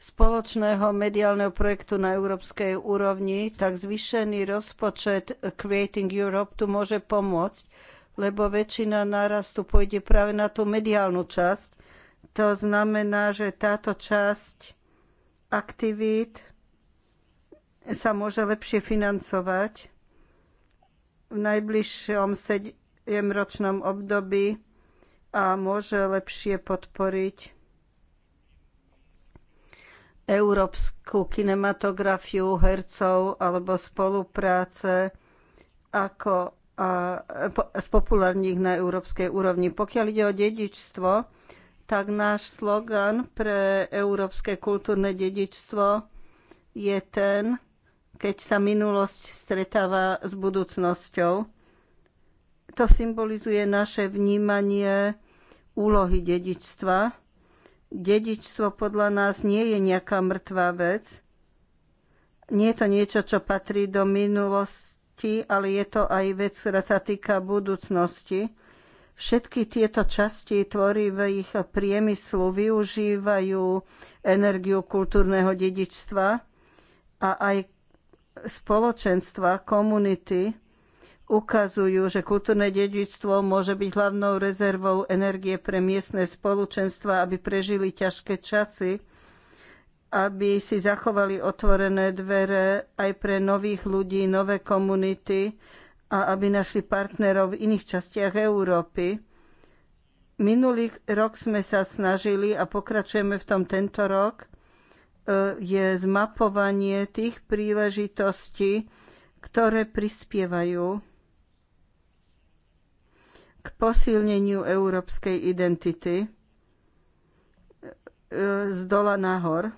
spoločného mediálneho projektu na európskej úrovni, tak zvýšený rozpočet Creating Europe tu môže pomôcť, lebo väčšina nárastu pôjde práve na tú mediálnu časť. To znamená, že táto časť aktivít sa môže lepšie financovať v najbližšom 7-ročnom období a môže lepšie podporiť európsku kinematografiu hercov alebo spolupráce ako a, spopulárnych na európskej úrovni. Pokiaľ ide o dedičstvo, tak náš slogan pre európske kultúrne dedičstvo je ten, keď sa minulosť stretáva s budúcnosťou. To symbolizuje naše vnímanie úlohy dedičstva. Dedičstvo podľa nás nie je nejaká mŕtvá vec. Nie je to niečo, čo patrí do minulosti, ale je to aj vec, ktorá sa týka budúcnosti. Všetky tieto časti tvorivých priemyslu využívajú energiu kultúrneho dedičstva a aj spoločenstva, komunity, ukazujú, že kultúrne dedičstvo môže byť hlavnou rezervou energie pre miestne spoločenstva, aby prežili ťažké časy, aby si zachovali otvorené dvere aj pre nových ľudí, nové komunity a aby našli partnerov v iných častiach Európy. Minulý rok sme sa snažili a pokračujeme v tom tento rok, e, je zmapovanie tých príležitostí, ktoré prispievajú k posilneniu európskej identity e, z dola nahor. E,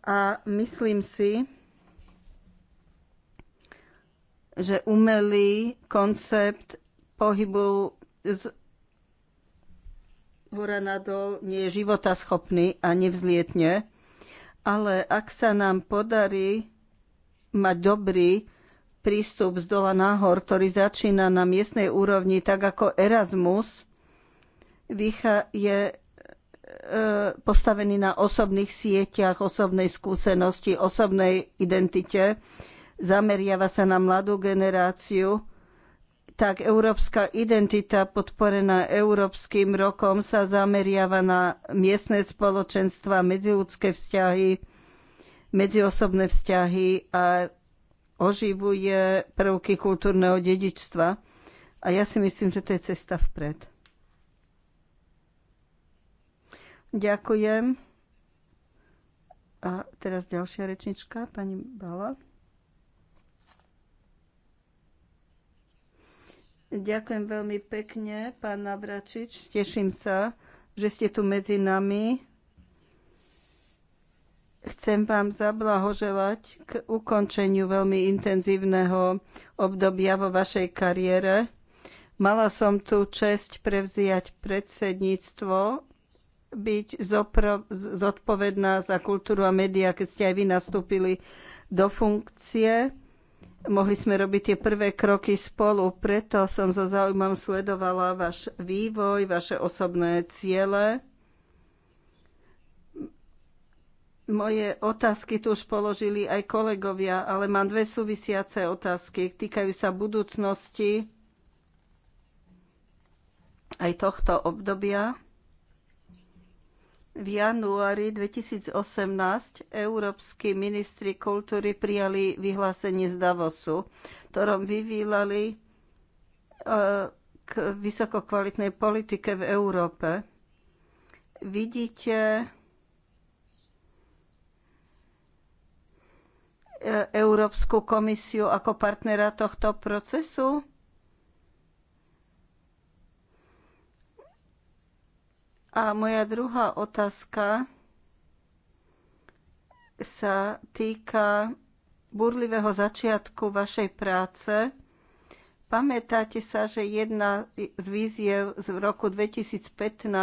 a myslím si, že umelý koncept pohybu z hora nadol nie je schopný a nevzlietne, ale ak sa nám podarí mať dobrý prístup z dola nahor, ktorý začína na miestnej úrovni, tak ako Erasmus, je e, postavený na osobných sieťach, osobnej skúsenosti, osobnej identite, zameriava sa na mladú generáciu, tak európska identita podporená Európskym rokom sa zameriava na miestne spoločenstva, medziludské vzťahy, medziosobné vzťahy a oživuje prvky kultúrneho dedičstva. A ja si myslím, že to je cesta vpred. Ďakujem. A teraz ďalšia rečnička, pani Bala. Ďakujem veľmi pekne, pán Navračič. Teším sa, že ste tu medzi nami Chcem vám zablahoželať k ukončeniu veľmi intenzívneho obdobia vo vašej kariére. Mala som tu čest prevziať predsedníctvo, byť zodpovedná za kultúru a médiá, keď ste aj vy nastúpili do funkcie. Mohli sme robiť tie prvé kroky spolu, preto som so záujmom sledovala váš vývoj, vaše osobné ciele Moje otázky tu už položili aj kolegovia, ale mám dve súvisiace otázky. Týkajú sa budúcnosti aj tohto obdobia. V januári 2018 európsky ministri kultúry prijali vyhlásenie z Davosu, ktorom vyvílali e, k vysokokvalitnej politike v Európe. Vidíte E, Európsku komisiu ako partnera tohto procesu? A moja druhá otázka sa týka burlivého začiatku vašej práce Pamätáte sa, že jedna z víziev z roku 2015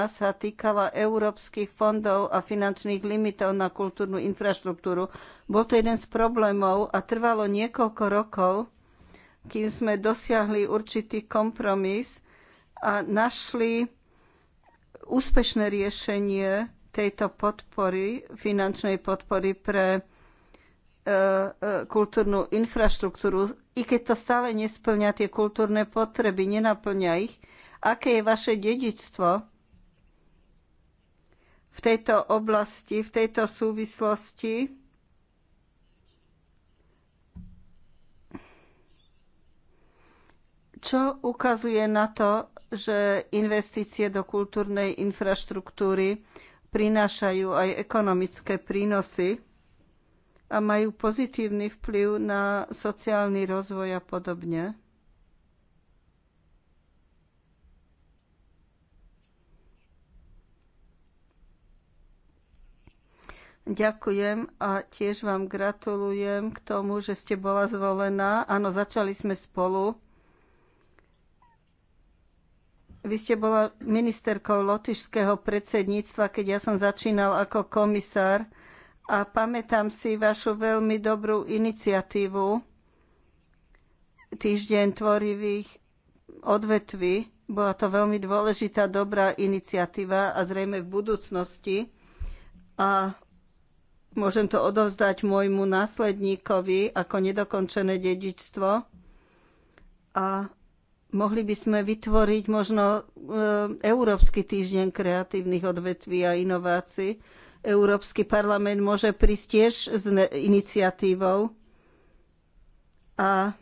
sa týkala európskych fondov a finančných limitov na kultúrnu infraštruktúru. Bol to jeden z problémov a trvalo niekoľko rokov, kým sme dosiahli určitý kompromis a našli úspešné riešenie tejto podpory, finančnej podpory pre E, e, kultúrnu infraštruktúru, i keď to stále nesplňa tie kultúrne potreby, nenaplňa ich. Aké je vaše dedičstvo v tejto oblasti, v tejto súvislosti? Čo ukazuje na to, že investície do kultúrnej infraštruktúry prinášajú aj ekonomické prínosy? a majú pozitívny vplyv na sociálny rozvoj a podobne. Ďakujem a tiež vám gratulujem k tomu, že ste bola zvolená. Áno, začali sme spolu. Vy ste bola ministerkou lotyšského predsedníctva, keď ja som začínal ako komisár a pamätám si vašu veľmi dobrú iniciatívu Týždeň tvorivých odvetví. Bola to veľmi dôležitá, dobrá iniciatíva a zrejme v budúcnosti. A môžem to odovzdať môjmu následníkovi ako nedokončené dedičstvo. A mohli by sme vytvoriť možno e, Európsky týždeň kreatívnych odvetví a inovácií, Európsky parlament môže prísť tiež s iniciatívou. A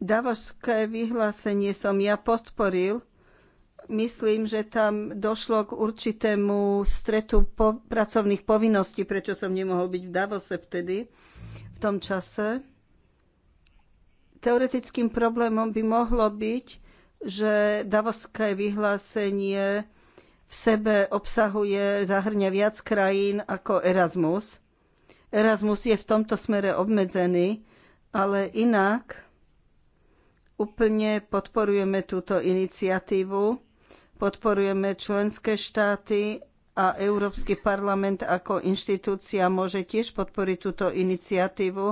davoské vyhlásenie som ja podporil. Myslím, že tam došlo k určitému stretu po- pracovných povinností, prečo som nemohol byť v Davose vtedy, v tom čase. Teoretickým problémom by mohlo byť, že Davoské vyhlásenie v sebe obsahuje, zahrňa viac krajín ako Erasmus. Erasmus je v tomto smere obmedzený, ale inak úplne podporujeme túto iniciatívu, podporujeme členské štáty a Európsky parlament ako inštitúcia môže tiež podporiť túto iniciatívu,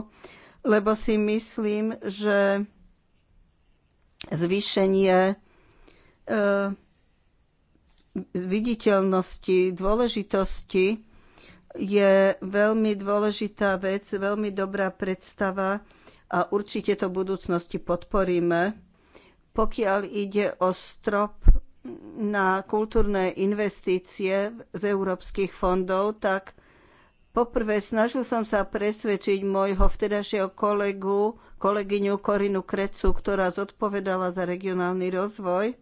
lebo si myslím, že zvýšenie eh, viditeľnosti, dôležitosti je veľmi dôležitá vec, veľmi dobrá predstava a určite to v budúcnosti podporíme. Pokiaľ ide o strop na kultúrne investície z európskych fondov, tak poprvé snažil som sa presvedčiť môjho vtedajšieho kolegu, kolegyňu Korinu Krecu, ktorá zodpovedala za regionálny rozvoj, e,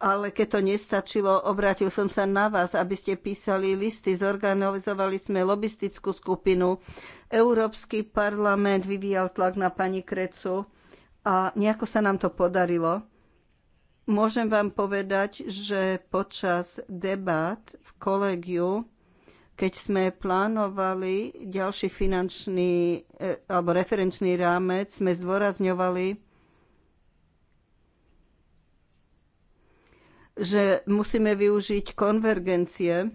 ale keď to nestačilo, obrátil som sa na vás, aby ste písali listy. Zorganizovali sme lobistickú skupinu. Európsky parlament vyvíjal tlak na pani Krecu a nejako sa nám to podarilo. Môžem vám povedať, že počas debat v kolegiu, keď sme plánovali ďalší finančný e, alebo referenčný rámec, sme zdôrazňovali, že musíme využiť konvergencie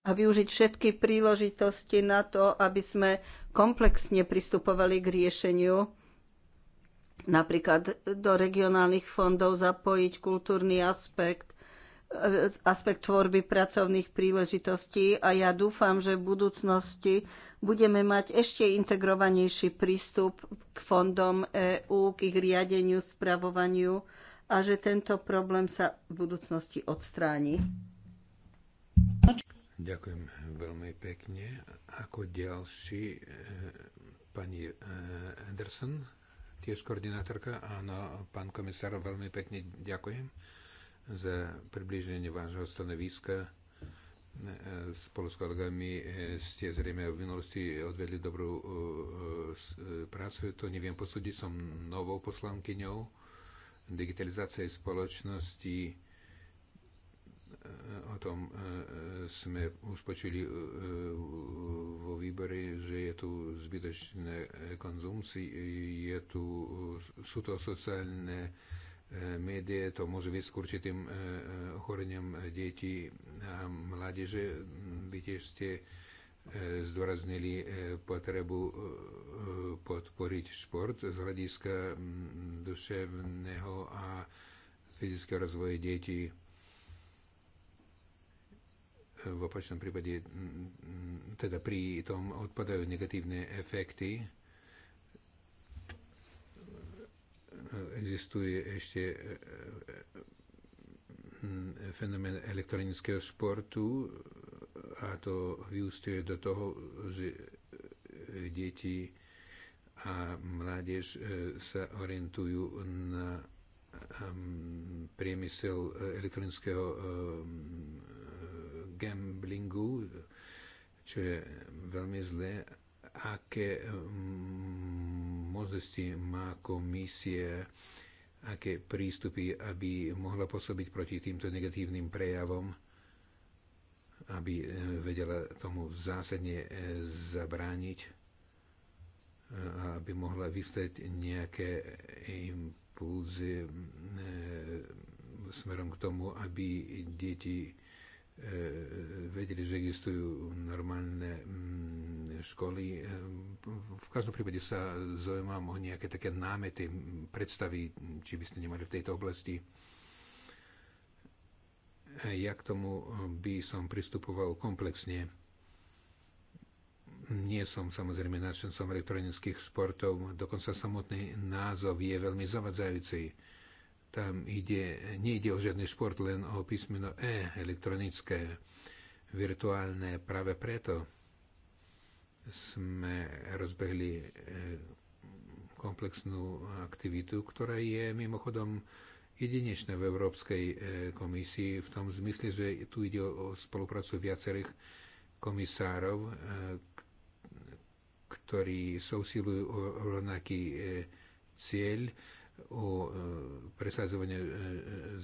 a využiť všetky príležitosti na to, aby sme komplexne pristupovali k riešeniu napríklad do regionálnych fondov zapojiť kultúrny aspekt, aspekt tvorby pracovných príležitostí a ja dúfam, že v budúcnosti budeme mať ešte integrovanejší prístup k fondom EÚ, k ich riadeniu, spravovaniu a že tento problém sa v budúcnosti odstráni. Ďakujem veľmi pekne. Ako ďalší, eh, pani eh, Anderson, tiež koordinátorka. Áno, pán komisár, veľmi pekne ďakujem za priblíženie vášho stanoviska. Eh, spolu s kolegami ste zrejme v minulosti odvedli dobrú prácu, to neviem posúdiť, som novou poslankyňou digitalizácie spoločnosti. E, o tom e, sme už počuli e, vo výbore, že je tu zbytočné konzumci, je tu, sú to sociálne médiá, to môže byť k určitým ochoreniam detí a mládeže. Vy tiež ste E, zdôraznili e, potrebu e, podporiť šport z hľadiska duševného a fyzického rozvoja detí. V opačnom prípade, teda pri tom odpadajú negatívne efekty. Existuje ešte fenomén elektronického športu, a to vyústuje do toho, že e, deti a mládež e, sa orientujú na priemysel e, elektronického gamblingu, čo je veľmi zlé. Aké možnosti má komisie, aké prístupy, aby mohla pôsobiť proti týmto negatívnym prejavom? aby e, vedela tomu zásadne e, zabrániť e, aby mohla vystať nejaké impulzy smerom k tomu, aby deti vedeli, že existujú normálne mm, školy. V každom prípade sa zaujímam o nejaké také námety, predstavy, či by ste nemali v tejto oblasti ja k tomu eh, by som pristupoval komplexne. Nie som samozrejme nadšencom elektronických športov, dokonca samotný názov je veľmi zavadzajúci. Tam ide, nejde o žiadny šport, len o písmeno E, elektronické, virtuálne. Práve preto sme rozbehli eh, komplexnú aktivitu, ktorá je mimochodom jedinečné v Európskej e, komisii v tom zmysle, že tu ide o spoluprácu viacerých komisárov, e, ktorí sousilujú o rovnaký e, cieľ, o presadzovanie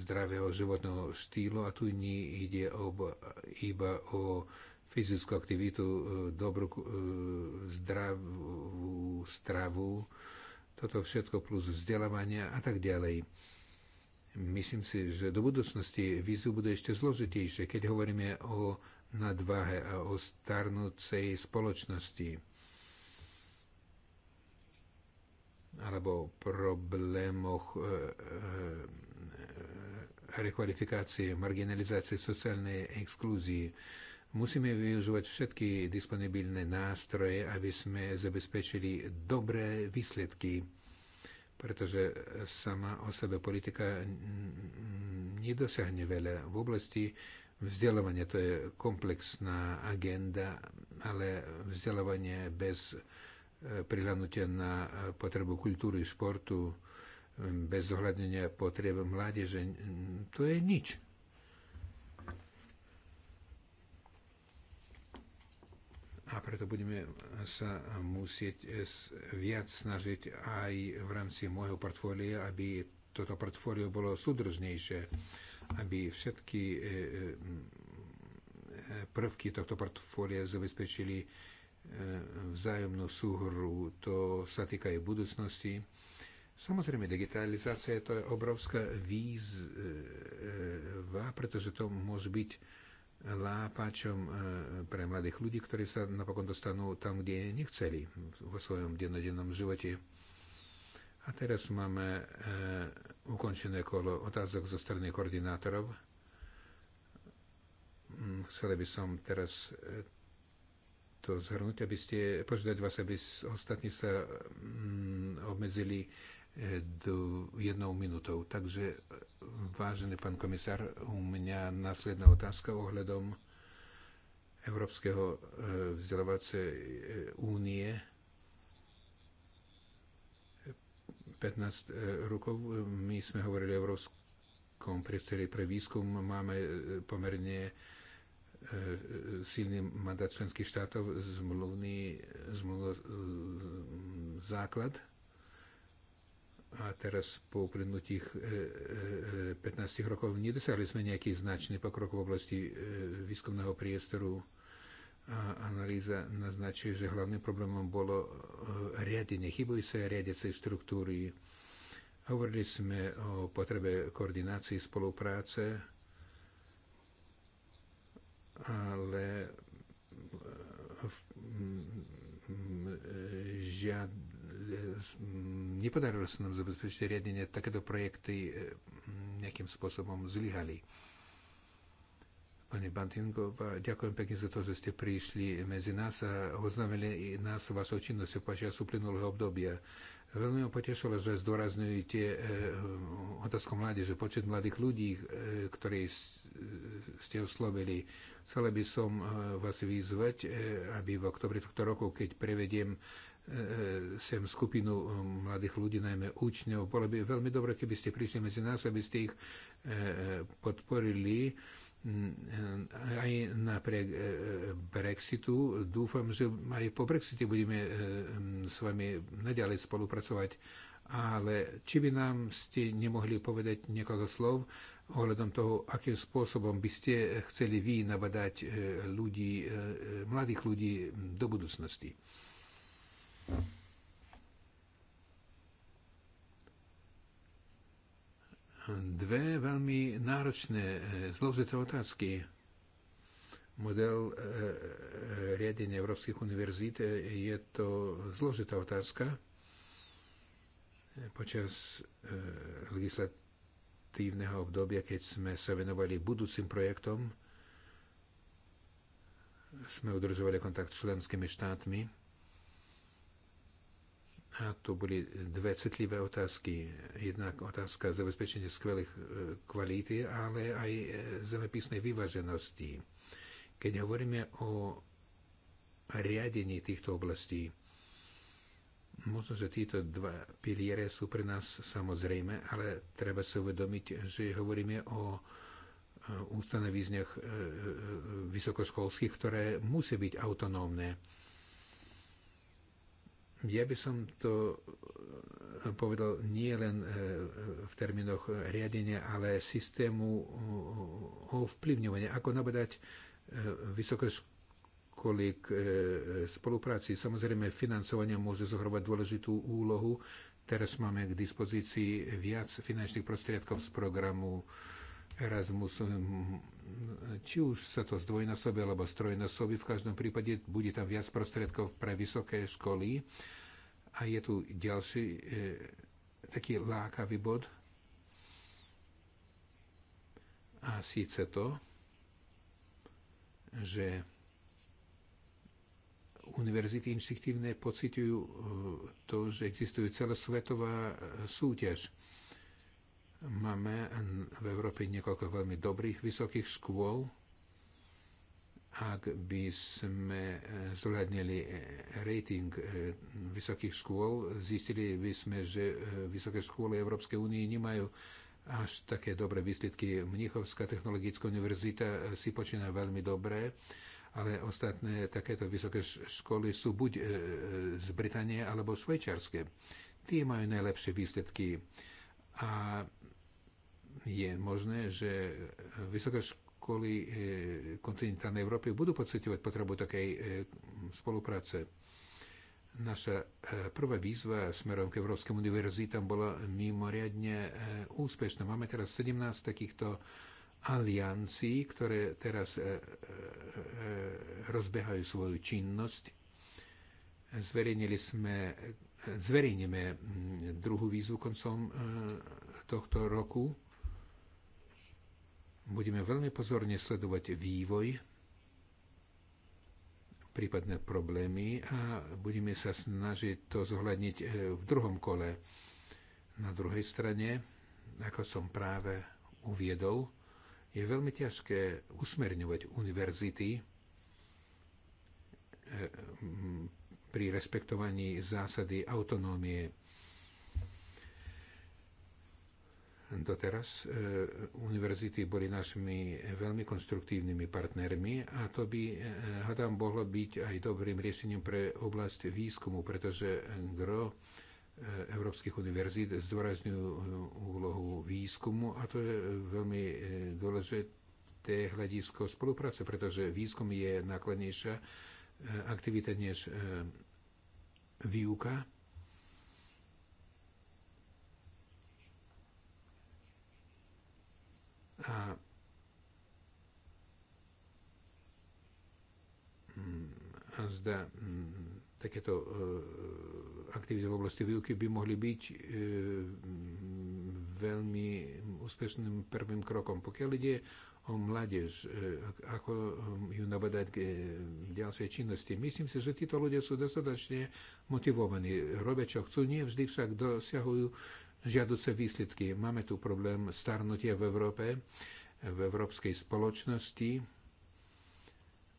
zdravého životného štýlu a tu nie ide ob, iba o fyzickú aktivitu, dobrú zdravú stravu, toto všetko plus vzdelávania a tak ďalej. Myslím si, že do budúcnosti vízu bude ešte zložitejšie, keď hovoríme o nadvahe a o starnúcej spoločnosti alebo problémoch e, e, rekvalifikácie, marginalizácie, sociálnej exklúzii. Musíme využívať všetky disponibilné nástroje, aby sme zabezpečili dobré výsledky pretože sama o sebe politika nedosiahne veľa v oblasti vzdelávania. To je komplexná agenda, ale vzdelávanie bez e, prihľadnutia na potrebu kultúry, športu, bez zohľadnenia potreb mládeže, to je nič. a preto budeme sa musieť viac snažiť aj v rámci môjho portfólia, aby toto portfólio bolo súdržnejšie, aby všetky e, e, prvky tohto portfólia zabezpečili e, vzájomnú súhru. To sa týka aj budúcnosti. Samozrejme, digitalizácia to je obrovská výzva, pretože to môže byť lápačom e, pre mladých ľudí, ktorí sa napokon dostanú tam, kde nechceli vo svojom dennodennom živote. A teraz máme e, ukončené kolo otázok zo strany koordinátorov. Mm, chceli by som teraz e, to zhrnúť, aby ste, požiadať vás, aby ostatní sa mm, obmedzili do jednou minutou. Takže, vážený pán komisár, u mňa následná otázka ohľadom Európskeho e, vzdelávacej e, únie. 15 e, rokov my sme hovorili o európskom priestore pre výskum. Máme pomerne silný mandát členských štátov, zmluvný, zmluvný základ a teraz po uplynutých 15 e, e, e, rokov nedosiahli sme nejaký značný pokrok v oblasti výskumného priestoru a analýza naznačuje, že hlavným problémom bolo riadenie, chybujú sa riadiacej štruktúry. Hovorili sme o potrebe koordinácie, spolupráce, ale žiad Ehm, nepodarilo sa nám zabezpečiť riadenie, takéto projekty ehm, nejakým spôsobom zlyhali. Pani Bantingová, ďakujem pekne za to, že ste prišli medzi nás a oznámili nás vašou činnosťou počas uplynulého obdobia. Veľmi ma potešilo, že zdôrazňujete ehm, otázku mladí, že počet mladých ľudí, ktorí ste oslovili. chcel by som vás vyzvať, aby v oktobri tohto roku, keď prevediem E, sem skupinu e, mladých ľudí, najmä učňov. Bolo by veľmi dobre, keby ste prišli medzi nás, aby ste ich e, podporili mm, aj napriek Brexitu. Dúfam, že aj po Brexite budeme mm, s vami naďalej spolupracovať. Ale či by nám ste nemohli povedať niekoľko slov ohľadom toho, akým spôsobom by ste chceli vy nabadať ľudí, mladých ľudí do budúcnosti? Dve veľmi náročné, e, zložité otázky. Model e, e, riadenia európskych univerzít je to zložitá otázka. Počas legislatívneho obdobia, keď sme sa venovali budúcim projektom, sme udržovali kontakt s členskými štátmi a tu boli dve citlivé otázky. Jednak otázka zabezpečenia skvelých e, kvality, ale aj e, zemepisnej vyváženosti. Keď hovoríme o riadení týchto oblastí, možno, že títo dva piliere sú pre nás samozrejme, ale treba sa uvedomiť, že hovoríme o ústanovizniach e, vysokoškolských, ktoré musí byť autonómne ja by som to eh, povedal nie len eh, v termínoch riadenia, ale systému eh, ovplyvňovania. Ako nabadať vysoké školy k spolupráci. Samozrejme, financovanie môže zohrávať dôležitú úlohu. Teraz máme k dispozícii viac finančných prostriedkov z programu Erasmus hm, či už sa to zdvojnásobí alebo strojnásobí, v každom prípade bude tam viac prostriedkov pre vysoké školy. A je tu ďalší e, taký lákavý bod. A síce to, že univerzity inštiktívne pociťujú e, to, že existuje celosvetová e, súťaž. E, Máme v Európe niekoľko veľmi dobrých vysokých škôl. Ak by sme zohľadnili rating eh, vysokých škôl, zistili by sme, že eh, vysoké školy Európskej únie nemajú až také dobré výsledky. Mnichovská technologická univerzita eh, si počína veľmi dobre ale ostatné takéto vysoké školy sú buď z Británie alebo švajčiarske. Tie majú najlepšie výsledky a je možné, že vysoké školy e, kontinentálnej Európy budú pocitovať potrebu takej e, spolupráce. Naša e, prvá výzva smerom k Európskym univerzitám bola mimoriadne úspešná. Máme teraz 17 takýchto aliancií, ktoré teraz rozbehajú svoju činnosť. Zverejnili sme, druhú výzvu koncom tohto roku Budeme veľmi pozorne sledovať vývoj, prípadné problémy a budeme sa snažiť to zohľadniť e, v druhom kole. Na druhej strane, ako som práve uviedol, je veľmi ťažké usmerňovať univerzity e, pri respektovaní zásady autonómie doteraz e, univerzity boli našimi veľmi konstruktívnymi partnermi a to by, e, hádam, mohlo byť aj dobrým riešením pre oblasť výskumu, pretože gro e, európskych univerzít zdôrazňujú úlohu výskumu a to je veľmi dôležité hľadisko spolupráce, pretože výskum je nákladnejšia aktivita než výuka Mm, a zda mm, takéto e, aktivity v oblasti výuky by mohli byť e, veľmi úspešným prvým krokom. Pokiaľ ide o mládež, e, ako ju nabadať k ďalšej činnosti. Myslím si, že títo ľudia sú dostatočne motivovaní, robia čo chcú, nie vždy však dosiahujú žiaduce výsledky. Máme tu problém starnutia v Európe, v európskej spoločnosti.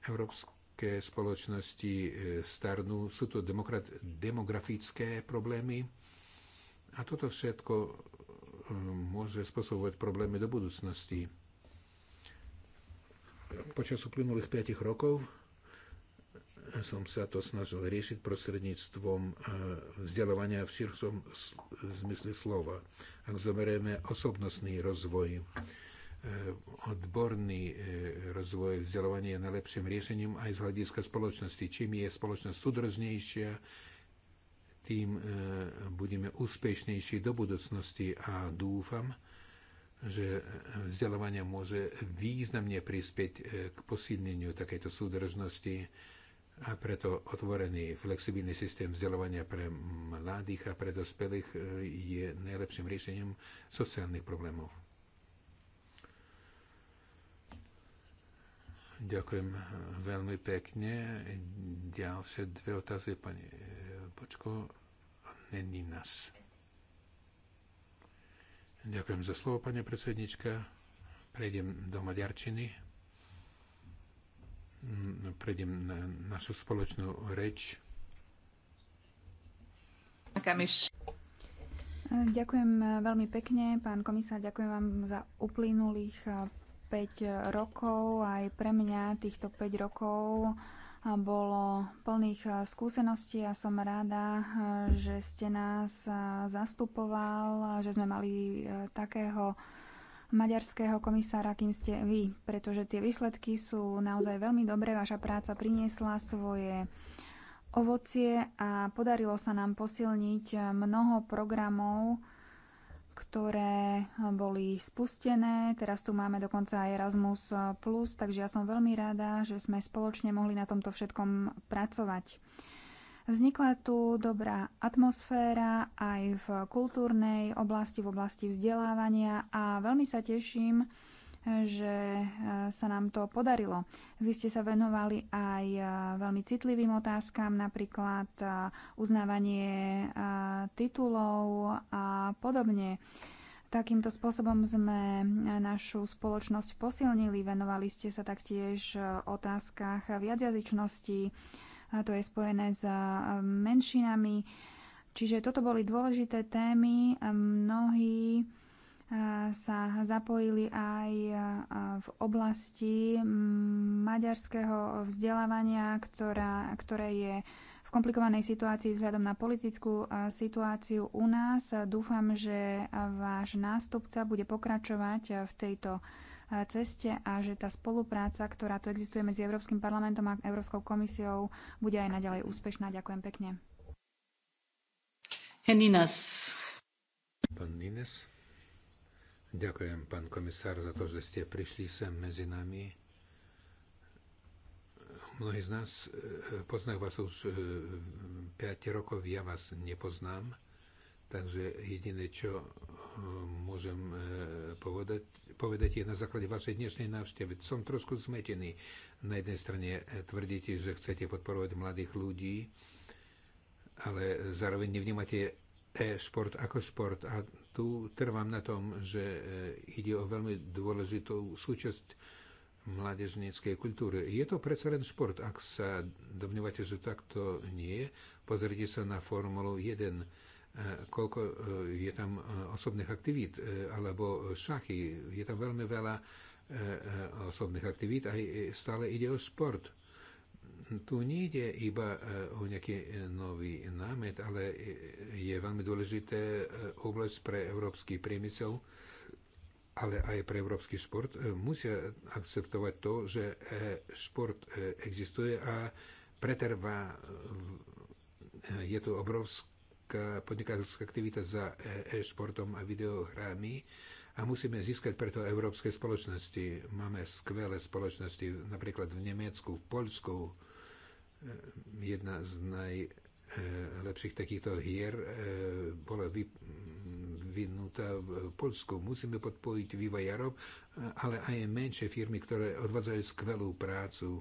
Európske spoločnosti e, starnú, sú to demografické problémy a toto všetko e, môže spôsobovať problémy do budúcnosti. Počas uplynulých 5 rokov som sa to snažil riešiť prostredníctvom e, vzdelávania v širšom zmysle slova. Ak zoberieme osobnostný rozvoj, e, odborný e, rozvoj vzdelávania je najlepším riešením aj z hľadiska spoločnosti. Čím je spoločnosť súdržnejšia, tým budeme úspešnejší do budúcnosti a dúfam, že vzdelávanie môže významne prispieť k posilneniu takejto súdržnosti a preto otvorený flexibilný systém vzdelávania pre mladých a pre dospelých e, je najlepším riešením sociálnych problémov. Ďakujem e, veľmi pekne. Ďalšie dve otázky, pani Počko, e, není nás. Ďakujem za slovo, pani predsednička. Prejdem do maďarčiny prejdem na našu spoločnú reč. Ďakujem veľmi pekne, pán komisár, ďakujem vám za uplynulých 5 rokov. Aj pre mňa týchto 5 rokov bolo plných skúseností a som rada, že ste nás zastupoval, že sme mali e, takého maďarského komisára, kým ste vy, pretože tie výsledky sú naozaj veľmi dobré. Vaša práca priniesla svoje ovocie a podarilo sa nám posilniť mnoho programov, ktoré boli spustené. Teraz tu máme dokonca aj Erasmus+, takže ja som veľmi rada, že sme spoločne mohli na tomto všetkom pracovať. Vznikla tu dobrá atmosféra aj v kultúrnej oblasti, v oblasti vzdelávania a veľmi sa teším, že e, sa nám to podarilo. Vy ste sa venovali aj e, veľmi citlivým otázkam, napríklad e, uznávanie titulov a podobne. Takýmto spôsobom sme našu spoločnosť posilnili. Venovali ste sa taktiež otázkach viacjazyčnosti, a to je spojené s menšinami. Čiže toto boli dôležité témy. Mnohí sa zapojili aj v oblasti maďarského vzdelávania, ktorá, ktoré je v komplikovanej situácii vzhľadom na politickú situáciu u nás. Dúfam, že váš nástupca bude pokračovať v tejto E, ceste a že tá spolupráca, ktorá tu existuje medzi Európskym parlamentom a Európskou komisiou, bude aj naďalej úspešná. Ďakujem pekne. Heninas. Pán Nines. Ďakujem, pán komisár, za to, že ste prišli sem medzi nami. Mnohí z nás e, e, poznajú vás už 5 rokov, ja vás nepoznám. Takže jediné, čo eh, môžem eh, povedať, povedať je na základe vašej dnešnej návštevy. Som trošku zmetený. Na jednej strane eh, tvrdíte, že chcete podporovať mladých ľudí, ale zároveň nevnímate e-šport ako šport. A tu trvám na tom, že ide o veľmi dôležitú súčasť mládežníckej kultúry. Je to predsa len šport. Ak sa domnívate, že takto nie, pozrite sa na Formulu 1 Eh, koľko eh, je tam eh, osobných aktivít, alebo šachy. Je tam veľmi veľa osobných aktivít a stále ide o šport. Tu nie ide iba o nejaký nový námet, ale je veľmi dôležité oblasť pre európsky priemysel, ale aj pre európsky šport. Musia akceptovať to, že šport existuje a pretrvá. Je to obrovské podnikateľská aktivita za e, e-športom a videohrami a musíme získať preto európske spoločnosti. Máme skvelé spoločnosti, napríklad v Nemecku, v Polsku. E, jedna z najlepších e, takýchto hier bola vyvinutá v Polsku. Musíme podpojiť vývojárov, ale aj menšie firmy, ktoré odvádzajú skvelú prácu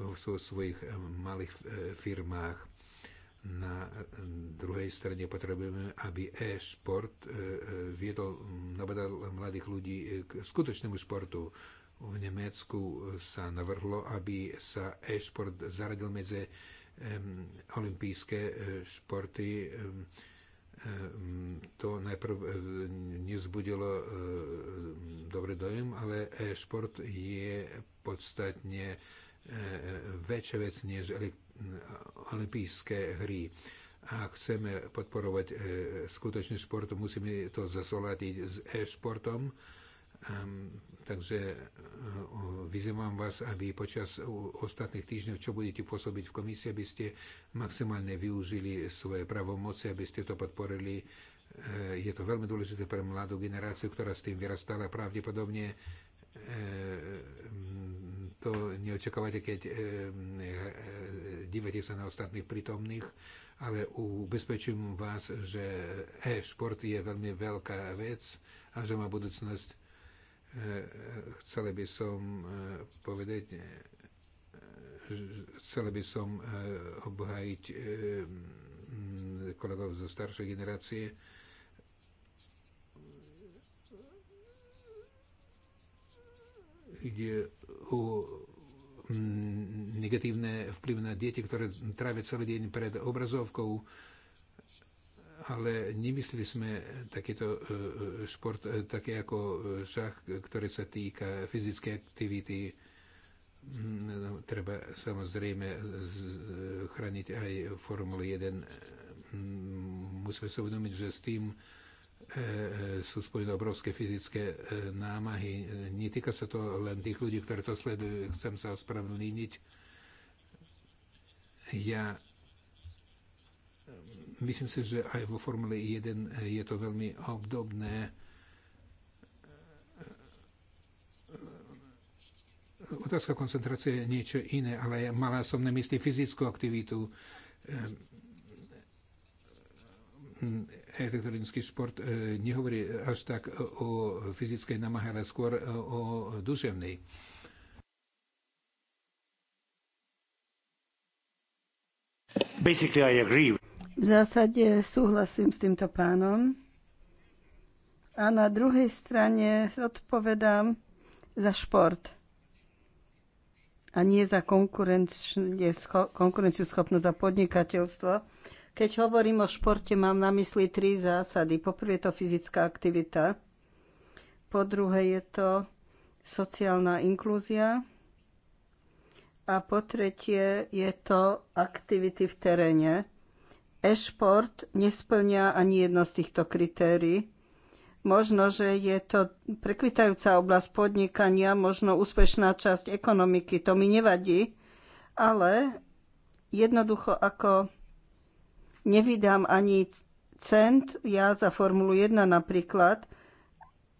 v svojich malých firmách na druhej strane potrebujeme, aby e-šport e, e, viedol, nabadal mladých ľudí k skutočnému športu. V Nemecku sa navrhlo, aby sa e-šport zaradil medzi olympijské e, športy. To najprv nezbudilo dobrý dojem, ale e-šport je podstatne väčšia vec než olympijské hry. A chceme podporovať e, skutočný šport, musíme to zasoladiť s e-športom. Ehm, takže e, vyzývam vás, aby počas ostatných týždňov, čo budete pôsobiť v komisii, aby ste maximálne využili svoje pravomoci, aby ste to podporili. E, je to veľmi dôležité pre mladú generáciu, ktorá s tým vyrastala pravdepodobne to neočakávate, keď dívajte sa na ostatných prítomných, ale ubezpečujem vás, že e-šport je veľmi veľká vec a že má budúcnosť. E, chcela by som e, povedať, e, chcela by som obhajiť kolegov zo staršej generácie, ide o negatívne vplyv na deti, ktoré trávia celý deň pred obrazovkou, ale nemysleli sme takýto e, e, šport, e, také ako šach, ktorý sa týka fyzickej aktivity. Mm, treba samozrejme chrániť aj Formulu 1. Mm, musíme sa uvedomiť, že s tým E, e, sú spojené obrovské fyzické e, námahy. Netýka sa to len tých ľudí, ktorí to sledujú. Chcem sa ospravedlniť. Ja myslím si, že aj vo Formule 1 je to veľmi obdobné. Otázka koncentrácie je niečo iné, ale ja mala som na mysli fyzickú aktivitu elektronický šport e, nehovorí až tak o fyzickej namahe, ale skôr e, o duševnej. Basically, I agree. V zásade súhlasím s týmto pánom. A na druhej strane odpovedám za šport a nie za konkurenciu schopnosť a podnikateľstvo. Keď hovorím o športe, mám na mysli tri zásady. Poprvé je to fyzická aktivita, po druhé je to sociálna inklúzia a po tretie je to aktivity v teréne. E-šport nesplňa ani jedno z týchto kritérií. Možno, že je to prekvitajúca oblasť podnikania, možno úspešná časť ekonomiky, to mi nevadí, ale jednoducho ako nevydám ani cent ja za Formulu 1 napríklad,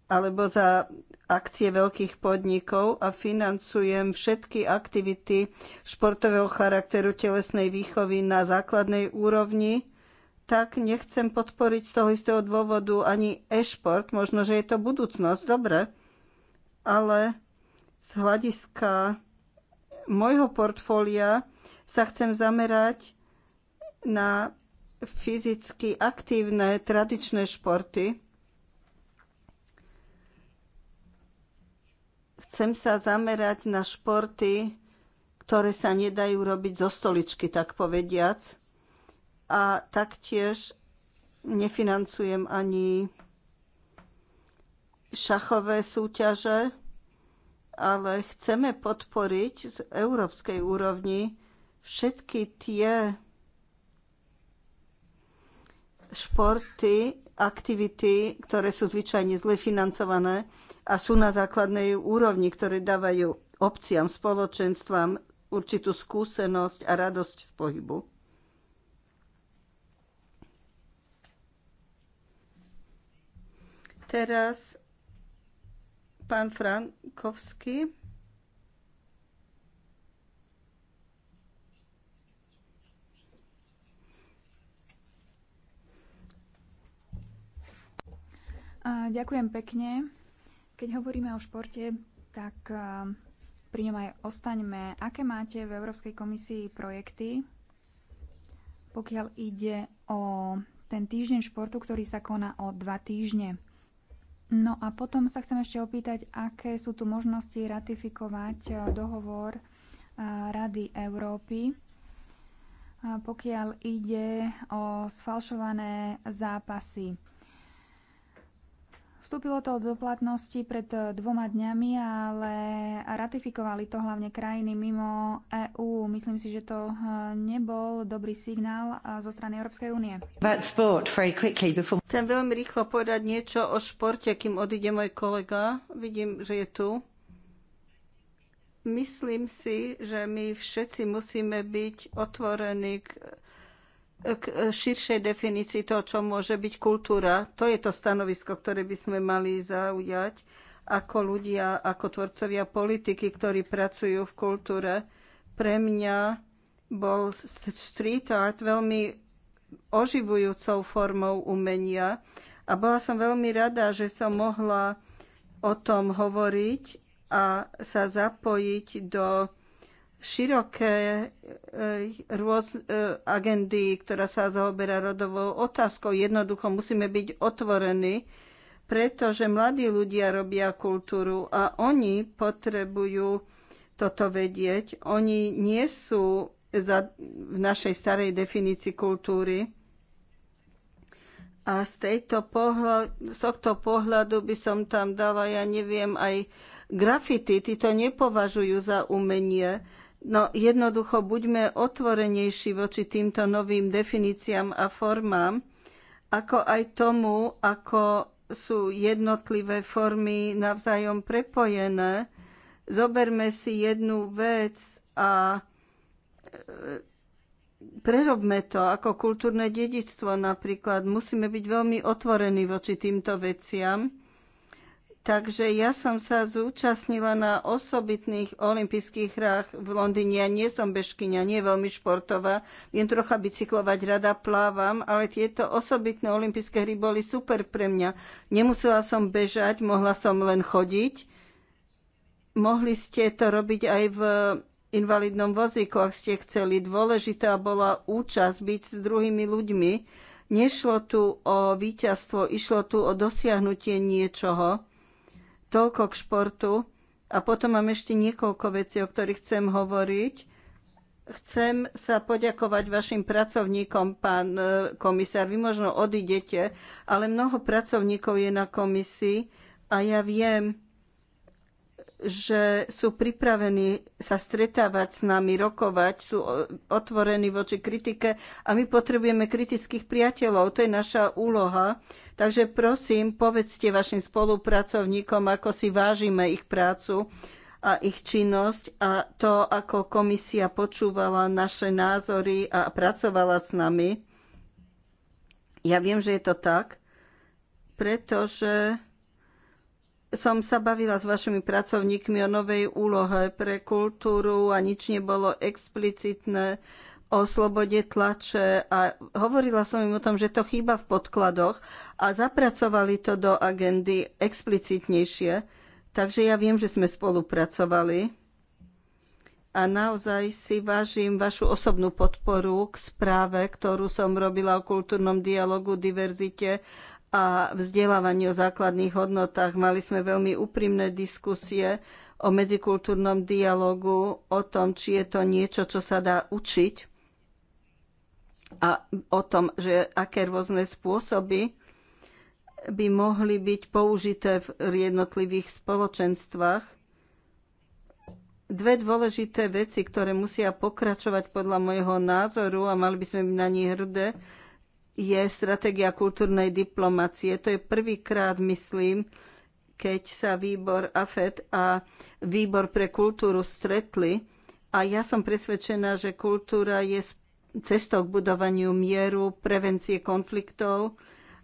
alebo za akcie veľkých podnikov a financujem všetky aktivity športového charakteru telesnej výchovy na základnej úrovni, tak nechcem podporiť z toho istého dôvodu ani e-šport. Možno, že je to budúcnosť, dobre, ale z hľadiska môjho portfólia sa chcem zamerať na fyzicky aktívne tradičné športy. Chcem sa zamerať na športy, ktoré sa nedajú robiť zo stoličky, tak povediac. A taktiež nefinancujem ani šachové súťaže, ale chceme podporiť z európskej úrovni všetky tie športy, aktivity, ktoré sú zvyčajne zle financované a sú na základnej úrovni, ktoré dávajú obciam, spoločenstvám určitú skúsenosť a radosť z pohybu. Teraz pán Frankovský. ďakujem pekne. Keď hovoríme o športe, tak e, pri ňom aj ostaňme. Aké máte v Európskej komisii projekty, pokiaľ ide o ten týždeň športu, ktorý sa koná o dva týždne? No a potom sa chcem ešte opýtať, aké sú tu možnosti ratifikovať e, dohovor e, Rady Európy, pokiaľ ide o sfalšované zápasy. Vstúpilo to do platnosti pred eh, dvoma dňami, ale ratifikovali to hlavne krajiny mimo EÚ. Myslím si, že to eh, nebol dobrý signál eh, zo strany Európskej únie. Chcem veľmi rýchlo povedať niečo o športe, kým odíde môj kolega. Vidím, že je tu. Myslím si, že my všetci musíme byť otvorení k k e, širšej definícii toho, čo môže byť kultúra. To je to stanovisko, ktoré by sme mali zaujať ako ľudia, ako tvorcovia politiky, ktorí pracujú v kultúre. Pre mňa bol street art veľmi oživujúcou formou umenia a bola som veľmi rada, že som mohla o tom hovoriť a sa zapojiť do široké eh, rôz, eh, agendy, ktorá sa zaoberá rodovou otázkou. Jednoducho musíme byť otvorení, pretože mladí ľudia robia kultúru a oni potrebujú toto vedieť. Oni nie sú za, v našej starej definícii kultúry. A z, tejto pohľadu, z tohto pohľadu by som tam dala, ja neviem, aj grafity. Tí to nepovažujú za umenie No jednoducho buďme otvorenejší voči týmto novým definíciám a formám, ako aj tomu, ako sú jednotlivé formy navzájom prepojené. Zoberme si jednu vec a e, prerobme to ako kultúrne dedičstvo napríklad. Musíme byť veľmi otvorení voči týmto veciam Takže ja som sa zúčastnila na osobitných olympijských hrách v Londýne. Ja nie som bežkyňa, nie veľmi športová. Viem trocha bicyklovať, rada plávam, ale tieto osobitné olympijské hry boli super pre mňa. Nemusela som bežať, mohla som len chodiť. Mohli ste to robiť aj v invalidnom vozíku, ak ste chceli. Dôležitá bola účasť byť s druhými ľuďmi. Nešlo tu o víťazstvo, išlo tu o dosiahnutie niečoho Toľko k športu. A potom mám ešte niekoľko vecí, o ktorých chcem hovoriť. Chcem sa poďakovať vašim pracovníkom, pán e, komisár. Vy možno odídete, ale mnoho pracovníkov je na komisii a ja viem, že sú pripravení sa stretávať s nami, rokovať, sú otvorení voči kritike a my potrebujeme kritických priateľov. To je naša úloha. Takže prosím, povedzte vašim spolupracovníkom, ako si vážime ich prácu a ich činnosť a to, ako komisia počúvala naše názory a pracovala s nami. Ja viem, že je to tak, pretože som sa bavila s vašimi pracovníkmi o novej úlohe pre kultúru a nič nebolo explicitné o slobode tlače a hovorila som im o tom, že to chýba v podkladoch a zapracovali to do agendy explicitnejšie. Takže ja viem, že sme spolupracovali a naozaj si vážim vašu osobnú podporu k správe, ktorú som robila o kultúrnom dialogu, diverzite a vzdelávanie o základných hodnotách. Mali sme veľmi úprimné diskusie o medzikultúrnom dialogu, o tom, či je to niečo, čo sa dá učiť a o tom, že aké rôzne spôsoby by mohli byť použité v jednotlivých spoločenstvách. Dve dôležité veci, ktoré musia pokračovať podľa môjho názoru a mali by sme byť na nich hrdé, je stratégia kultúrnej diplomacie. To je prvýkrát, myslím, keď sa výbor AFET a výbor pre kultúru stretli. A ja som presvedčená, že kultúra je cestou k budovaniu mieru, prevencie konfliktov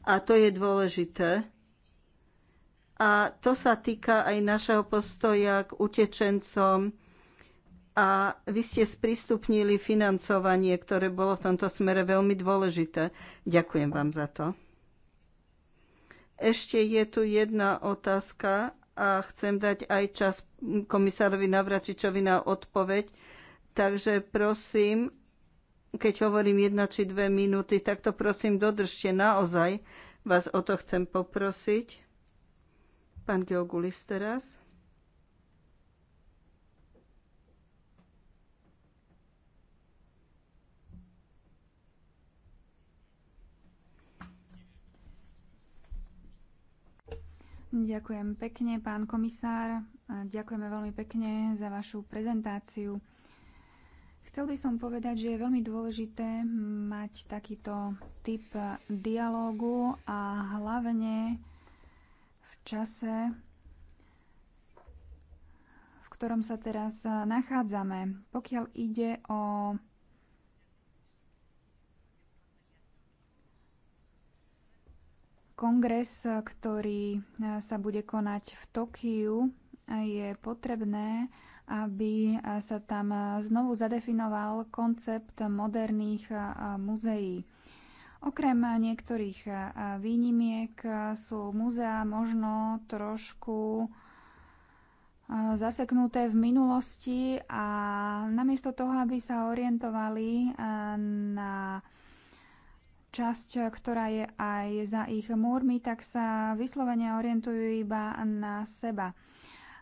a to je dôležité. A to sa týka aj našeho postoja k utečencom, a vy ste sprístupnili financovanie, ktoré bolo v tomto smere veľmi dôležité. Ďakujem vám za to. Ešte je tu jedna otázka a chcem dať aj čas komisárovi Navračičovi na odpoveď. Takže prosím, keď hovorím jedna či dve minúty, tak to prosím dodržte naozaj. Vás o to chcem poprosiť. Pán Geogulis teraz. Ďakujem pekne, pán komisár. A ďakujeme veľmi pekne za vašu prezentáciu. Chcel by som povedať, že je veľmi dôležité mať takýto typ dialógu a hlavne v čase, v ktorom sa teraz nachádzame. Pokiaľ ide o kongres, ktorý e, sa bude konať v Tokiu, je potrebné, aby e, sa tam e, znovu zadefinoval koncept moderných muzeí. Okrem niektorých výnimiek sú múzea možno trošku zaseknuté v minulosti a namiesto toho, aby sa orientovali na časť, eh, ktorá je aj za ich múrmi, tak sa vyslovene orientujú iba na seba.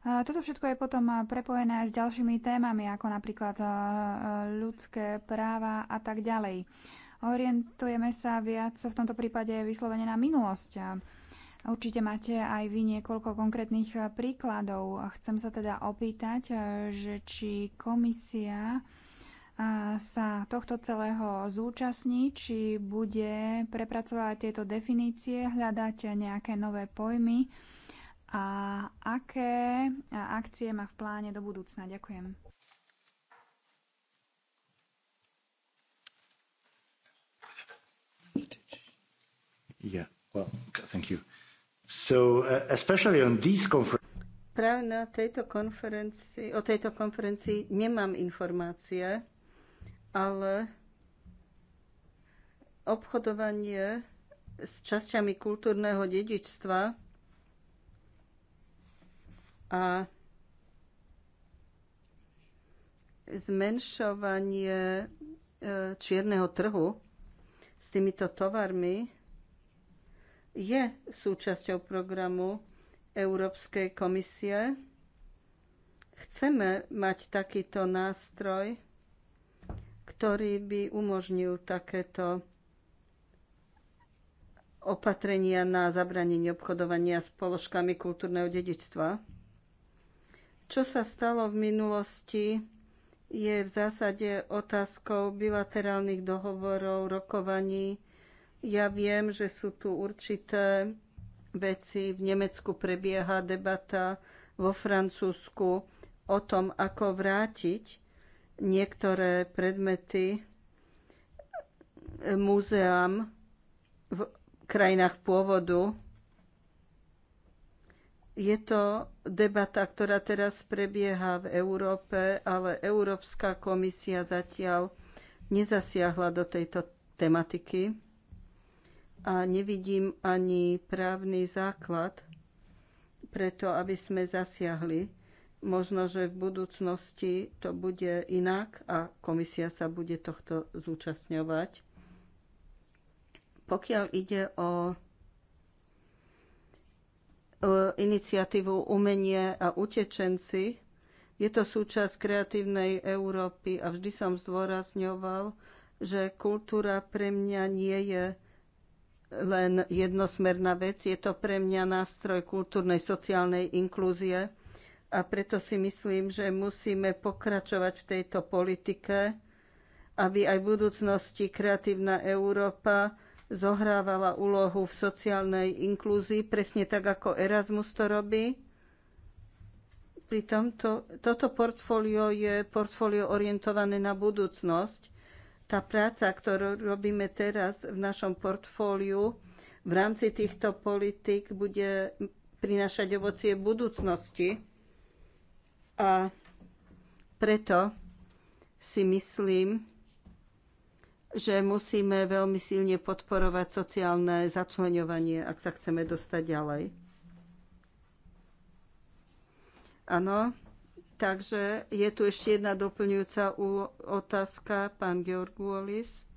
Eh, toto všetko je potom eh, prepojené aj s ďalšími témami, ako napríklad ľudské práva a tak ďalej. Orientujeme sa viac v tomto prípade vyslovene na minulosť. Určite máte aj vy niekoľko konkrétnych príkladov. Chcem sa teda opýtať, že či komisia sa tohto celého zúčastní, či bude prepracovať tieto definície, hľadať nejaké nové pojmy a aké akcie má v pláne do budúcna. Ďakujem. Yeah, well, thank you. So, uh, especially on these Práve na tejto konferencii, o tejto konferencii nemám informácie ale obchodovanie s časťami kultúrneho dedičstva a zmenšovanie e, čierneho trhu s týmito tovarmi je súčasťou programu Európskej komisie. Chceme mať takýto nástroj ktorý by umožnil takéto opatrenia na zabranenie obchodovania s položkami kultúrneho dedičstva. Čo sa stalo v minulosti, je v zásade otázkou bilaterálnych dohovorov, rokovaní. Ja viem, že sú tu určité veci. V Nemecku prebieha debata vo Francúzsku o tom, ako vrátiť niektoré predmety múzeám v krajinách pôvodu. Je to debata, ktorá teraz prebieha v Európe, ale Európska komisia zatiaľ nezasiahla do tejto tematiky a nevidím ani právny základ preto, aby sme zasiahli. Možno, že v budúcnosti to bude inak a komisia sa bude tohto zúčastňovať. Pokiaľ ide o iniciatívu Umenie a utečenci, je to súčasť kreatívnej Európy a vždy som zdôrazňoval, že kultúra pre mňa nie je len jednosmerná vec, je to pre mňa nástroj kultúrnej sociálnej inklúzie a preto si myslím, že musíme pokračovať v tejto politike, aby aj v budúcnosti kreatívna Európa zohrávala úlohu v sociálnej inklúzii, presne tak ako Erasmus to robí. Pri tomto, toto portfólio je portfólio orientované na budúcnosť. Tá práca, ktorú robíme teraz v našom portfóliu v rámci týchto politik, bude prinášať ovocie budúcnosti. A preto si myslím, že musíme veľmi silne podporovať sociálne začleňovanie, ak sa chceme dostať ďalej. Áno, takže je tu ešte jedna doplňujúca otázka, pán Georg Wallis.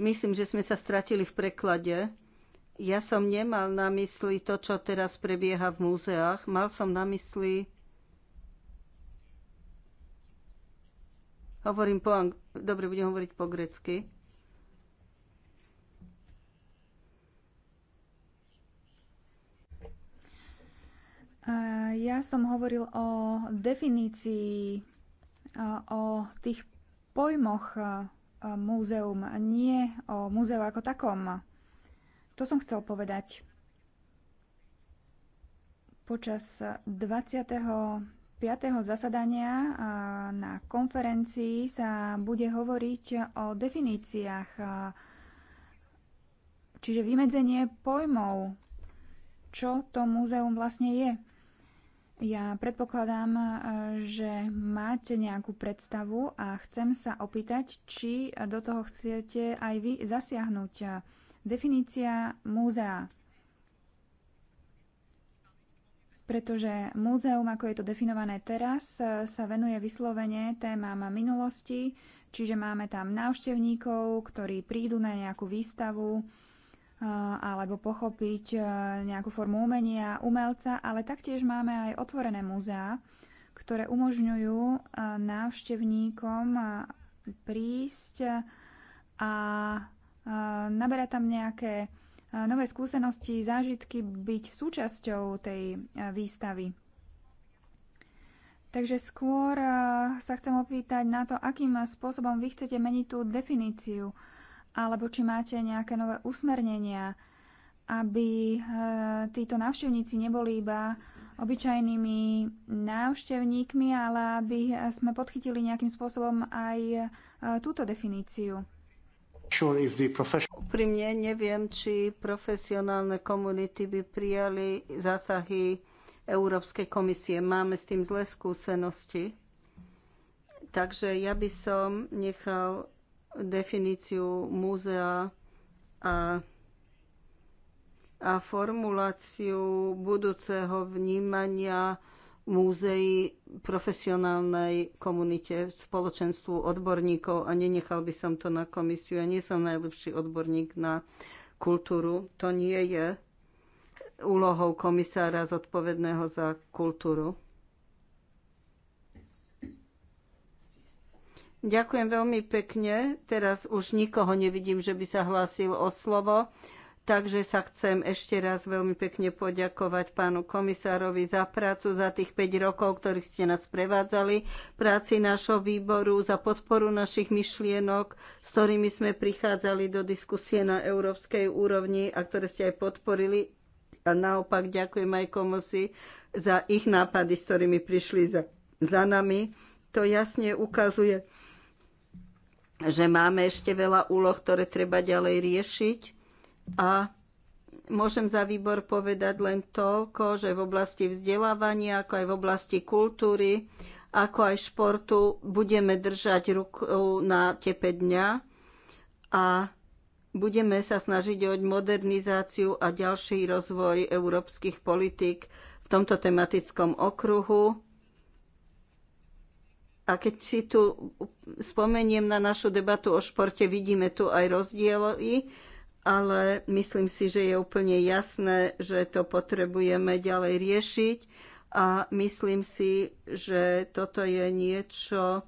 Myslím, že sme sa stratili v preklade. Ja som nemal na mysli to, čo teraz prebieha v múzeách. Mal som na mysli... Hovorím po ang... Dobre, budem hovoriť po grecky. Ja som hovoril o definícii, o tých pojmoch múzeum, nie o múzeu ako takom. To som chcel povedať. Počas 25. zasadania na konferencii sa bude hovoriť o definíciách, čiže vymedzenie pojmov, čo to múzeum vlastne je. Ja predpokladám, e, že máte nejakú predstavu a chcem sa opýtať, či do toho chcete aj vy zasiahnuť. Definícia múzea. Pretože múzeum, ako je to definované teraz, e, sa venuje vyslovene témam minulosti, čiže máme tam návštevníkov, ktorí prídu na nejakú výstavu, alebo pochopiť nejakú formu umenia, umelca, ale taktiež máme aj otvorené múzeá, ktoré umožňujú návštevníkom prísť a naberať tam nejaké nové skúsenosti, zážitky, byť súčasťou tej výstavy. Takže skôr sa chcem opýtať na to, akým spôsobom vy chcete meniť tú definíciu alebo či máte nejaké nové usmernenia, aby e, títo návštevníci neboli iba obyčajnými návštevníkmi, ale aby e, sme podchytili nejakým spôsobom aj e, túto definíciu. Úprimne neviem, či profesionálne komunity by prijali zásahy Európskej komisie. Máme s tým zlé skúsenosti. Takže ja by som nechal definíciu múzea a, a formuláciu budúceho vnímania múzeí profesionálnej komunite, spoločenstvu odborníkov a nenechal by som to na komisiu. Ja nie som najlepší odborník na kultúru. To nie je úlohou komisára zodpovedného za kultúru. Ďakujem veľmi pekne. Teraz už nikoho nevidím, že by sa hlásil o slovo. Takže sa chcem ešte raz veľmi pekne poďakovať pánu komisárovi za prácu, za tých 5 rokov, ktorých ste nás prevádzali, práci nášho výboru, za podporu našich myšlienok, s ktorými sme prichádzali do diskusie na európskej úrovni a ktoré ste aj podporili. A naopak ďakujem aj komosi za ich nápady, s ktorými prišli za, za nami. To jasne ukazuje, že máme ešte veľa úloh, ktoré treba ďalej riešiť a Môžem za výbor povedať len toľko, že v oblasti vzdelávania, ako aj v oblasti kultúry, ako aj športu budeme držať ruku na tepe dňa a budeme sa snažiť o modernizáciu a ďalší rozvoj európskych politík v tomto tematickom okruhu a keď si tu spomeniem na našu debatu o športe, vidíme tu aj rozdiely, ale myslím si, že je úplne jasné, že to potrebujeme ďalej riešiť a myslím si, že toto je niečo,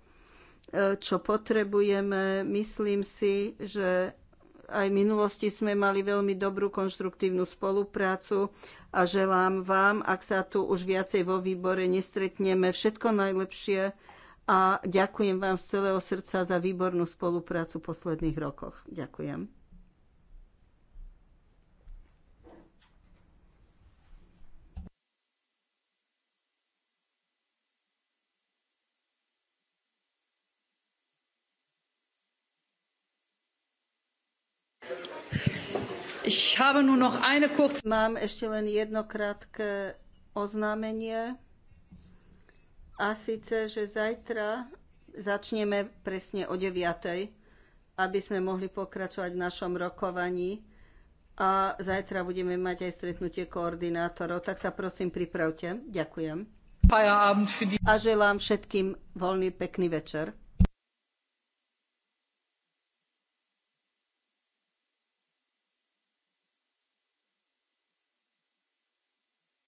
eh, čo potrebujeme. Myslím si, že aj v minulosti sme mali veľmi dobrú konštruktívnu spoluprácu a želám vám, ak sa tu už viacej vo výbore nestretneme, všetko najlepšie a ďakujem vám z celého srdca za výbornú spoluprácu v posledných rokoch. Ďakujem. Mám ešte len jedno krátke oznámenie. A síce, že zajtra začneme presne o 9, aby sme mohli pokračovať v našom rokovaní. A zajtra budeme mať aj stretnutie koordinátorov, tak sa prosím pripravte. Ďakujem. A želám všetkým voľný pekný večer.